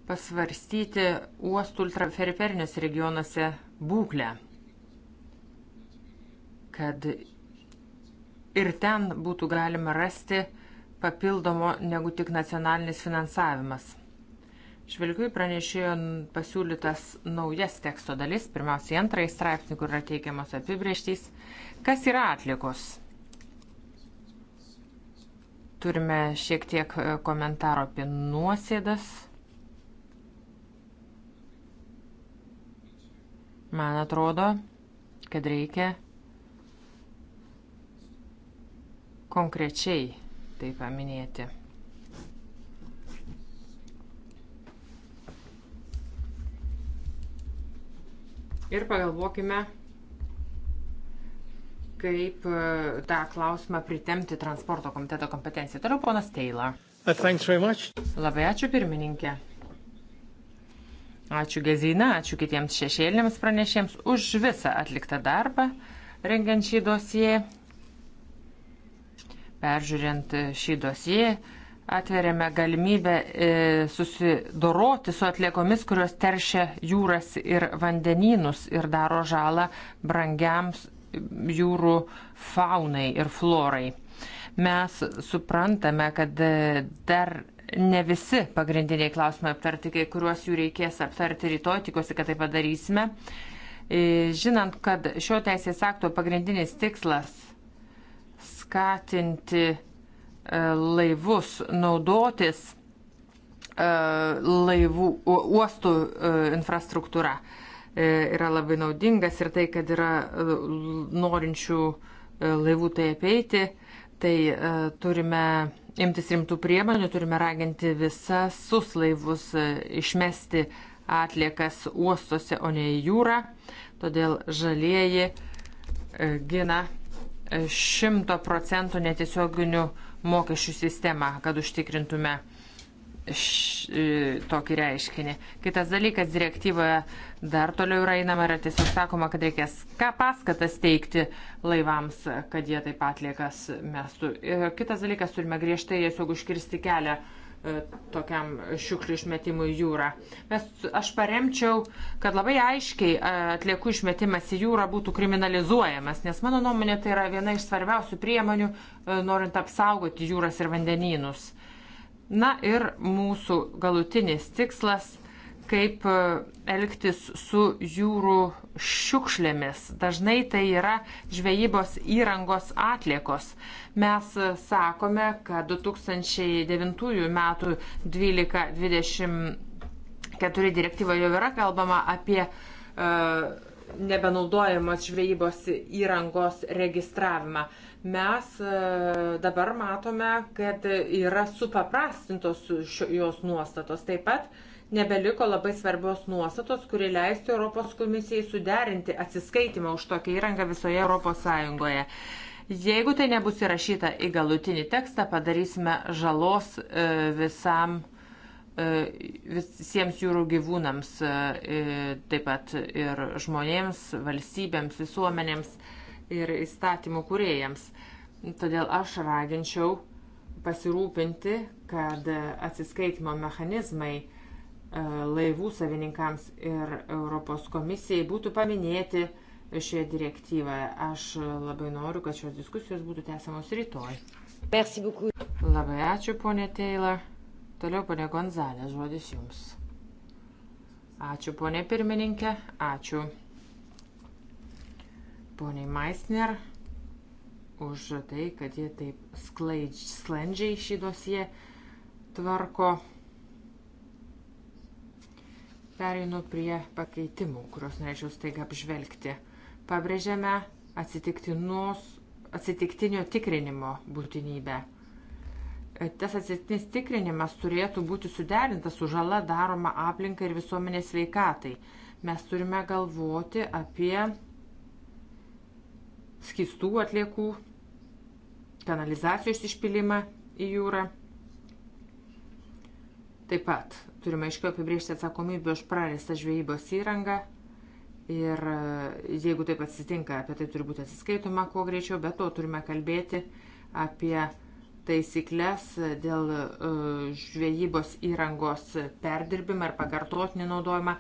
pasvarstyti uostų ultraferiferiniuose regionuose būklę, kad ir ten būtų galima rasti papildomo negu tik nacionalinis finansavimas. Žvelgiu į pranešėjo pasiūlytas naujas teksto dalis, pirmiausiai antrąjį straipsnį, kur yra teikiamos apibrieštys, kas yra atlikos. Turime šiek tiek e, komentaro apie nuosėdas. Man atrodo, kad reikia konkrečiai tai paminėti. ir pagalvokime, kaip e, tą klausimą pritemti transporto komiteto kompetenciją. Toliau ponas Teila. Uh, Labai ačiū pirmininkė. Ačiū Gezina, ačiū kitiems šešėlėms pranešėms už visą atliktą darbą rengiant šį dosiją. Peržiūrint šį dosiją, atveriame galimybę e, susidoroti su atliekomis, kurios teršia jūras ir vandenynus ir daro žalą brangiams jūrų faunai ir florai. Mes suprantame, kad e, dar ne visi pagrindiniai klausimai aptarti, kai kuriuos jų reikės aptarti rytoj, tikiuosi, kad tai padarysime. E, žinant, kad šio teisės akto pagrindinis tikslas skatinti laivus naudotis e, laivų uostų e, infrastruktūra e, yra labai naudingas ir tai, kad yra norinčių laivų tai apeiti, tai turime imtis rimtų priemonių, turime raginti visas suslaivus išmesti atliekas uostuose, o ne į jūrą. Todėl žalieji gina šimto procentų netiesioginių uh, mokesčių sistemą, kad užtikrintume š, e, tokį reiškinį. Kitas dalykas, direktyvoje dar toliau yra einama, yra tiesiog sakoma, kad reikės ką paskatas teikti laivams, kad jie taip atliekas mestų. Ir e, kitas dalykas, turime griežtai tiesiog užkirsti kelią E, tokiam šiukšlių išmetimui jūrą. Mes, aš paremčiau, kad labai aiškiai e, atliekų išmetimas į jūrą būtų kriminalizuojamas, nes mano nuomonė tai yra viena iš svarbiausių priemonių, e, norint apsaugoti jūras ir vandenynus. Na ir mūsų galutinis tikslas kaip e, elgtis su jūrų šiukšlėmis. Dažnai tai yra žvejybos įrangos atliekos. Mes e, sakome, kad 2009 m. 1224 direktyva jau yra kalbama apie uh, nebenaudojamos žvejybos įrangos registravimą. Mes dabar matome, kad yra supaprastintos šios nuostatos. Taip pat nebeliko labai svarbios nuostatos, kuri leistų Europos komisijai suderinti atsiskaitimą už tokią įrangą visoje Europos Sąjungoje. Jeigu tai nebus įrašyta į galutinį tekstą, padarysime žalos e, visam e, visiems jūrų gyvūnams, e, taip pat ir žmonėms, valstybėms, visuomenėms ir įstatymų kuriejams. Todėl aš raginčiau pasirūpinti, kad atsiskaitimo mechanizmai E, laivų savininkams ir Europos komisijai būtų paminėti šioje direktyvoje. Aš labai noriu, kad šios diskusijos būtų tęsiamos rytoj. Labai ačiū, ponė Teila. Toliau, ponė Gonzalė, žodis jums. Ačiū, ponė pirmininkė. Ačiū, ponė Meisner, už tai, kad jie taip sklaidž, sklandžiai šį dosiją tvarko. Pereinu prie pakeitimų, kuriuos norėčiau staiga apžvelgti. Pabrėžiame atsitiktinio tikrinimo būtinybę. Tas atsitiktinis tikrinimas turėtų būti suderintas su žala daroma aplinkai ir visuomenės veikatai. Mes turime galvoti apie skistų atliekų, kanalizacijos išpilimą į jūrą. Taip pat Turime aiškiai apibriežti atsakomybę už prarastą žvejybos įrangą. Ir e, jeigu taip atsitinka, apie tai turi būti atsiskaitoma kuo greičiau, bet to turime kalbėti apie taisyklės dėl e, žvejybos įrangos perdirbimą ir pakartotinį naudojimą.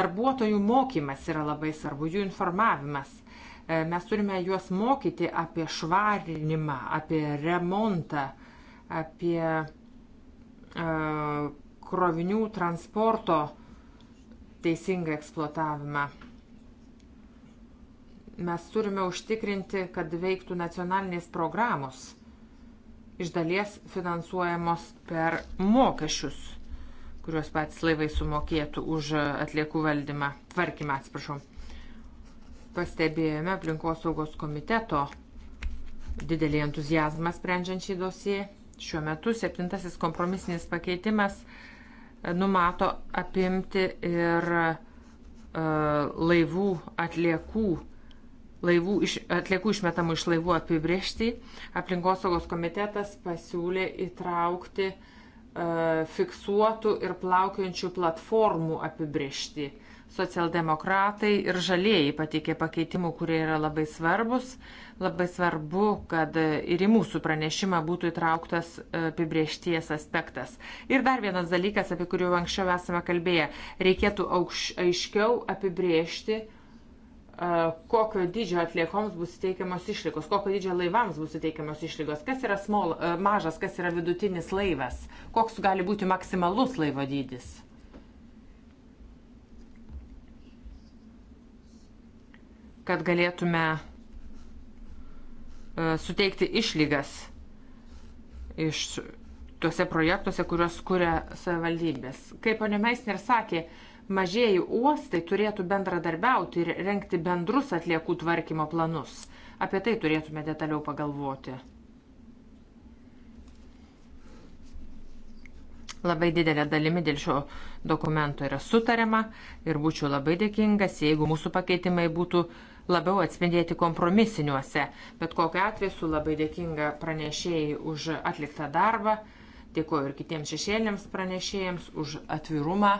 Darbuotojų mokymas yra labai svarbu, jų informavimas. E, mes turime juos mokyti apie švarinimą, apie remontą, apie krovinių transporto teisingą eksploatavimą. Mes turime užtikrinti, kad veiktų nacionalinės programos iš dalies finansuojamos per mokesčius, kuriuos patys laivai sumokėtų už atliekų valdymą, tvarkymą, atsiprašau. Pastebėjome aplinkosaugos komiteto didelį entuzijazmą sprendžiant šį dosiją. Šiuo metu septintasis kompromisinis pakeitimas numato apimti ir e, laivų atliekų laivų iš, atliekų išmetamų iš laivų apibriežti, aplinkosaugos komitetas pasiūlė įtraukti e, fiksuotų ir plaukiančių platformų apibriežti. E, Socialdemokratai ir žalieji pateikė pakeitimų, kurie yra labai svarbus. Labai svarbu, kad ir į mūsų pranešimą būtų įtrauktas e, apibriešties aspektas. Ir dar vienas dalykas, apie kurį anksčiau esame kalbėję, reikėtų aukš, aiškiau apibriežti, e, kokio dydžio atliekoms bus teikiamos išlygos, kokio dydžio laivams bus teikiamos išlygos, kas yra small, e, mažas, kas yra vidutinis laivas, koks gali būti maksimalus laivo dydis. kad galėtume e, suteikti išlygas iš tuose projektuose, kuriuos skuria savivaldybės. Kaip ponė Meisner sakė, mažieji uostai turėtų bendradarbiauti ir renkti bendrus atliekų tvarkymo planus. Apie tai turėtume detaliau pagalvoti. Labai didelė dalimi dėl šio dokumento yra sutariama ir būčiau labai dėkingas, jeigu mūsų pakeitimai būtų uh, labiau atspindėti kompromisiniuose. Bet kokiu atveju esu labai dėkinga pranešėjai už atliktą darbą, dėkoju ir kitiems šešėlėms pranešėjams už atvirumą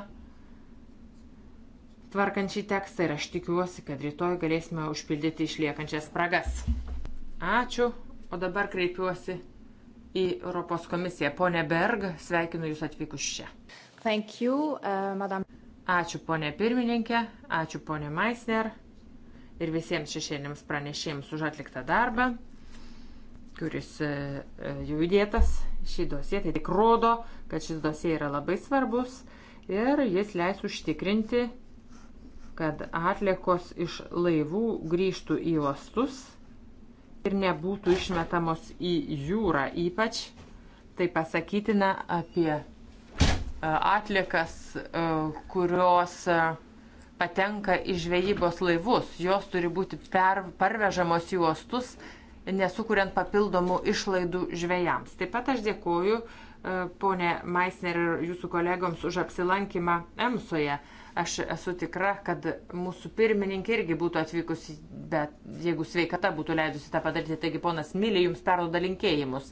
tvarkant šį tekstą ir aš tikiuosi, kad rytoj galėsime užpildyti išliekančias spragas. Ačiū, o dabar kreipiuosi į Europos komisiją. Pone Berg, sveikinu Jūs atvykus čia. Thank you, uh, madam. Ačiū, ponė pirmininkė, ačiū, ponė Meisner ir visiems šešėlėms pranešėjams už atliktą darbą, kuris e, e, jau įdėtas šį dosiją. Tai tik rodo, kad šis dosija yra labai svarbus ir jis leis užtikrinti, kad atliekos iš laivų grįžtų į uostus ir nebūtų išmetamos į jūrą. Ypač tai pasakytina apie e, atliekas, kurios patenka į žvejybos laivus. Jos turi būti per, parvežamos į uostus, nesukuriant papildomų išlaidų žvejams. Taip pat aš dėkoju e, ponė Maisner ir jūsų kolegoms už apsilankymą Emsoje. Aš esu tikra, kad mūsų pirmininkė irgi būtų atvykusi, bet jeigu sveikata būtų leidusi tą padaryti, taigi ponas Mylė jums perduoda linkėjimus.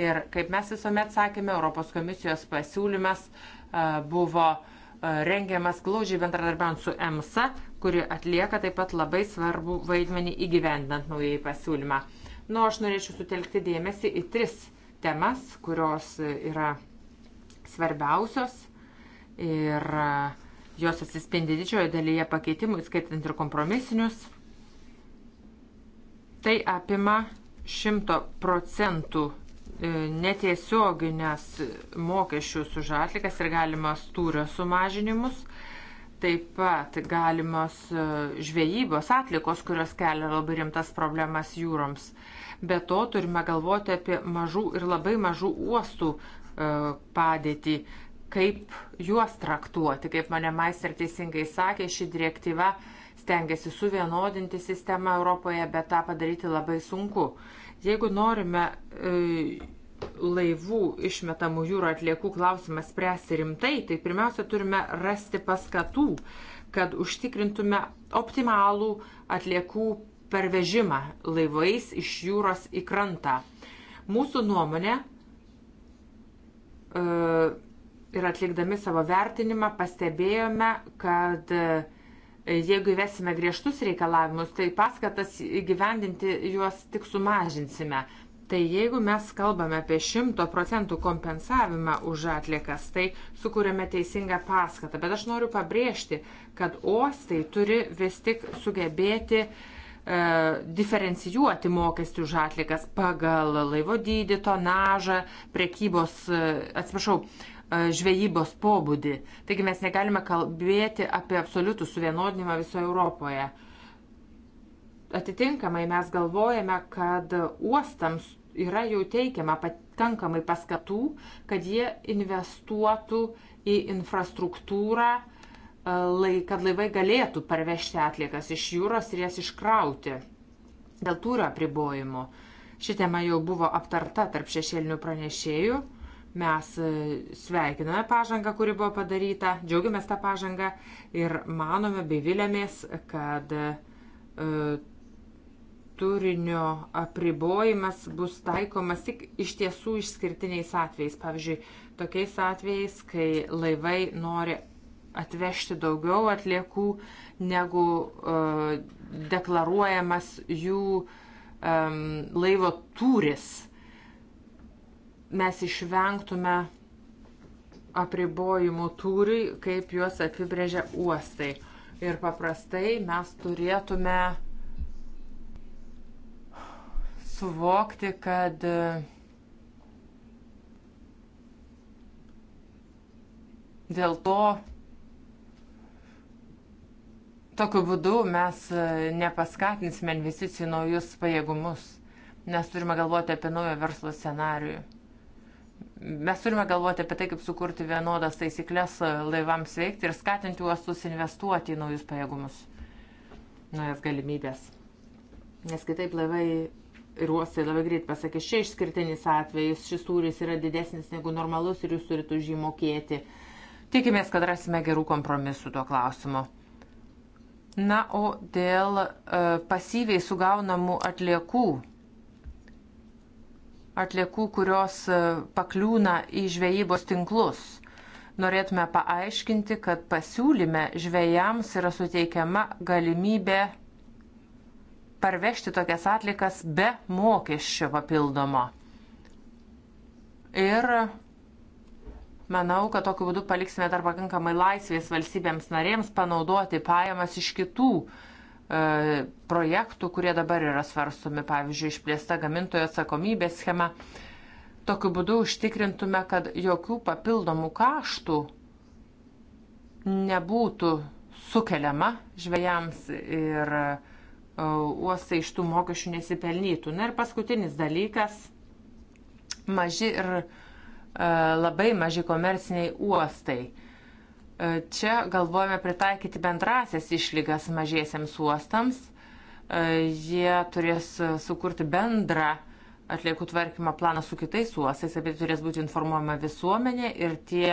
Ir kaip mes visuomet sakėme, Europos komisijos pasiūlymas e, buvo uh, rengiamas glaužiai bendradarbiant su EMSA, kuri atlieka taip pat labai svarbu vaidmenį įgyvendant naujai pasiūlymą. Nu, aš norėčiau sutelkti dėmesį į tris temas, kurios yra svarbiausios ir e, jos atsispindi didžiojo dalyje pakeitimų, įskaitant ir kompromisinius. Tai apima 100 procentų E, netiesioginės mokesčius už atlikas ir galimas tūrio sumažinimus, taip pat galimos e, žvejybos atlikos, kurios kelia labai rimtas problemas jūroms. Be to turime galvoti apie mažų ir labai mažų uostų e, padėtį, kaip juos traktuoti. Kaip mane maister teisingai sakė, ši direktyva stengiasi suvienodinti sistemą Europoje, bet tą padaryti labai sunku. Jeigu norime e, laivų išmetamų jūro atliekų klausimą spręsti rimtai, tai pirmiausia turime rasti paskatų, kad užtikrintume optimalų atliekų pervežimą laivais iš jūros į krantą. Mūsų nuomonė e, ir atlikdami savo vertinimą pastebėjome, kad Jeigu įvesime griežtus reikalavimus, tai paskatas įgyvendinti juos tik sumažinsime. Tai jeigu mes kalbame apie 100 procentų kompensavimą už atliekas, tai sukūrėme teisingą paskatą. Bet aš noriu pabrėžti, kad uostai turi vis tik sugebėti e, diferencijuoti mokestį už atliekas pagal laivo dydį, tonažą, prekybos, e, atsiprašau, e, žvejybos pobūdį. Taigi mes negalime kalbėti apie absoliutų suvienodinimą visoje Europoje. Atitinkamai mes galvojame, kad uostams yra jau teikiama pakankamai paskatų, kad jie investuotų į infrastruktūrą, kad laivai galėtų parvežti atliekas iš jūros ir jas iškrauti dėl tūrio apribojimo. Ši tema jau buvo aptarta tarp šešėlinių pranešėjų Mes e, sveikiname pažangą, kuri buvo padaryta, džiaugiamės tą pažangą ir manome bei vilėmės, kad e, turinio apribojimas bus taikomas tik iš tiesų išskirtiniais atvejais. Pavyzdžiui, tokiais atvejais, kai laivai nori atvežti daugiau atliekų, negu uh, deklaruojamas jų um, laivo tūris mes išvengtume apribojimų tūriui, kaip juos apibrėžia uostai. Ir paprastai mes turėtume suvokti, kad e, dėl to tokiu būdu mes e, nepaskatinsime investicijų naujus pajėgumus, nes turime galvoti apie naują verslo scenarių. Mes turime galvoti apie tai, kaip sukurti vienodas taisyklės laivams veikti ir skatinti uostus investuoti į naujus pajėgumus, naujas galimybės. Nes kitaip laivai ir uostai labai greit pasakys, čia išskirtinis atvejis, šis tūris yra didesnis negu normalus ir jūs turite už jį mokėti. Tikimės, kad rasime gerų kompromisų tuo klausimu. Na, o dėl e, pasyviai sugaunamų atliekų atliekų, kurios e, pakliūna į žvejybos tinklus. Norėtume paaiškinti, kad pasiūlyme žvejams yra suteikiama galimybė parvežti tokias atlikas be mokesčio papildomo. Ir manau, kad tokiu būdu paliksime dar pakankamai laisvės valstybėms narėms panaudoti pajamas iš kitų uh, E, projektų, kurie dabar yra svarstomi, pavyzdžiui, išplėsta gamintojo atsakomybės schema. Tokiu būdu užtikrintume, kad jokių papildomų kaštų nebūtų sukeliama žvėjams ir e, uostai iš tų mokesčių nesipelnytų. Na ir paskutinis dalykas - maži ir e, labai maži komerciniai uostai. Čia galvojame pritaikyti bendrasias išlygas mažiesiams uostams. E, jie turės sukurti bendrą atliekų tvarkymo planą su kitais uostais, apie tai turės būti informuojama visuomenė ir tie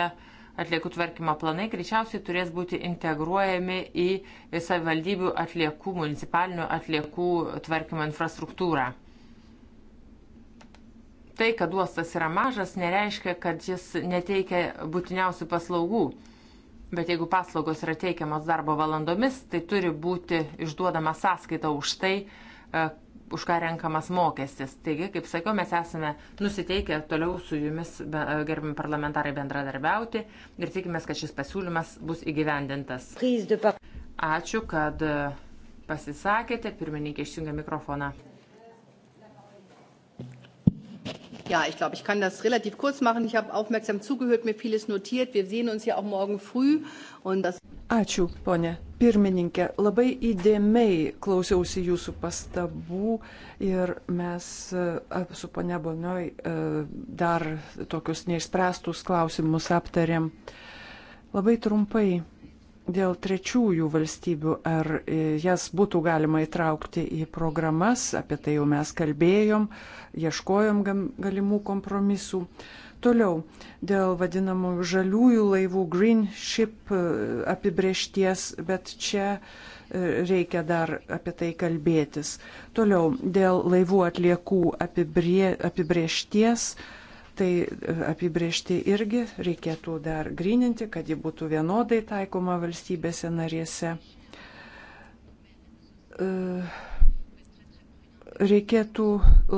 atliekų tvarkymo planai greičiausiai turės būti integruojami į savivaldybių atliekų, municipalinių atliekų tvarkymo infrastruktūrą. Tai, kad uostas yra mažas, nereiškia, kad jis neteikia būtiniausių paslaugų. Bet jeigu paslaugos yra teikiamos darbo valandomis, tai turi būti išduodama sąskaita už tai, e, už ką renkamas mokestis. Taigi, kaip sakiau, mes esame nusiteikę toliau su jumis, e, gerbimi parlamentarai, bendradarbiauti ir tikimės, kad šis pasiūlymas bus įgyvendintas. Ačiū, kad e, pasisakėte. Pirmininkė išjungia mikrofoną. Ja, ich glaube, ich kann das relativ kurz machen. Ich habe aufmerksam zugehört, mir vieles notiert. Wir sehen uns ja auch morgen früh. Und das Ačiū, ponė. Pirmininkė, labai įdėmiai klausiausi jūsų pastabų ir mes e, su ponė Bonoj e, dar tokius neišspręstus klausimus aptarėm. Labai trumpai dėl trečiųjų valstybių, ar e, jas būtų galima įtraukti į programas, apie tai jau mes kalbėjom, ieškojom galimų kompromisų. Toliau, dėl vadinamųjų žaliųjų laivų Green Ship e, apibriešties, bet čia e, reikia dar apie tai kalbėtis. Toliau, dėl laivų atliekų apibriešties, Tai apibriežti irgi reikėtų dar grininti, kad ji būtų vienodai taikoma valstybėse narėse. E, reikėtų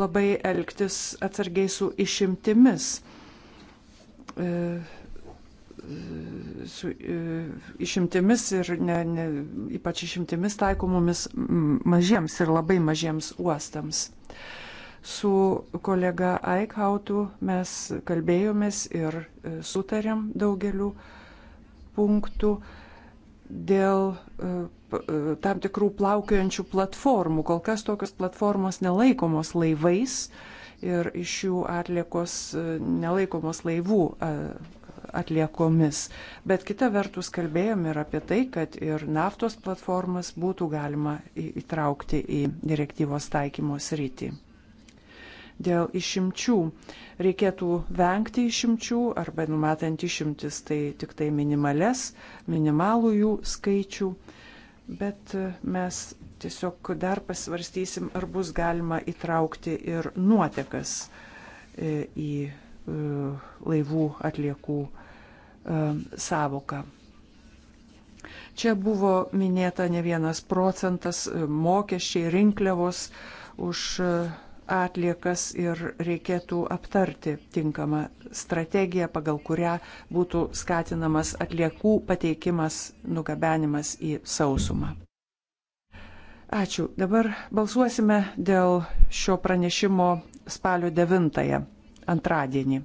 labai elgtis atsargiai su išimtimis e, su e, išimtimis ir ne, ne, ypač išimtimis taikomomis mažiems ir labai mažiems uostams. Uh, Su kolega Aikautu mes kalbėjomės ir e, sutarėm daugeliu punktų dėl e, e, tam tikrų plaukiojančių platformų. Kol kas tokios platformos nelaikomos laivais ir iš jų atliekos nelaikomos laivų atliekomis. Bet kita vertus kalbėjom ir apie tai, kad ir naftos platformas būtų galima įtraukti į direktyvos taikymos rytį dėl išimčių. Reikėtų vengti išimčių arba numatant išimtis, tai tik tai minimales, minimalų jų skaičių. Bet e, mes tiesiog dar pasvarstysim, ar bus galima įtraukti ir nuotekas e, į e, laivų atliekų savoką. Čia buvo minėta ne vienas procentas mokesčiai rinkliavos už atliekas ir reikėtų aptarti tinkamą strategiją, pagal kurią būtų skatinamas atliekų pateikimas, nugabenimas į sausumą. Ačiū. Dabar balsuosime dėl šio pranešimo spalio 9-ąją, antradienį.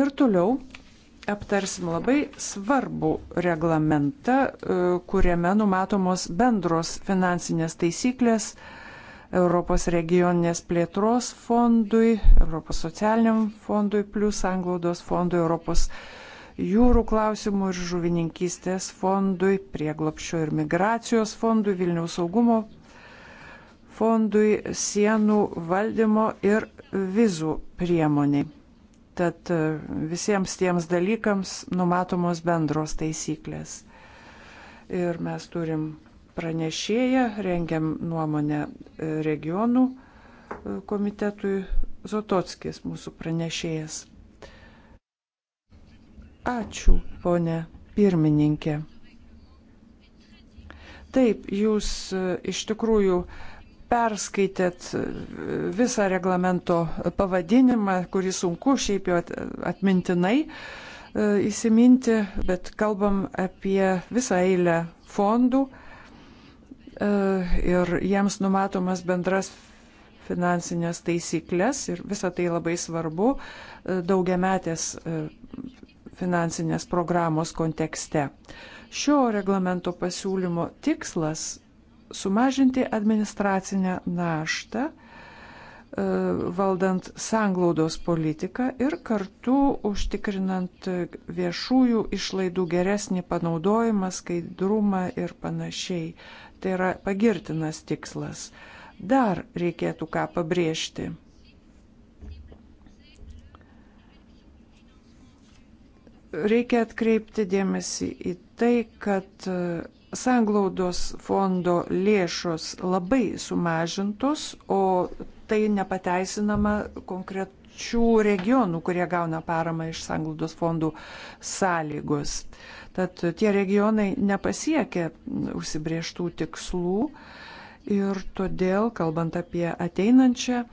Ir toliau aptarsim labai svarbų reglamentą, e, kuriame numatomos bendros finansinės taisyklės Europos regioninės plėtros fondui, Europos socialiniam fondui, plus Anglaudos fondui, Europos jūrų klausimų ir žuvininkystės fondui, prieglopščio ir migracijos fondui, Vilniaus saugumo fondui, sienų valdymo ir vizų priemoniai. Tad e, visiems tiems dalykams numatomos bendros taisyklės. Ir mes turim pranešėja, rengiam nuomonę e, regionų e, komitetui Zototskis, mūsų pranešėjas. Ačiū, ponė pirmininkė. Taip, jūs e, iš tikrųjų perskaitėt visą reglamento pavadinimą, kurį sunku šiaip jau atmintinai įsiminti, bet kalbam apie visą eilę fondų E, ir jiems numatomas bendras finansinės taisyklės ir visa tai labai svarbu e, daugiametės e, finansinės programos kontekste. Šio reglamento pasiūlymo tikslas - sumažinti administracinę naštą valdant sanglaudos politiką ir kartu užtikrinant viešųjų išlaidų geresnį panaudojimą, skaidrumą ir panašiai. Tai yra pagirtinas tikslas. Dar reikėtų ką pabrėžti. Reikia atkreipti dėmesį į tai, kad e, sanglaudos fondo lėšos labai sumažintos, o tai nepateisinama konkret, pačių regionų, kurie gauna paramą iš sanglaudos fondų sąlygos. Tad tie regionai nepasiekia užsibrieštų tikslų ir todėl, kalbant apie ateinančią e,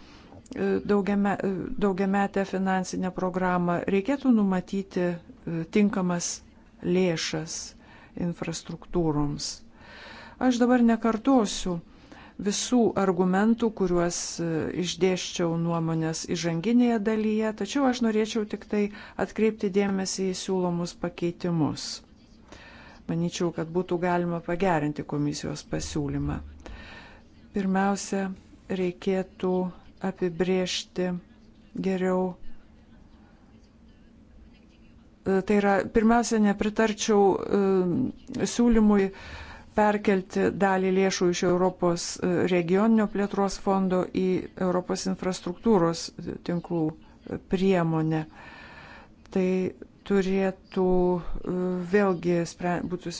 daugiame, e, daugiametę finansinę programą, reikėtų numatyti e, tinkamas lėšas infrastruktūroms. Aš dabar nekartosiu visų argumentų, kuriuos e, išdėščiau nuomonės įžanginėje dalyje, tačiau aš norėčiau tik tai atkreipti dėmesį į siūlomus pakeitimus. Manyčiau, kad būtų galima pagerinti komisijos pasiūlymą. Pirmiausia, reikėtų apibriežti geriau e, Tai yra, pirmiausia, nepritarčiau e, siūlymui perkelti dalį lėšų iš Europos e, regioninio plėtros fondo į Europos infrastruktūros e, tinklų e, priemonę. Tai turėtų vėlgi spren... būtų.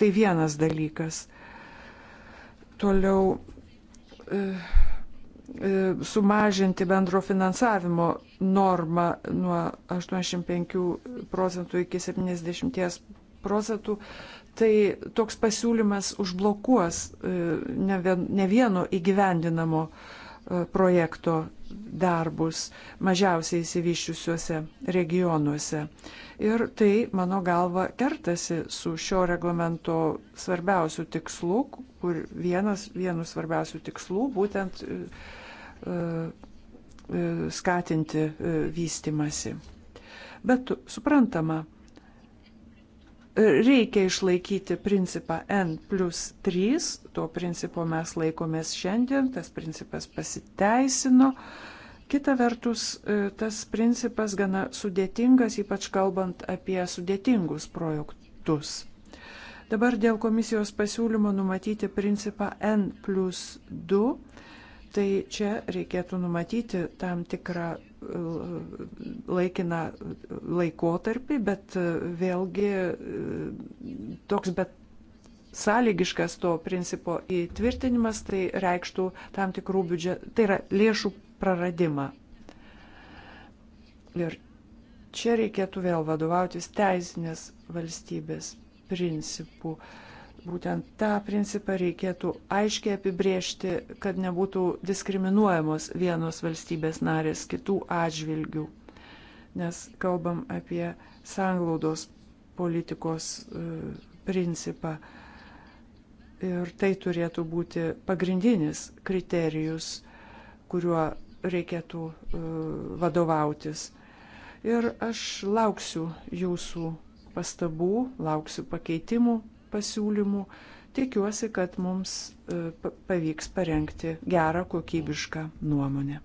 Tai vienas dalykas. Toliau sumažinti bendro finansavimo normą nuo 85 procentų iki 70 procentų, tai toks pasiūlymas užblokuos e, ne, vien, ne vieno įgyvendinamo e, projekto darbus mažiausiai įsivyščiusiuose regionuose. Ir tai, mano galva, kertasi su šio reglamento svarbiausių tikslų, kur vienas, vienų svarbiausių tikslų būtent e, skatinti vystimasi. Bet suprantama, reikia išlaikyti principą N plus 3, to principo mes laikomės šiandien, tas principas pasiteisino. Kita vertus, e, tas principas gana sudėtingas, ypač kalbant apie sudėtingus projektus. Dabar dėl komisijos pasiūlymo numatyti principą N plus 2, tai čia reikėtų numatyti tam tikrą laikiną laikotarpį, bet e, vėlgi e, toks bet sąlygiškas to principo įtvirtinimas tai reikštų tam tikrų biudžetų, tai yra lėšų praradimą. Ir čia reikėtų vėl vadovautis teisinės valstybės principų. Uh, Būtent tą principą reikėtų aiškiai apibriežti, kad nebūtų diskriminuojamos vienos valstybės narės kitų atžvilgių, nes kalbam apie sanglaudos politikos e, principą. Ir tai turėtų būti pagrindinis kriterijus, kuriuo reikėtų e, vadovautis. Ir aš lauksiu jūsų pastabų, lauksiu pakeitimų pasiūlymų. Tikiuosi, kad mums e, pavyks parengti gerą kokybišką nuomonę.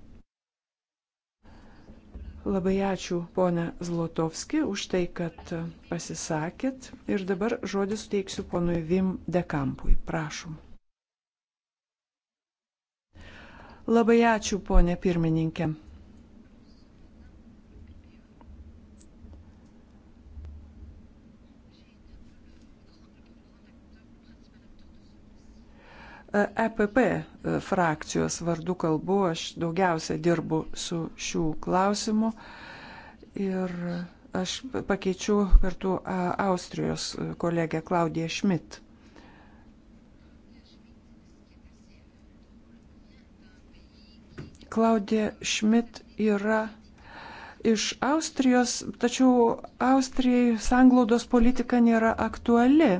Labai ačiū, ponė Zlotovski, už tai, kad pasisakėt. Ir dabar žodį suteiksiu ponui Vim Dekampui. Prašom. Labai ačiū, ponė pirmininkė. EPP e, frakcijos vardu kalbu, aš daugiausia dirbu su šių klausimų ir aš pakeičiu kartu e, Austrijos e, kolegę Klaudiją Šmit. Klaudija Šmit yra iš Austrijos, tačiau Austrijai sanglaudos politika nėra aktuali.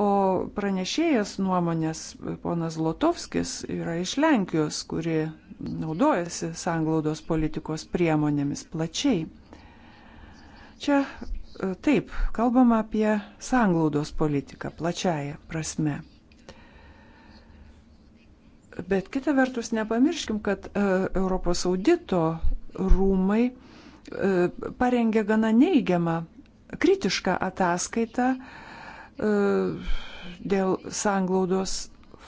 O pranešėjas nuomonės, ponas Lotovskis, yra iš Lenkijos, kuri naudojasi sanglaudos politikos priemonėmis plačiai. Čia e, taip, kalbama apie sanglaudos politiką plačiaja prasme. Bet kita vertus, nepamirškim, kad e, Europos audito rūmai e, parengė gana neigiamą, kritišką ataskaitą, E, dėl sanglaudos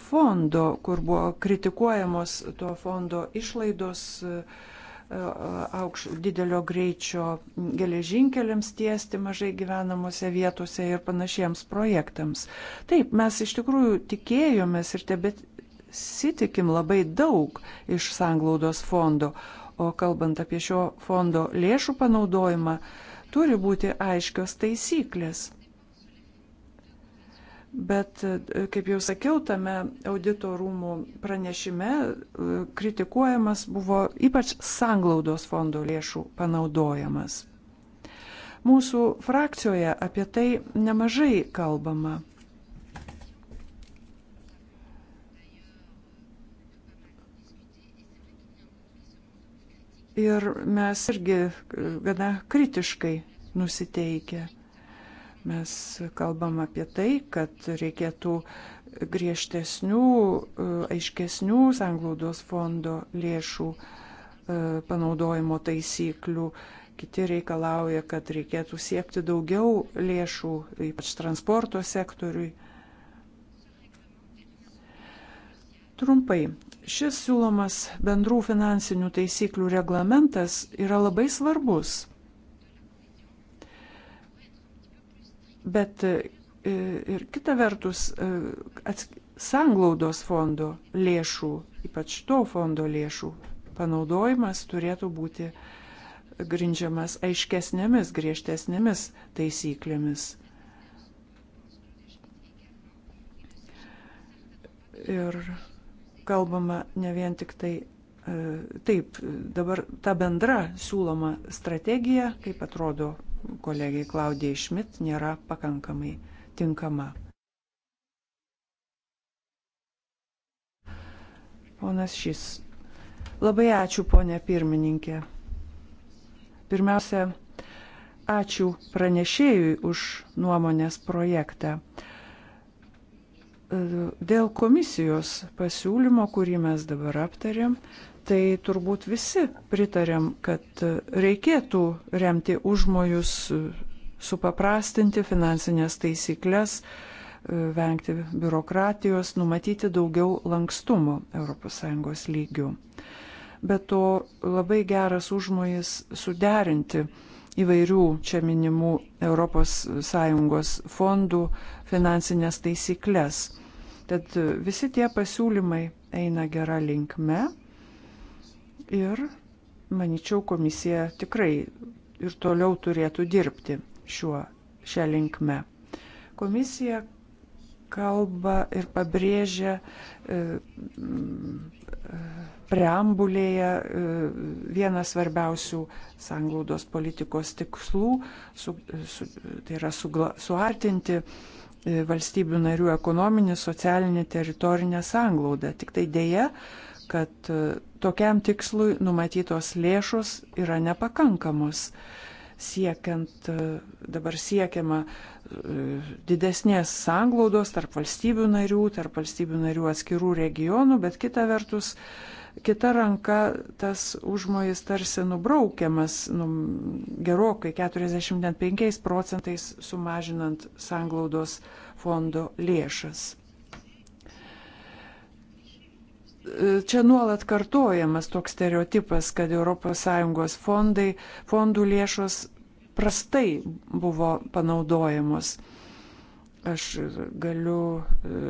fondo, kur buvo kritikuojamos to fondo išlaidos e, e, aukš, didelio greičio geležinkeliams tiesti mažai gyvenamuose vietose ir panašiems projektams. Taip, mes iš tikrųjų tikėjomės ir tebe sitikim labai daug iš sanglaudos fondo, o kalbant apie šio fondo lėšų panaudojimą, turi būti aiškios taisyklės. Bet, e, kaip jau sakiau, tame audito rūmų pranešime e, kritikuojamas buvo ypač sanglaudos fondo lėšų panaudojamas. Mūsų frakcijoje apie tai nemažai kalbama. Ir mes irgi e, gana kritiškai nusiteikę. Mes kalbam apie tai, kad reikėtų griežtesnių, e, aiškesnių sanglaudos fondo lėšų e, panaudojimo taisyklių. Kiti reikalauja, kad reikėtų siekti daugiau lėšų, ypač transporto sektoriui. Trumpai, šis siūlomas bendrų finansinių taisyklių reglamentas yra labai svarbus. Bet e, ir kita vertus, e, sanglaudos fondo lėšų, ypač to fondo lėšų panaudojimas turėtų būti grindžiamas aiškesnėmis, griežtesnėmis taisyklėmis. Ir kalbama ne vien tik tai e, taip, dabar ta bendra siūloma strategija, kaip atrodo kolegiai Klaudijai Šmit nėra pakankamai tinkama. Ponas Šis. Labai ačiū, ponė pirmininkė. Pirmiausia, ačiū pranešėjui už nuomonės projektą. Dėl komisijos pasiūlymo, kurį mes dabar aptarėm, tai turbūt visi pritarėm, kad reikėtų remti užmojus, supaprastinti finansinės taisyklės, vengti biurokratijos, numatyti daugiau lankstumo ES lygių. Bet to labai geras užmojas suderinti įvairių čia minimų ES fondų finansinės taisyklės. Tad visi tie pasiūlymai eina gera linkme Ir manyčiau, komisija tikrai ir toliau turėtų dirbti šiuo, šią linkmę. Komisija kalba ir pabrėžia e, preambulėje e, vieną svarbiausių sanglaudos politikos tikslų, su, su, tai yra sugla, suartinti e, valstybių narių ekonominį, socialinį, teritorinę sanglaudą. Tik tai dėja, e, kad e, tokiam tikslui numatytos lėšos yra nepakankamos. Siekiant, e, dabar siekiama e, didesnės sanglaudos tarp valstybių narių, tarp valstybių narių atskirų regionų, bet kita vertus, kita ranka tas užmojas tarsi nubraukiamas nu, gerokai 45 procentais sumažinant sanglaudos fondo lėšas čia nuolat kartojamas toks stereotipas, kad ES fondai, fondų lėšos prastai buvo panaudojamos. Aš galiu e,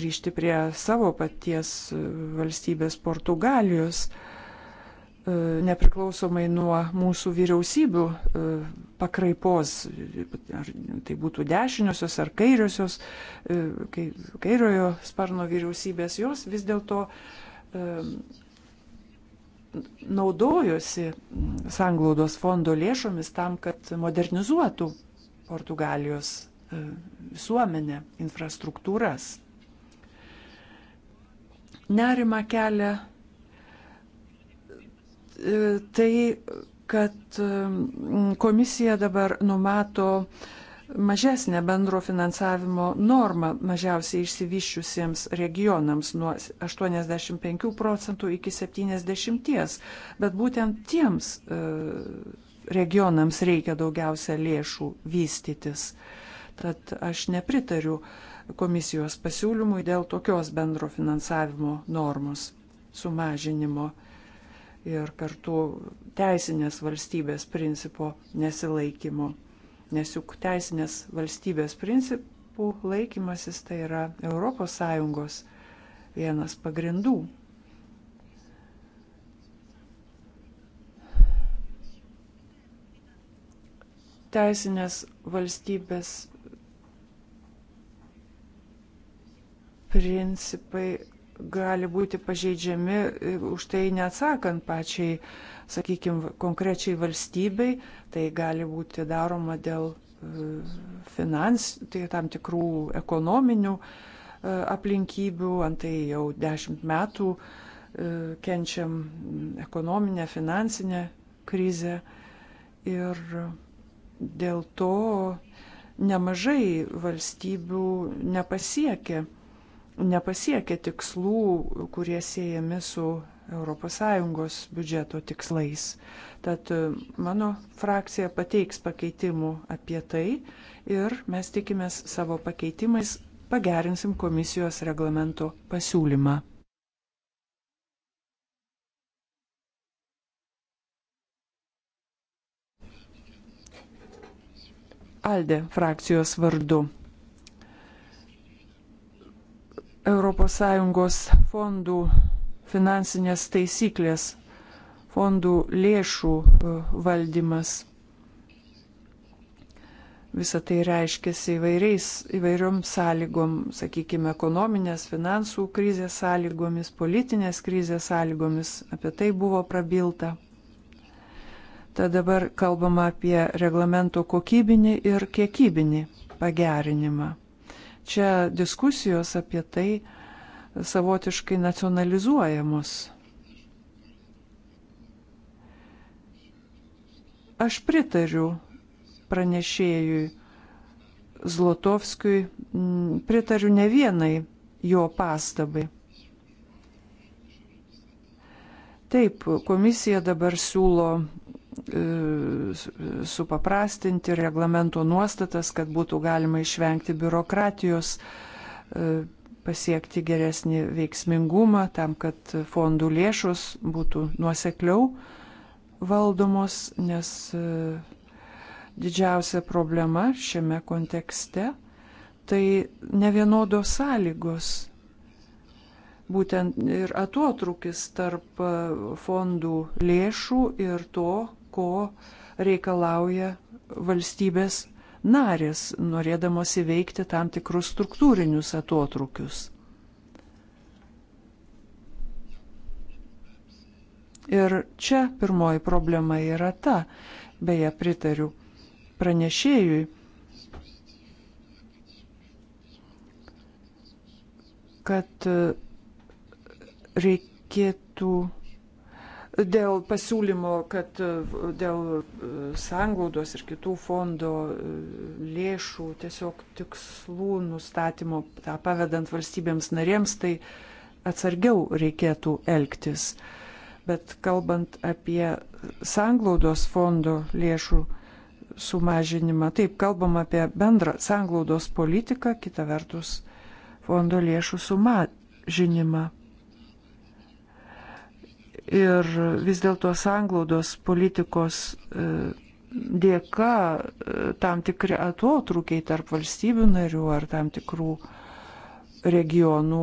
grįžti prie savo paties e, valstybės Portugalijos. E, E, nepriklausomai nuo mūsų vyriausybių e, pakraipos, ar tai būtų dešiniosios ar kairiosios, e, kairiojo sparno vyriausybės, jos vis dėlto naudojosi sanglaudos fondo lėšomis tam, kad modernizuotų Portugalijos visuomenę, infrastruktūras. Nerima kelia E, tai, kad e, komisija dabar numato mažesnę bendro finansavimo normą mažiausiai išsivyščiusiems regionams nuo 85 procentų iki 70, bet būtent tiems e, regionams reikia daugiausia lėšų vystytis. Tad aš nepritariu komisijos pasiūlymui dėl tokios bendro finansavimo normos sumažinimo ir kartu teisinės valstybės principo nesilaikymo. Nes juk teisinės valstybės principų laikymasis tai yra ES vienas pagrindų. Teisinės valstybės principai gali būti pažeidžiami e, už tai neatsakant pačiai, sakykime, konkrečiai valstybei. Tai gali būti daroma dėl e, finans, tai tam tikrų ekonominių e, aplinkybių, antai jau dešimt metų kenčiam ekonominę, finansinę krizę ir dėl to nemažai valstybių nepasiekia nepasiekia tikslų, kurie siejami su ES biudžeto tikslais. Tad e, mano frakcija pateiks pakeitimų apie tai ir mes tikimės savo pakeitimais pagerinsim komisijos reglamento pasiūlymą. Alde frakcijos vardu ES fondų finansinės taisyklės, fondų lėšų e, valdymas. Visą tai reiškiasi įvairiais, įvairiom sąlygom, sakykime, ekonominės, finansų krizės sąlygomis, politinės krizės sąlygomis, apie tai buvo prabilta. Tad dabar kalbama apie reglamento kokybinį ir kiekybinį pagerinimą. Čia diskusijos apie tai savotiškai nacionalizuojamos. Aš pritariu pranešėjui Zlotovskijui, pritariu ne vienai jo pastabai. Taip, komisija dabar siūlo E, supaprastinti reglamento nuostatas, kad būtų galima išvengti biurokratijos, e, pasiekti geresnį veiksmingumą tam, kad fondų lėšos būtų nuosekliau valdomos, nes e, didžiausia problema šiame kontekste tai nevienodos sąlygos būtent ir atotrukis tarp fondų lėšų ir to, ko reikalauja valstybės narės, norėdamos įveikti tam tikrus struktūrinius atotrukius. Ir čia pirmoji problema yra ta, beje, pritariu pranešėjui, kad reikėtų dėl pasiūlymo, kad e, dėl e, sanglaudos ir kitų fondo e, lėšų tiesiog tikslų nustatymo, tą pavedant valstybėms narėms, tai atsargiau reikėtų elgtis. Bet kalbant apie sanglaudos fondo lėšų sumažinimą, taip kalbam apie bendrą sanglaudos politiką, kita vertus fondo lėšų sumažinimą. Ir vis dėlto sanglaudos politikos e, dėka e, tam tikri atotrukiai tarp valstybių narių ar tam tikrų regionų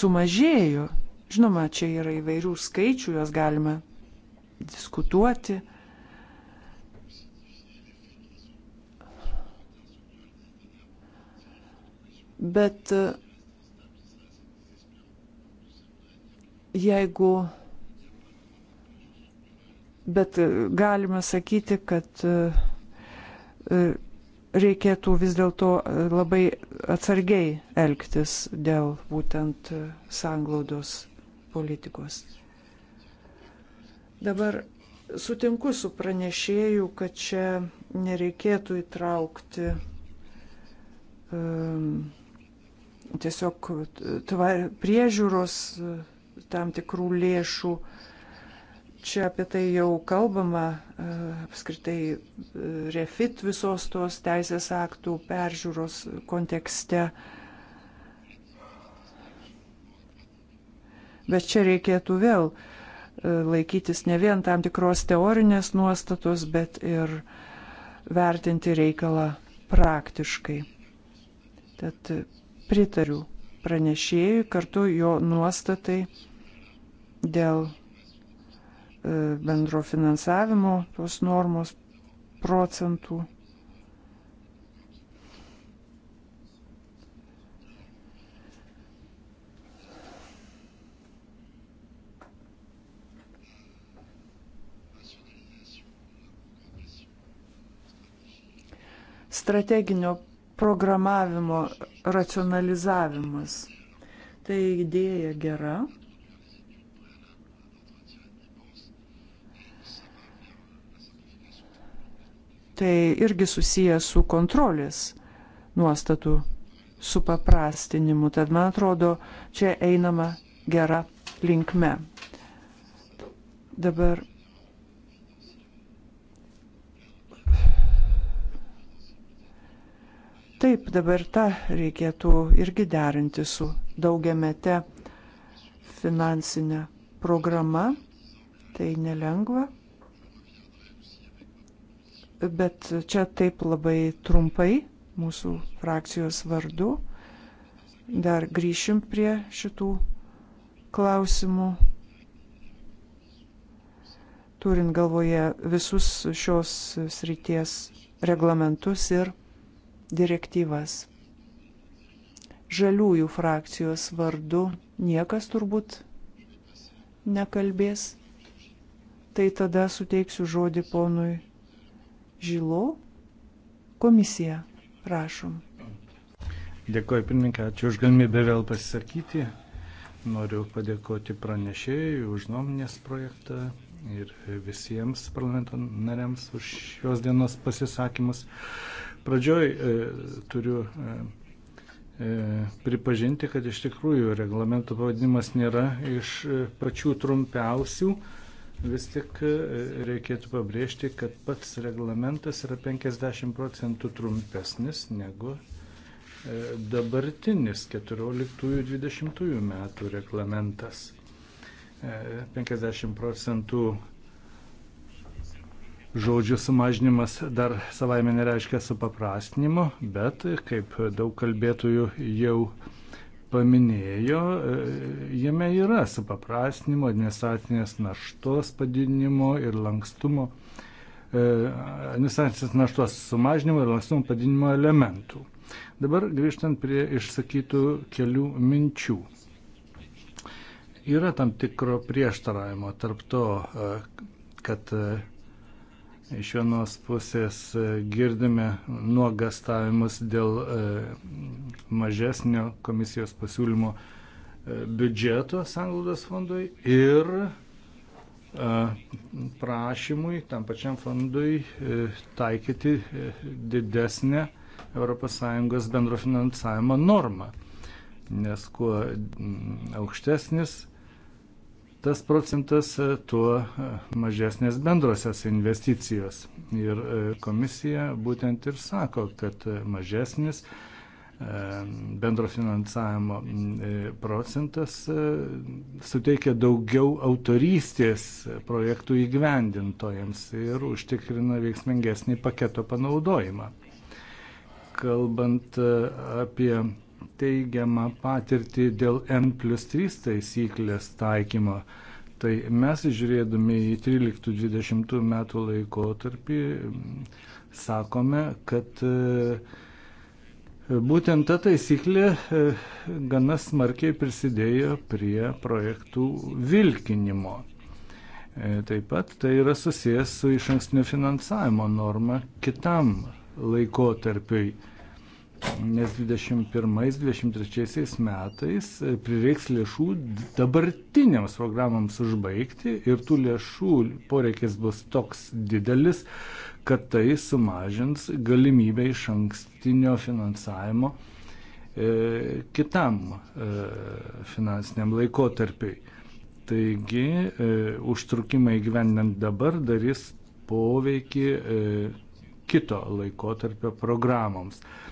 sumažėjo. Žinoma, čia yra įvairių skaičių, juos galime diskutuoti. Bet e, jeigu Bet e, galima sakyti, kad e, e, reikėtų vis dėlto labai atsargiai elgtis dėl būtent sanglaudos politikos. Dabar sutinku su pranešėju, kad čia nereikėtų įtraukti um, tiesiog tvar, priežiūros tam tikrų lėšų uh, čia apie tai jau kalbama, e, apskritai e, refit visos tos teisės aktų peržiūros kontekste. Bet čia reikėtų vėl e, laikytis ne vien tam tikros teorinės nuostatos, bet ir vertinti reikalą praktiškai. Tad pritariu pranešėjui kartu jo nuostatai dėl bendro finansavimo tos normos procentų. strateginio programavimo racionalizavimas. Tai idėja gera, Tai irgi susiję su kontrolės nuostatų supaprastinimu. Tad man atrodo, čia einama gera linkme. Dabar Taip, dabar tą reikėtų irgi derinti su daugiamete finansinė programa. Tai nelengva bet čia taip labai trumpai mūsų frakcijos vardu. Dar grįšim prie šitų klausimų. Turint galvoje visus šios srities reglamentus ir direktyvas. Žaliųjų frakcijos vardu niekas turbūt nekalbės. Tai tada suteiksiu žodį ponui Žilo komisija. Prašom. Dėkuoju, pirmininkė, ačiū už galimybę vėl pasisakyti. Noriu padėkoti pranešėjai už nuomonės projektą ir visiems parlamento nariams už šios dienos pasisakymus. Pradžioj e, turiu e, e pripažinti, kad iš tikrųjų reglamento pavadinimas nėra iš e, pačių trumpiausių. E, Vis tik e, reikėtų pabrėžti, kad pats reglamentas yra 50 procentų trumpesnis negu e, dabartinis 14-20 metų reglamentas. 50 e, procentų žodžių sumažinimas dar savaime nereiškia supaprastinimo, bet kaip daug kalbėtojų jau paminėjo, e, jame yra supaprastinimo, administracinės naštos padidinimo ir lankstumo, e, administracinės naštos sumažinimo ir lankstumo padidinimo elementų. Dabar grįžtant prie išsakytų kelių minčių. Yra tam tikro prieštaravimo tarp to, e, kad Iš vienos pusės e, girdime nuogastavimus dėl e, mažesnio komisijos pasiūlymo e, biudžeto sanglaudos fondui ir prašymui tam pačiam fondui taikyti didesnę ES bendro finansavimo normą. Nes kuo aukštesnis tas procentas, e, tuo e, mažesnės bendrosios investicijos. Ir e, komisija būtent ir sako, kad mažesnis bendro finansavimo procentas suteikia daugiau autorystės projektų įgyvendintojams ir užtikrina veiksmingesnį paketo panaudojimą. Kalbant apie teigiamą patirtį dėl N plus 3 taisyklės taikymo. Tai mes žiūrėdami į 13-20 metų laikotarpį mm, sakome, kad e, būtent ta taisyklė e, gana smarkiai prisidėjo prie projektų vilkinimo. E, taip pat tai yra susijęs su iš ankstinio finansavimo norma kitam laikotarpiui nes 21-23 metais e, prireiks lėšų dabartiniams programams užbaigti ir tų lėšų poreikis bus toks didelis, kad tai sumažins galimybę iš ankstinio finansavimo e, kitam e, finansiniam laikotarpiai. Taigi e, užtrukimai gyvenant dabar darys poveikį e, kito laikotarpio programoms. E,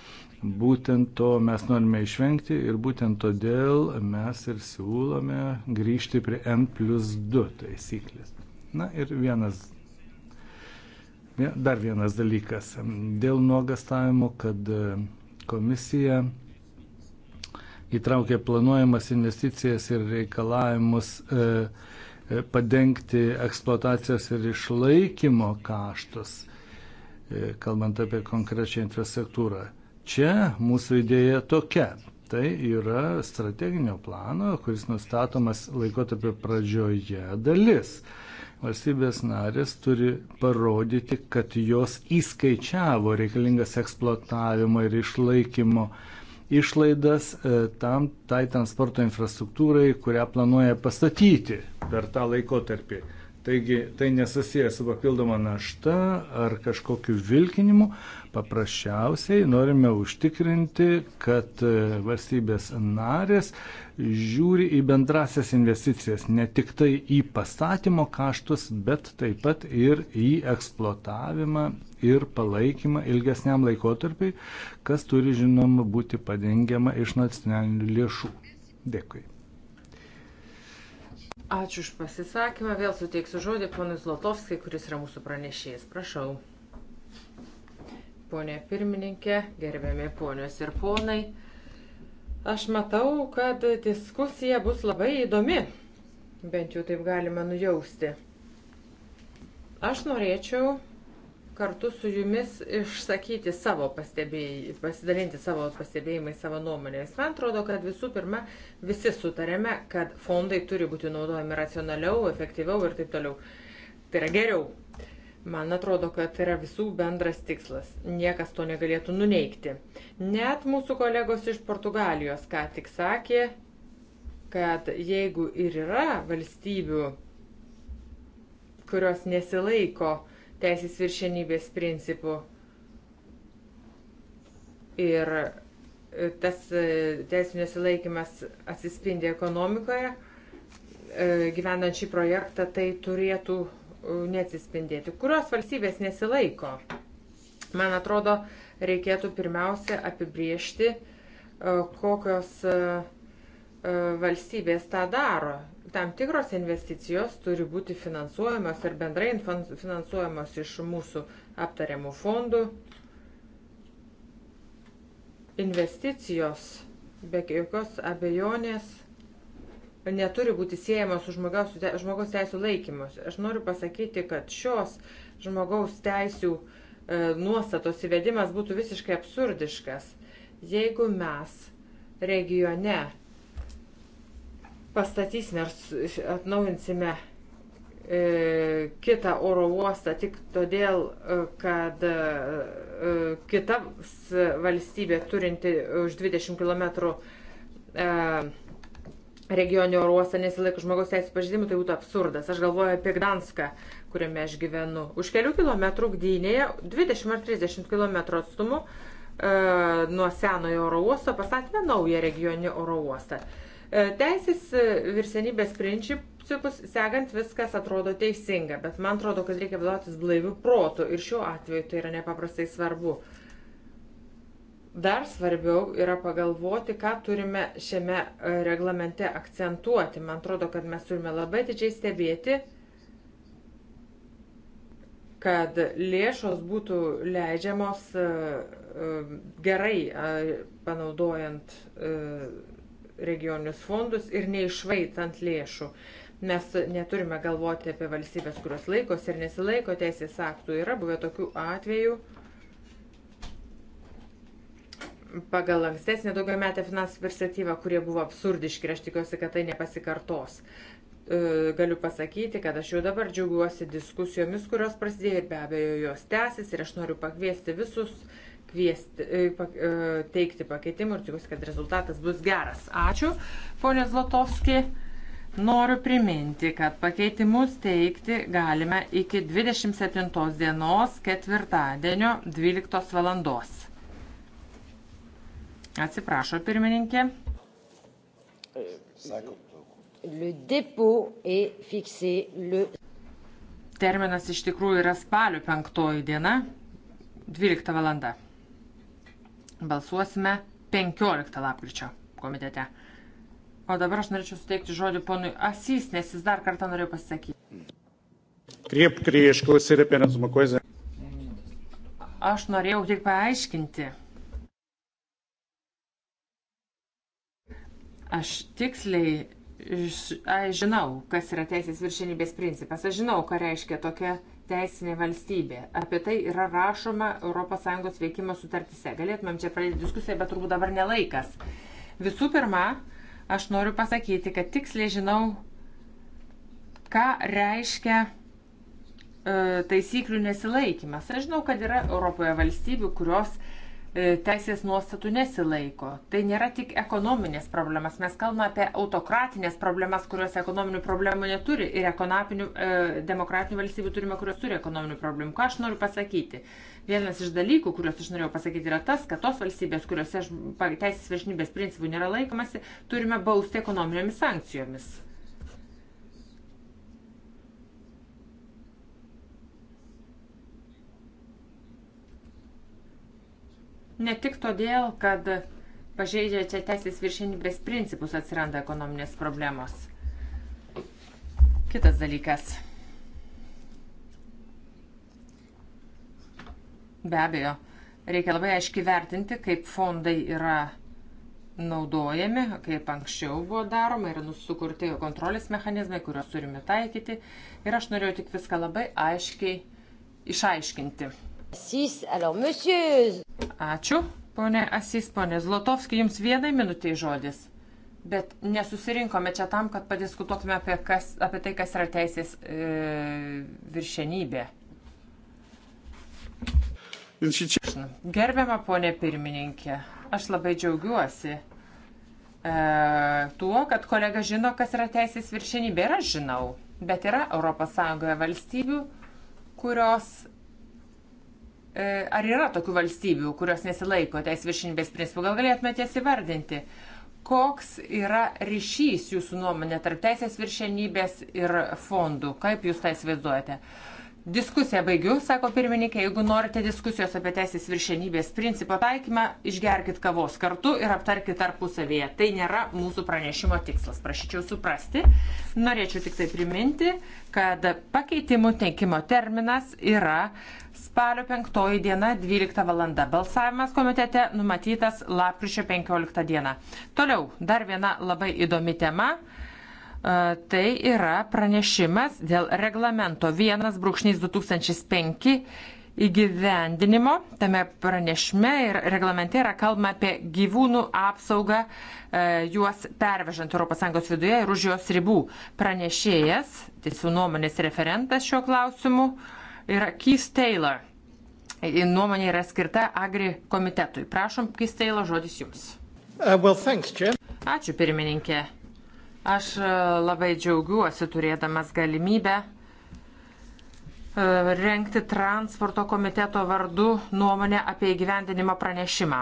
Būtent to mes norime išvengti ir būtent todėl mes ir siūlome grįžti prie N plus 2 taisyklės. Na ir vienas, dar vienas dalykas. Dėl nuogastavimo, kad e, komisija įtraukė planuojamas investicijas ir reikalavimus e, e, padengti eksploatacijos ir išlaikymo kaštus, kalbant apie konkrečią infrastruktūrą Čia mūsų idėja tokia. Tai yra strateginio plano, kuris nustatomas laikotarpio pradžioje dalis. Valstybės narės turi parodyti, kad jos įskaičiavo reikalingas eksploatavimo ir išlaikymo išlaidas e, tam tai transporto infrastruktūrai, kurią planuoja pastatyti per tą laikotarpį. Taigi tai nesusijęs su papildoma našta ar kažkokiu vilkinimu, Paprasčiausiai norime užtikrinti, kad e, valstybės narės žiūri į bendrasias investicijas, ne tik tai į pastatymo kaštus, bet taip pat ir į eksploatavimą ir palaikymą ilgesniam laikotarpiai, kas turi žinoma būti padengiama iš nacionalinių lėšų. Dėkui. Ačiū už pasisakymą. Vėl suteiksiu žodį ponui Zlotovskai, kuris yra mūsų pranešėjas. Prašau ponė pirmininkė, gerbiami ponios ir ponai. Aš matau, kad diskusija bus labai įdomi, bent jau taip galima nujausti. Aš norėčiau kartu su jumis išsakyti savo pastebėjimais, pasidalinti savo pastebėjimais, savo nuomonėmis. Man atrodo, kad visų pirma, visi sutarėme, kad fondai turi būti naudojami racionaliau, efektyviau ir taip toliau. Tai yra geriau. Man atrodo, kad tai yra visų bendras tikslas. Niekas to negalėtų nuneikti. Net mūsų kolegos iš Portugalijos ką tik sakė, kad jeigu ir yra valstybių, kurios nesilaiko teisės viršenybės principų ir tas e, teisų nesilaikimas atsispindi ekonomikoje, e, gyvenant šį projektą, tai turėtų neatsispindėti. Kurios valstybės nesilaiko? Man atrodo, reikėtų pirmiausia apibriežti, e, kokios e, e, valstybės tą daro. Tam tikros investicijos turi būti finansuojamos ir bendrai finansuojamos iš mūsų aptariamų fondų. Investicijos be jokios abejonės neturi būti siejamos su žmogaus, žmogaus teisų laikymus. Aš noriu pasakyti, kad šios žmogaus teisų e, nuostatos įvedimas būtų visiškai absurdiškas, jeigu mes regione pastatysime ir atnaujinsime e, kitą oro uostą tik todėl, e, kad e, e kita valstybė turinti už 20 km e, regioninį oro uostą nesilaiko žmogaus teisų pažydimų, tai būtų absurdas. Aš galvoju apie Gdanską, kuriame aš gyvenu. Už kelių kilometrų Gdynėje, 20 ar 30 km atstumu e, nuo senojo oro uosto pastatėme naują regioninį oro uostą. E, teisės e, virsenybės principus segant viskas atrodo teisinga, bet man atrodo, kad reikia vadovautis blaivių protų ir šiuo atveju tai yra nepaprastai svarbu. E, Dar svarbiau yra pagalvoti, ką turime šiame e, reglamente akcentuoti. Man atrodo, kad mes turime labai didžiai stebėti, kad lėšos būtų leidžiamos e, e, gerai panaudojant regioninius fondus ir neišvaitant lėšų. Mes neturime galvoti apie valstybės, kurios laikosi ir nesilaiko teisės aktų. Yra buvę tokių atvejų, pagal ankstesnę daugiametę finansų perspektyvą, kurie buvo absurdiški ir aš tikiuosi, kad tai nepasikartos. E, galiu pasakyti, kad aš jau dabar džiaugiuosi diskusijomis, kurios prasidėjo ir be abejo jos tęsis ir aš noriu pakviesti visus kviesti, e, e, teikti pakeitimų ir tikiuosi, kad rezultatas bus geras. Ačiū, ponė Zlatovski. Noriu priminti, kad pakeitimus teikti galime iki 27 dienos ketvirtadienio 12 valandos. Atsiprašo pirmininkė. Terminas iš tikrųjų yra spalio penktoji diena, 12 valanda. Balsuosime 15 lapkričio komitete. O dabar aš norėčiau suteikti žodį ponui Asys, nes jis dar kartą norėjo pasisakyti. Kriep, krieškus ir apie nesumą koizę. Aš norėjau tik paaiškinti, Aš tiksliai aš žinau, kas yra teisės viršinybės principas, aš žinau, ką reiškia tokia teisinė valstybė. Apie tai yra rašoma ES veikimo sutartise. Galėtumėm čia pradėti diskusiją, bet turbūt dabar nelaikas. Visų pirma, aš noriu pasakyti, kad tiksliai žinau, ką reiškia e, taisyklių nesilaikimas. Aš žinau, kad yra Europoje valstybių, kurios e, E, teisės nuostatų nesilaiko. Tai nėra tik ekonominės problemas. Mes kalbame apie autokratinės problemas, kurios ekonominių problemų neturi ir ekonominių e, demokratinių valstybių turime, kurios turi ekonominių problemų. Ką aš noriu pasakyti? Vienas iš dalykų, kuriuos aš norėjau pasakyti, yra tas, kad tos valstybės, kuriuose teisės viršnybės principų nėra laikomasi, turime bausti ekonominėmis sankcijomis. Ne tik todėl, kad pažeidžia čia teisės viršenybės principus atsiranda ekonominės problemos. Kitas dalykas. Be abejo, reikia labai aiškiai vertinti, kaip fondai yra naudojami, kaip anksčiau buvo daroma, yra nusukurti kontrolės mechanizmai, kuriuos turime taikyti. Ir aš norėjau tik viską labai aiškiai išaiškinti. Ačiū, ponė Asis, ponė Zlotovski, jums vienai minutiai žodis. Bet nesusirinkome čia tam, kad padiskutuotume apie, kas, apie tai, kas yra teisės e, viršenybė. Gerbiama ponė pirmininkė, aš labai džiaugiuosi e, tuo, kad kolega žino, kas yra teisės viršenybė. Ir aš žinau, bet yra ES valstybių, kurios E, ar yra tokių valstybių, kurios nesilaiko teis viršinybės principų? Gal galėtumėte jas įvardinti? Koks yra ryšys jūsų nuomonė tarp teisės viršenybės ir fondų? Kaip jūs tai įsivaizduojate? Uh, Diskusiją baigiu, sako pirmininkė. Jeigu norite diskusijos apie teisės viršenybės principo taikymą, išgerkite kavos kartu ir aptarkite tarpusavėje. Tai nėra mūsų pranešimo tikslas. Prašyčiau suprasti. Norėčiau tik tai priminti, kad pakeitimų teikimo terminas yra spalio 5 diena 12 val. Balsavimas komitete numatytas lapkričio 15 diena. Toliau dar viena labai įdomi tema. Tai yra pranešimas dėl reglamento 1.2005 įgyvendinimo. Tame pranešime ir reglamente yra kalbama apie gyvūnų apsaugą e, juos pervežant ES viduje ir už jos ribų. Pranešėjas, tiesių nuomonės referentas šiuo klausimu, yra Keith Taylor. Nuomonė yra skirta Agri komitetui. Prašom, Keith Taylor, žodis jums. Uh, well, thanks, Jim. Ačiū pirmininkė. Aš e, labai džiaugiuosi turėdamas galimybę e, rengti transporto komiteto vardu nuomonę apie įgyvendinimo pranešimą.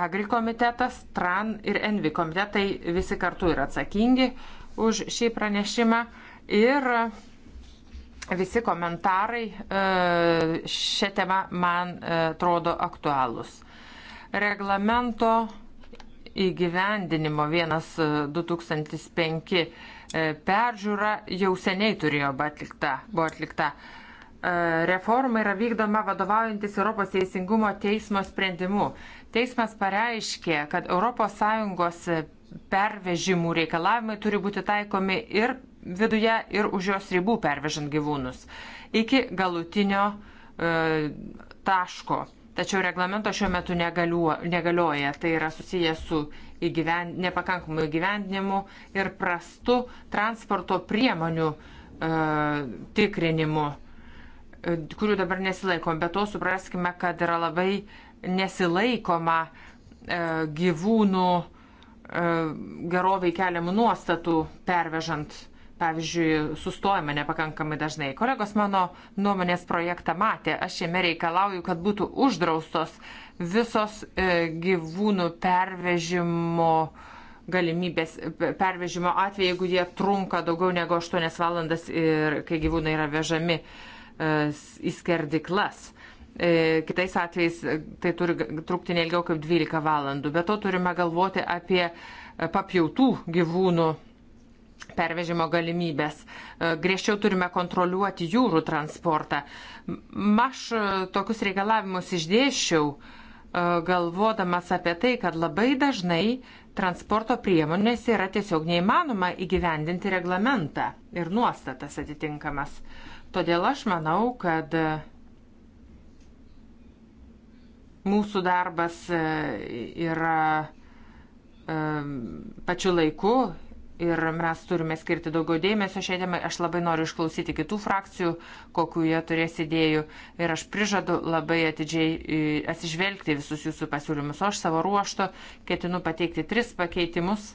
Agri komitetas, TRAN ir ENVI komitetai visi kartu yra atsakingi už šį pranešimą ir visi komentarai e, šią temą man atrodo aktualūs. Reglamento įgyvendinimo 1.2005 e, e, peržiūra jau seniai turėjo atlikta, buvo atlikta. E, reforma yra vykdoma vadovaujantis Europos teisingumo teismo sprendimu. Teismas pareiškė, kad ES pervežimų reikalavimai turi būti taikomi ir viduje, ir už jos ribų pervežant gyvūnus iki galutinio e, taško. Tačiau reglamento šiuo metu negaliu, negalioja. Tai yra susijęs su įgyvend, nepakankamu įgyvendinimu ir prastu transporto priemonių e, tikrinimu, e, kurių dabar nesilaikom. Bet to supraskime, kad yra labai nesilaikoma e, gyvūnų e, gerovai keliamų nuostatų pervežant pavyzdžiui, sustojame nepakankamai dažnai. Kolegos mano nuomonės projektą matė, aš jame reikalauju, kad būtų uždraustos visos e, gyvūnų pervežimo galimybės, e, pervežimo atveju, jeigu jie trunka daugiau negu 8 valandas ir kai gyvūnai yra vežami e, į skerdiklas. Kitais atvejais tai turi trukti nelgiau kaip 12 valandų. Be to turime galvoti apie papjautų gyvūnų pervežimo galimybės. E, griežčiau turime kontroliuoti jūrų transportą. Aš e, tokius reikalavimus išdėščiau, e, galvodamas apie tai, kad labai dažnai transporto priemonės yra tiesiog neįmanoma įgyvendinti reglamentą ir nuostatas atitinkamas. Todėl aš manau, kad mūsų darbas yra pačiu laiku ir mes turime skirti daugiau dėmesio šiai temai. Aš labai noriu išklausyti kitų frakcijų, kokiu jie turės idėjų ir aš prižadu labai atidžiai e, atsižvelgti visus jūsų pasiūlymus. O aš savo ruošto ketinu pateikti tris pakeitimus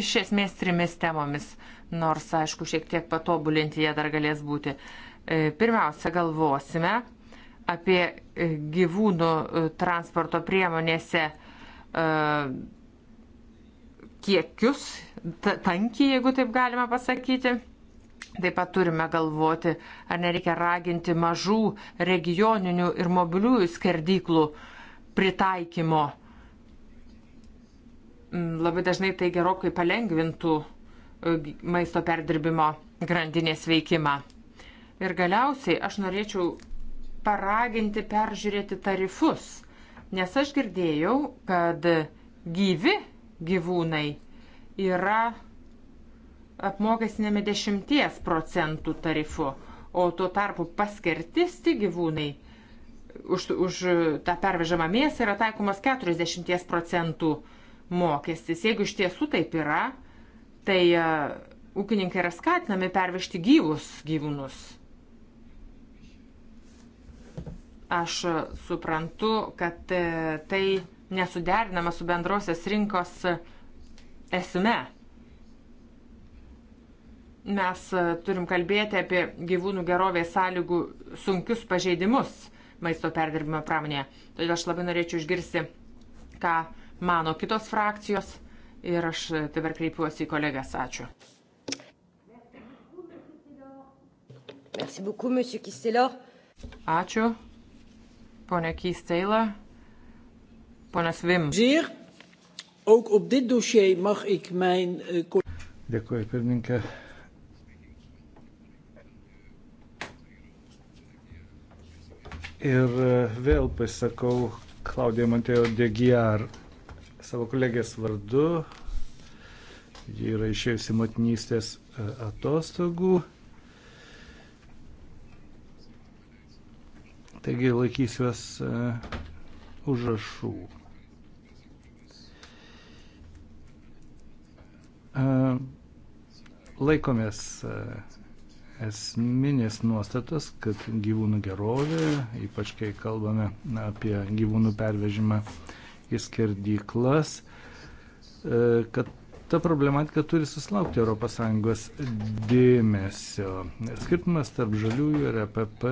iš esmės trimis temomis, nors aišku šiek tiek patobulinti jie dar galės būti. E, pirmiausia, galvosime apie e, gyvūnų transporto priemonėse kiekius, tankį, jeigu taip galima pasakyti. Taip pat turime galvoti, ar nereikia raginti mažų regioninių ir mobiliųjų skerdyklų pritaikymo. Mm, labai dažnai tai gerokai palengvintų e, maisto perdirbimo grandinės veikimą. Ir galiausiai aš norėčiau paraginti peržiūrėti tarifus, nes aš girdėjau, kad gyvi gyvūnai yra apmokestinami 10 procentų tarifu, o tuo tarpu paskirtisti gyvūnai už, už tą pervežamą mėsą yra taikomas 40 procentų mokestis. Jeigu iš tiesų taip yra, tai e, ūkininkai yra skatinami pervežti gyvus gyvūnus. Aš suprantu, kad e, tai nesuderinama su bendrosios rinkos esme. Mes e, turim kalbėti apie gyvūnų gerovės sąlygų sunkius pažeidimus maisto perdirbimo pramonėje. Todėl aš labai norėčiau išgirsti, ką mano kitos frakcijos ir aš dabar kreipiuosi į kolegas. Ačiū. Merci beaucoup, monsieur Kistelor. Ačiū, ponia Kisteila. Ponas Vim. Zier, ook op dit dossier mag ik mijn... Eh, Dėkuoju, pirmininkė. Ir eh, vėl pasisakau Klaudija Montėjo Degiar savo kolegės vardu. Ji yra išėjusi motinystės eh, atostogų. Taigi laikysiuos užrašų. Laikomės esminės nuostatos, kad gyvūnų gerovė, ypač kai kalbame apie gyvūnų pervežimą į skerdyklas, kad ta problematika turi susilaukti ES dėmesio. Skirtumas tarp žaliųjų ir EPP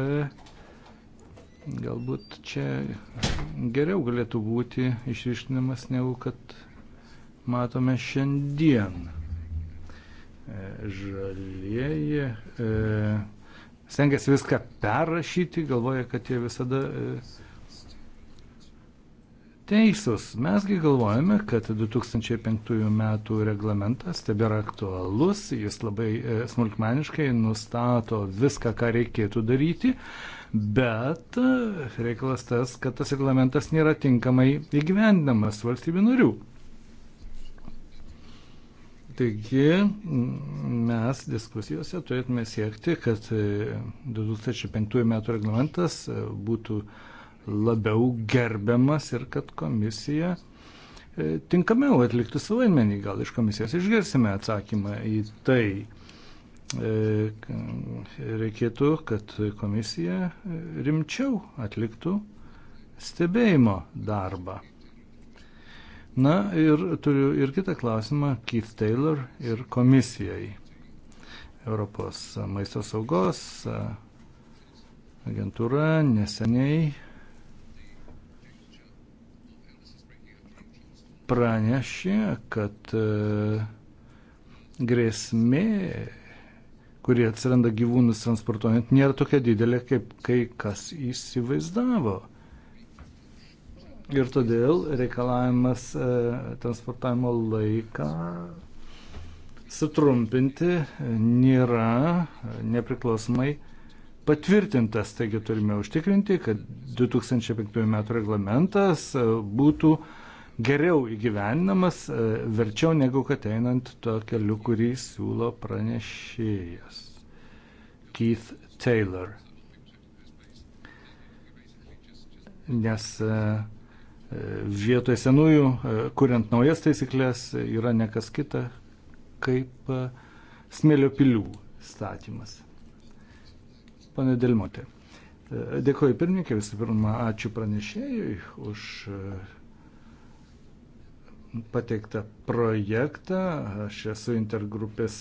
galbūt čia geriau galėtų būti išriškinamas negu kad matome šiandien. E, žalieji e, stengiasi viską perrašyti, galvoja, kad jie visada e, teisūs. Mesgi galvojame, kad 2005 metų reglamentas tebėra aktualus, jis labai smulkmeniškai nustato viską, ką reikėtų daryti, bet reikalas tas, kad tas reglamentas nėra tinkamai įgyvendinamas valstybių narių. Taigi mes diskusijose turėtume siekti, kad 2005 e, metų reglamentas e, būtų labiau gerbiamas ir kad komisija e, tinkamiau atliktų savo vaidmenį. Gal iš komisijos išgirsime atsakymą į tai. Reikėtų, kad komisija rimčiau atliktų stebėjimo darbą. Na ir turiu ir kitą klausimą Keith Taylor ir komisijai. Europos maisto saugos agentūra neseniai pranešė, kad grėsmė, kuri atsiranda gyvūnus transportuojant, nėra tokia didelė, kaip kai kas įsivaizdavo. Ir todėl reikalavimas e, transportavimo laiką sutrumpinti nėra e, nepriklausomai patvirtintas. Taigi turime užtikrinti, kad 2005 metų reglamentas e, būtų geriau įgyvendinamas, verčiau negu kad einant tuo keliu, kurį siūlo pranešėjas Keith Taylor. Nes uh, vietoj senųjų, e, kuriant naujas taisyklės, yra nekas kita kaip e, smėlio pilių statymas. Pane Delmotė, e, dėkoju pirmininkė, visų pirma, ačiū pranešėjui už pateiktą projektą. Aš esu intergrupės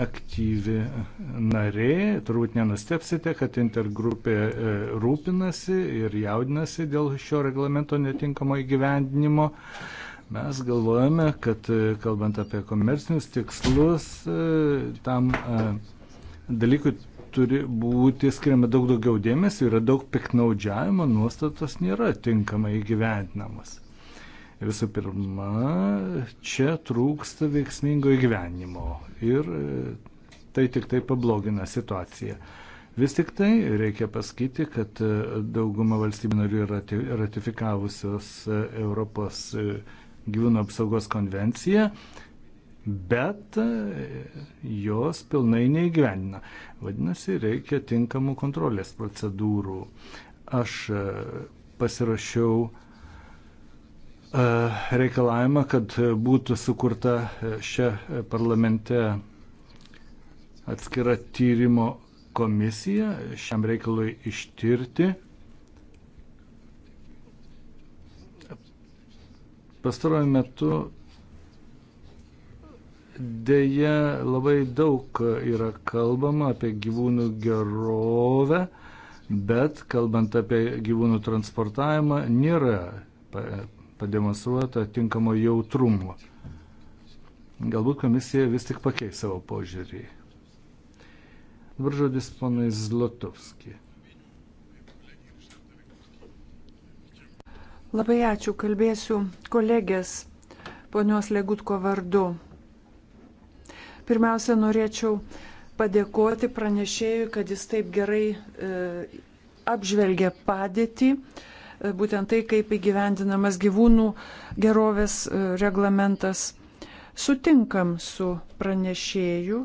aktyvi narė. Turbūt nenustepsite, kad intergrupė e, rūpinasi ir jaudinasi dėl šio reglamento netinkamo įgyvendinimo. Mes galvojame, kad e, kalbant apie komercinius tikslus, e, tam dalykui turi būti skiriama daug daugiau dėmesio, yra daug piknaudžiavimo, nuostatos nėra tinkamai įgyvendinamos. Visų pirma, čia trūksta veiksmingo įgyvenimo ir e, tai tik tai pablogina situaciją. Vis tik tai reikia pasakyti, kad e, dauguma valstybių narių yra ratifikavusios e, Europos gyvūnų apsaugos konvenciją, bet jos pilnai neįgyvenina. Vadinasi, reikia tinkamų kontrolės procedūrų. Aš pasirašiau E, reikalavimą, kad būtų sukurta šią parlamente atskira tyrimo komisija šiam reikalui ištirti. Pastaruoju metu dėja labai daug yra kalbama apie gyvūnų gerovę, bet kalbant apie gyvūnų transportavimą nėra pademonstruota tinkamo jautrumo. Galbūt komisija vis tik pakeis savo požiūrį. Dabar žodis ponai Zlotovski. Labai ačiū, kalbėsiu kolegės ponios Legutko vardu. Pirmiausia, norėčiau padėkoti pranešėjui, kad jis taip gerai e, apžvelgė padėtį. E, būtent tai, kaip įgyvendinamas gyvūnų gerovės e, reglamentas. Sutinkam su pranešėju,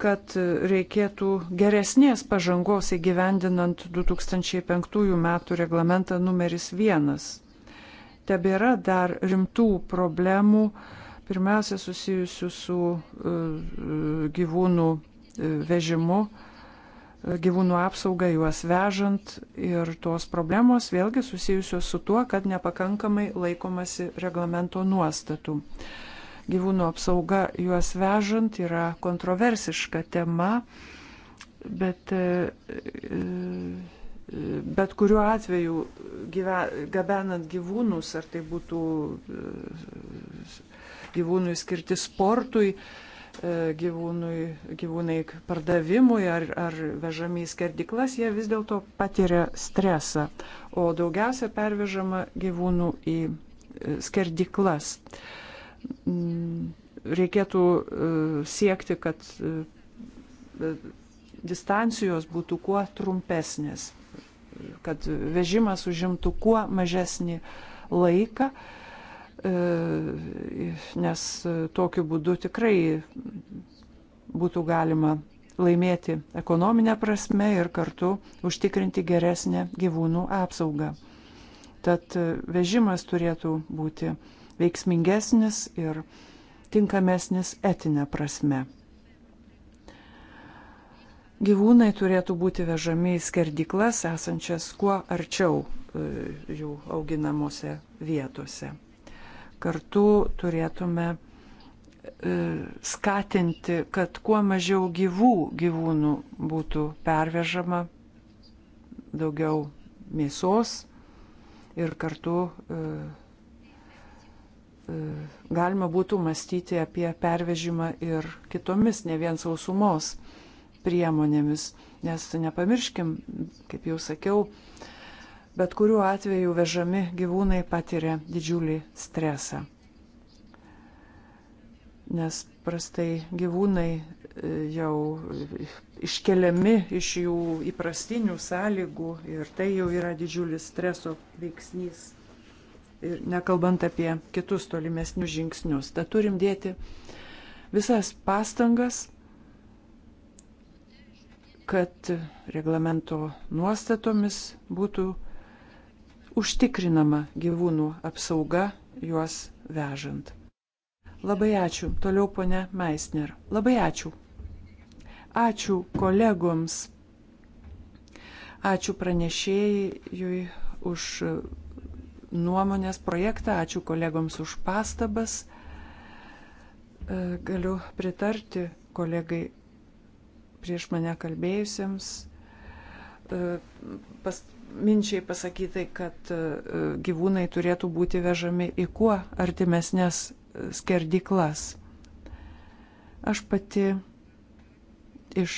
kad e, reikėtų geresnės pažangos įgyvendinant 2005 metų reglamentą numeris 1. Tebėra dar rimtų problemų, pirmiausia susijusių su e, gyvūnų vežimu gyvūnų apsaugą juos vežant ir tos problemos vėlgi susijusios su tuo, kad nepakankamai laikomasi reglamento nuostatų. Gyvūnų apsauga juos vežant yra kontroversiška tema, bet, e, e, bet kuriuo atveju gyve, gabenant gyvūnus, ar tai būtų e, gyvūnui skirti sportui, E, gyvūnui, gyvūnai pardavimui ar, ar vežami į skerdiklas, jie vis dėlto patiria stresą, o daugiausia pervežama gyvūnų į e, skerdiklas. Mm, reikėtų e, siekti, kad distancijos būtų kuo trumpesnės, kad vežimas užimtų kuo mažesnį laiką E, nes tokiu būdu tikrai būtų galima laimėti ekonominę prasme ir kartu užtikrinti geresnę gyvūnų apsaugą. Tad vežimas turėtų būti veiksmingesnis ir tinkamesnis etinė prasme. Gyvūnai turėtų būti vežami į skerdiklas esančias kuo arčiau e, jų auginamose vietose kartu turėtume e, skatinti, kad kuo mažiau gyvų gyvūnų būtų pervežama, daugiau mėsos ir kartu e, e, galima būtų mąstyti apie pervežimą ir kitomis, ne vien sausumos priemonėmis, nes nepamirškim, kaip jau sakiau, bet kuriuo atveju vežami gyvūnai patiria didžiulį stresą. Nes prastai gyvūnai e, jau iškeliami iš jų įprastinių sąlygų ir tai jau yra didžiulis streso veiksnys. Ir nekalbant apie kitus tolimesnius žingsnius. Tad turim dėti visas pastangas, kad reglamento nuostatomis būtų užtikrinama gyvūnų apsauga juos vežant. Labai ačiū. Toliau ponia Meisner. Labai ačiū. Ačiū kolegoms. Ačiū pranešėjai už nuomonės projektą, ačiū kolegoms už pastabas. E, galiu pritarti kolegai prieš mane kalbėjusiems. E, pas, minčiai pasakytai, kad e, gyvūnai turėtų būti vežami į kuo artimesnės e, skerdiklas. Aš pati iš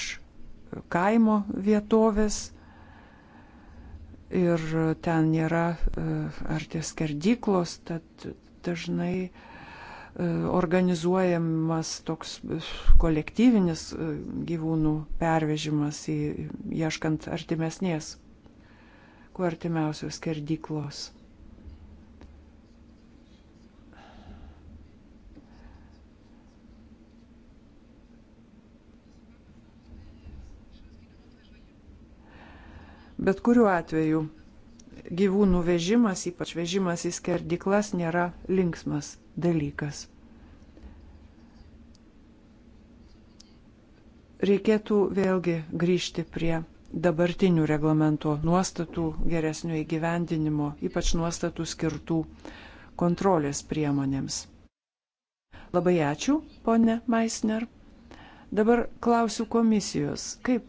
kaimo vietovės ir ten nėra e, ar tie skerdiklos, tad dažnai organizuojamas toks kolektyvinis gyvūnų pervežimas į, ieškant artimesnės kuo artimiausios skerdyklos. Bet kuriuo atveju gyvūnų vežimas, ypač vežimas į skerdiklas, nėra linksmas dalykas. Reikėtų vėlgi grįžti prie dabartinių reglamento nuostatų geresnio įgyvendinimo, ypač nuostatų skirtų kontrolės priemonėms. Labai ačiū, ponė Maisner. Dabar klausiu komisijos, kaip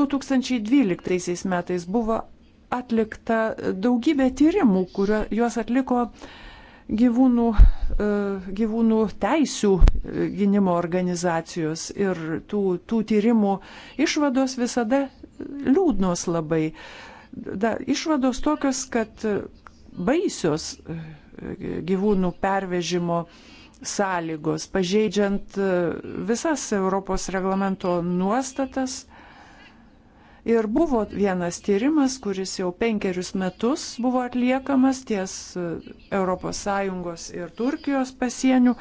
2012 metais buvo atlikta daugybė tyrimų, kurio, juos atliko gyvūnų, e, gyvūnų teisų e, gynimo organizacijos ir tų, tų tyrimų išvados visada liūdnos labai. Da, išvados tokios, kad baisios e, gyvūnų pervežimo sąlygos, pažeidžiant visas Europos reglamento nuostatas, Ir buvo vienas tyrimas, kuris jau penkerius metus buvo atliekamas ties ES ir Turkijos pasienių.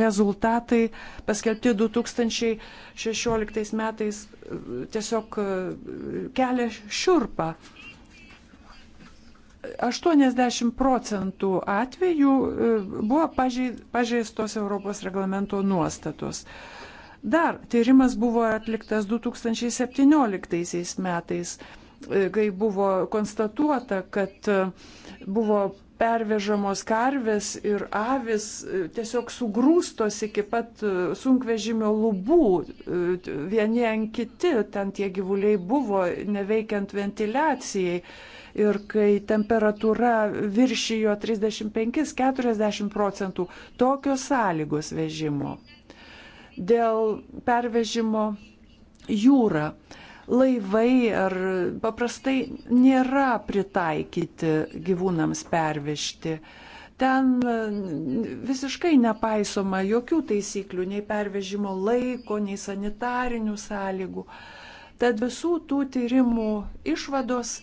Rezultatai paskelbti 2016 metais e, tiesiog e, kelia šiurpą. 80 procentų atvejų e, buvo pažeistos Europos reglamento nuostatos. Dar tyrimas buvo atliktas 2017 metais, e, kai buvo konstatuota, kad e, buvo pervežamos karvės ir avis e, tiesiog sugrūstos iki pat sunkvežimio lubų, vieni ant kiti, ten tie gyvuliai buvo, neveikiant ventiliacijai. Ir kai temperatūra viršijo 35-40 procentų, tokios sąlygos vežimo dėl pervežimo jūra. Laivai ar paprastai nėra pritaikyti gyvūnams pervežti. Ten mm, visiškai nepaisoma jokių taisyklių, nei pervežimo laiko, nei sanitarinių sąlygų. Tad visų tų tyrimų išvados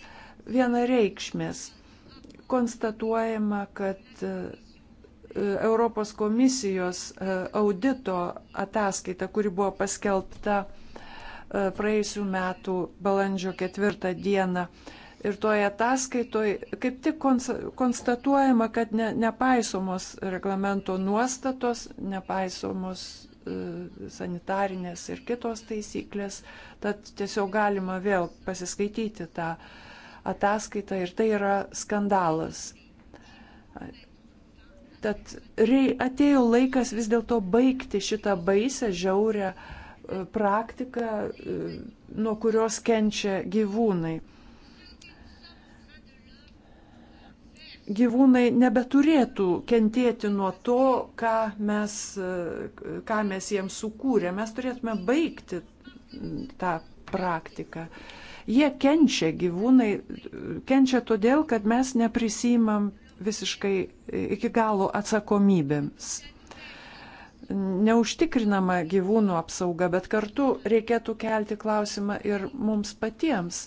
vienareikšmės. Konstatuojama, kad Europos komisijos e, audito ataskaita, kuri buvo paskelbta e, praėjusių metų balandžio ketvirtą dieną. Ir toje ataskaitoje kaip tik konstatuojama, kad ne, nepaisomos reglamento nuostatos, nepaisomos e, sanitarinės ir kitos taisyklės, tad tiesiog galima vėl pasiskaityti tą ataskaitą ir tai yra skandalas. Tad atėjo laikas vis dėlto baigti šitą baisę, žiaurę e, praktiką, e, nuo kurios kenčia gyvūnai. Gyvūnai nebeturėtų kentėti nuo to, ką mes, e, ką mes jiems sukūrė. Mes turėtume baigti tą praktiką. Jie kenčia, gyvūnai kenčia todėl, kad mes neprisimam visiškai iki galo atsakomybėms. Neužtikrinama gyvūnų apsauga, bet kartu reikėtų kelti klausimą ir mums patiems.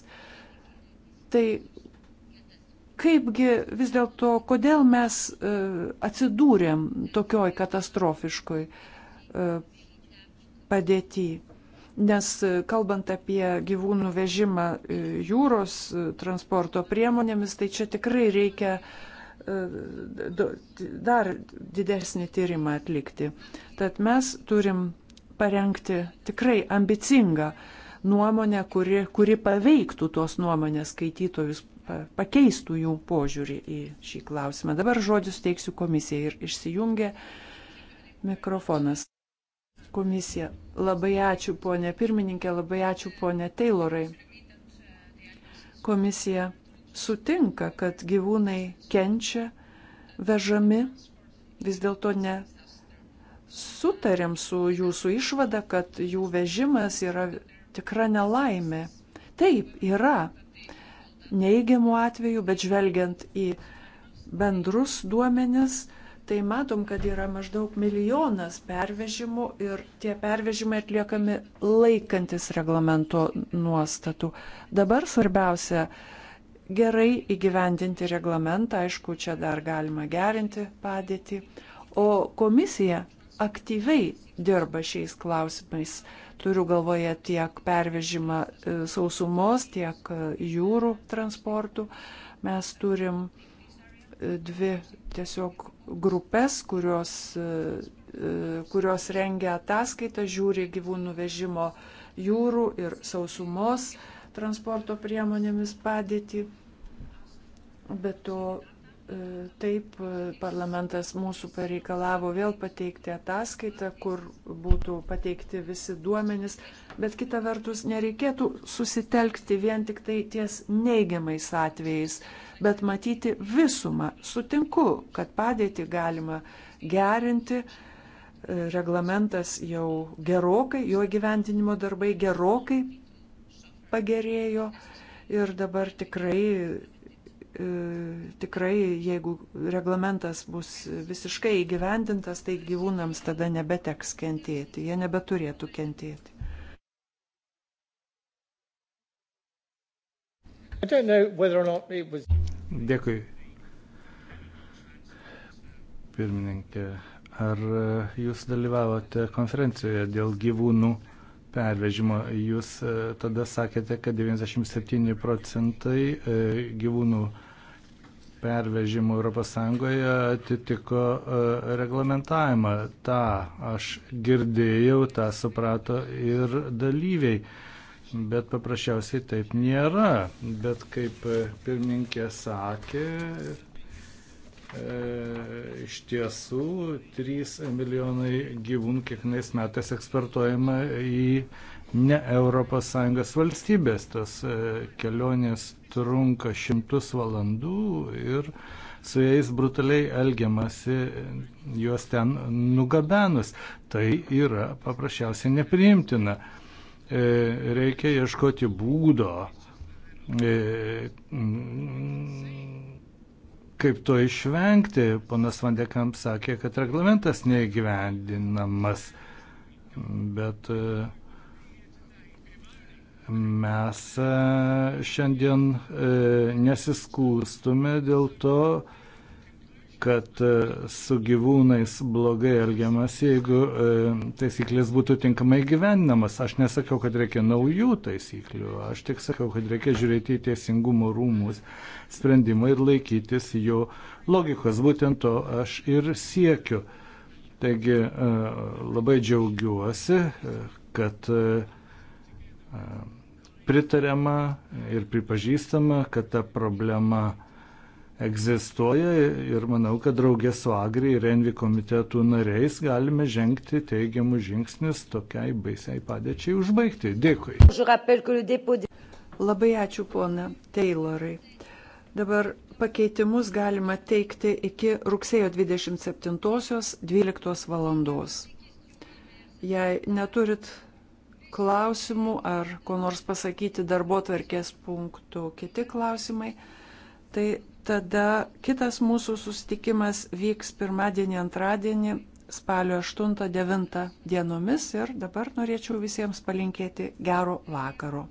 Tai kaipgi vis dėlto, kodėl mes e, atsidūrėm tokioj katastrofiškoj e, padėtį? Nes e, kalbant apie gyvūnų vežimą jūros transporto priemonėmis, tai čia tikrai reikia uh, dar didesnį tyrimą atlikti. Tad mes turim parengti tikrai ambicingą nuomonę, kuri, kuri paveiktų tuos nuomonės skaitytojus, pakeistų jų požiūrį į šį klausimą. Dabar žodžius teiksiu komisijai ir išsijungia mikrofonas. Komisija. Labai ačiū, ponė pirmininkė, labai ačiū, ponė Taylorai. Komisija sutinka, kad gyvūnai kenčia, vežami, vis dėlto ne sutarėm su jūsų išvada, kad jų vežimas yra tikra nelaimė. Taip, yra neįgiamų atvejų, bet žvelgiant į bendrus duomenis, tai matom, kad yra maždaug milijonas pervežimų ir tie pervežimai atliekami laikantis reglamento nuostatų. Dabar svarbiausia gerai įgyvendinti reglamentą, aišku, čia dar galima gerinti padėtį, o komisija aktyviai dirba šiais klausimais. Turiu galvoje tiek pervežimą e, sausumos, tiek e, jūrų transportų. Mes turim e, dvi tiesiog grupės, kurios, kurios rengia ataskaitą, žiūri gyvūnų vežimo jūrų ir sausumos transporto priemonėmis padėtį. Bet to e, Taip, e, parlamentas mūsų pareikalavo vėl pateikti ataskaitą, kur būtų pateikti visi duomenys, bet kita vertus nereikėtų susitelkti vien tik tai ties neigiamais atvejais, bet matyti visumą. Sutinku, kad padėtį galima gerinti, e, reglamentas jau gerokai, jo gyventinimo darbai gerokai pagerėjo ir dabar tikrai, e, tikrai jeigu reglamentas bus visiškai įgyvendintas, tai gyvūnams tada nebeteks kentėti, jie nebeturėtų kentėti. Was... Dėkui. Pirmininkė, ar e, jūs dalyvavote konferencijoje dėl gyvūnų? pervežimo. Jūs e, tada sakėte, kad 97 procentai e, gyvūnų pervežimų ES atitiko e, reglamentavimą. Ta aš girdėjau, tą suprato ir dalyviai. Bet paprasčiausiai taip nėra. Bet kaip pirmininkė sakė, E, iš tiesų, 3 milijonai gyvūnų kiekvienais metais eksportuojama į ne ES valstybės. Tas e, kelionės trunka šimtus valandų ir su jais brutaliai elgiamasi juos ten nugabenus. Tai yra paprasčiausiai nepriimtina. E, reikia ieškoti būdo Kaip to išvengti? Ponas Vandekam sakė, kad reglamentas neįgyvendinamas, bet e, mes e, šiandien e, nesiskūstume dėl to, kad e, su gyvūnais blogai elgiamas, jeigu e, taisyklės būtų tinkamai gyvenamas. Aš nesakiau, kad reikia naujų taisyklių, aš tik sakiau, kad reikia žiūrėti į teisingumo rūmus sprendimą ir laikytis jo logikos. Būtent to aš ir siekiu. Taigi e, labai džiaugiuosi, kad pritariama ir pripažįstama, kad ta problema egzistuoja ir manau, kad draugė su Agri ir Envi komitetų nariais galime žengti teigiamus žingsnius tokiai baisiai padėčiai užbaigti. Dėkui. Labai ačiū, pona Taylorai. Dabar pakeitimus galima teikti iki rugsėjo 27.12 valandos. Jei neturit klausimų ar ko nors pasakyti darbo tvarkės punktų kiti klausimai, tai Tada kitas mūsų susitikimas vyks pirmadienį, antradienį, spalio 8-9 dienomis ir dabar norėčiau visiems palinkėti gero vakaro.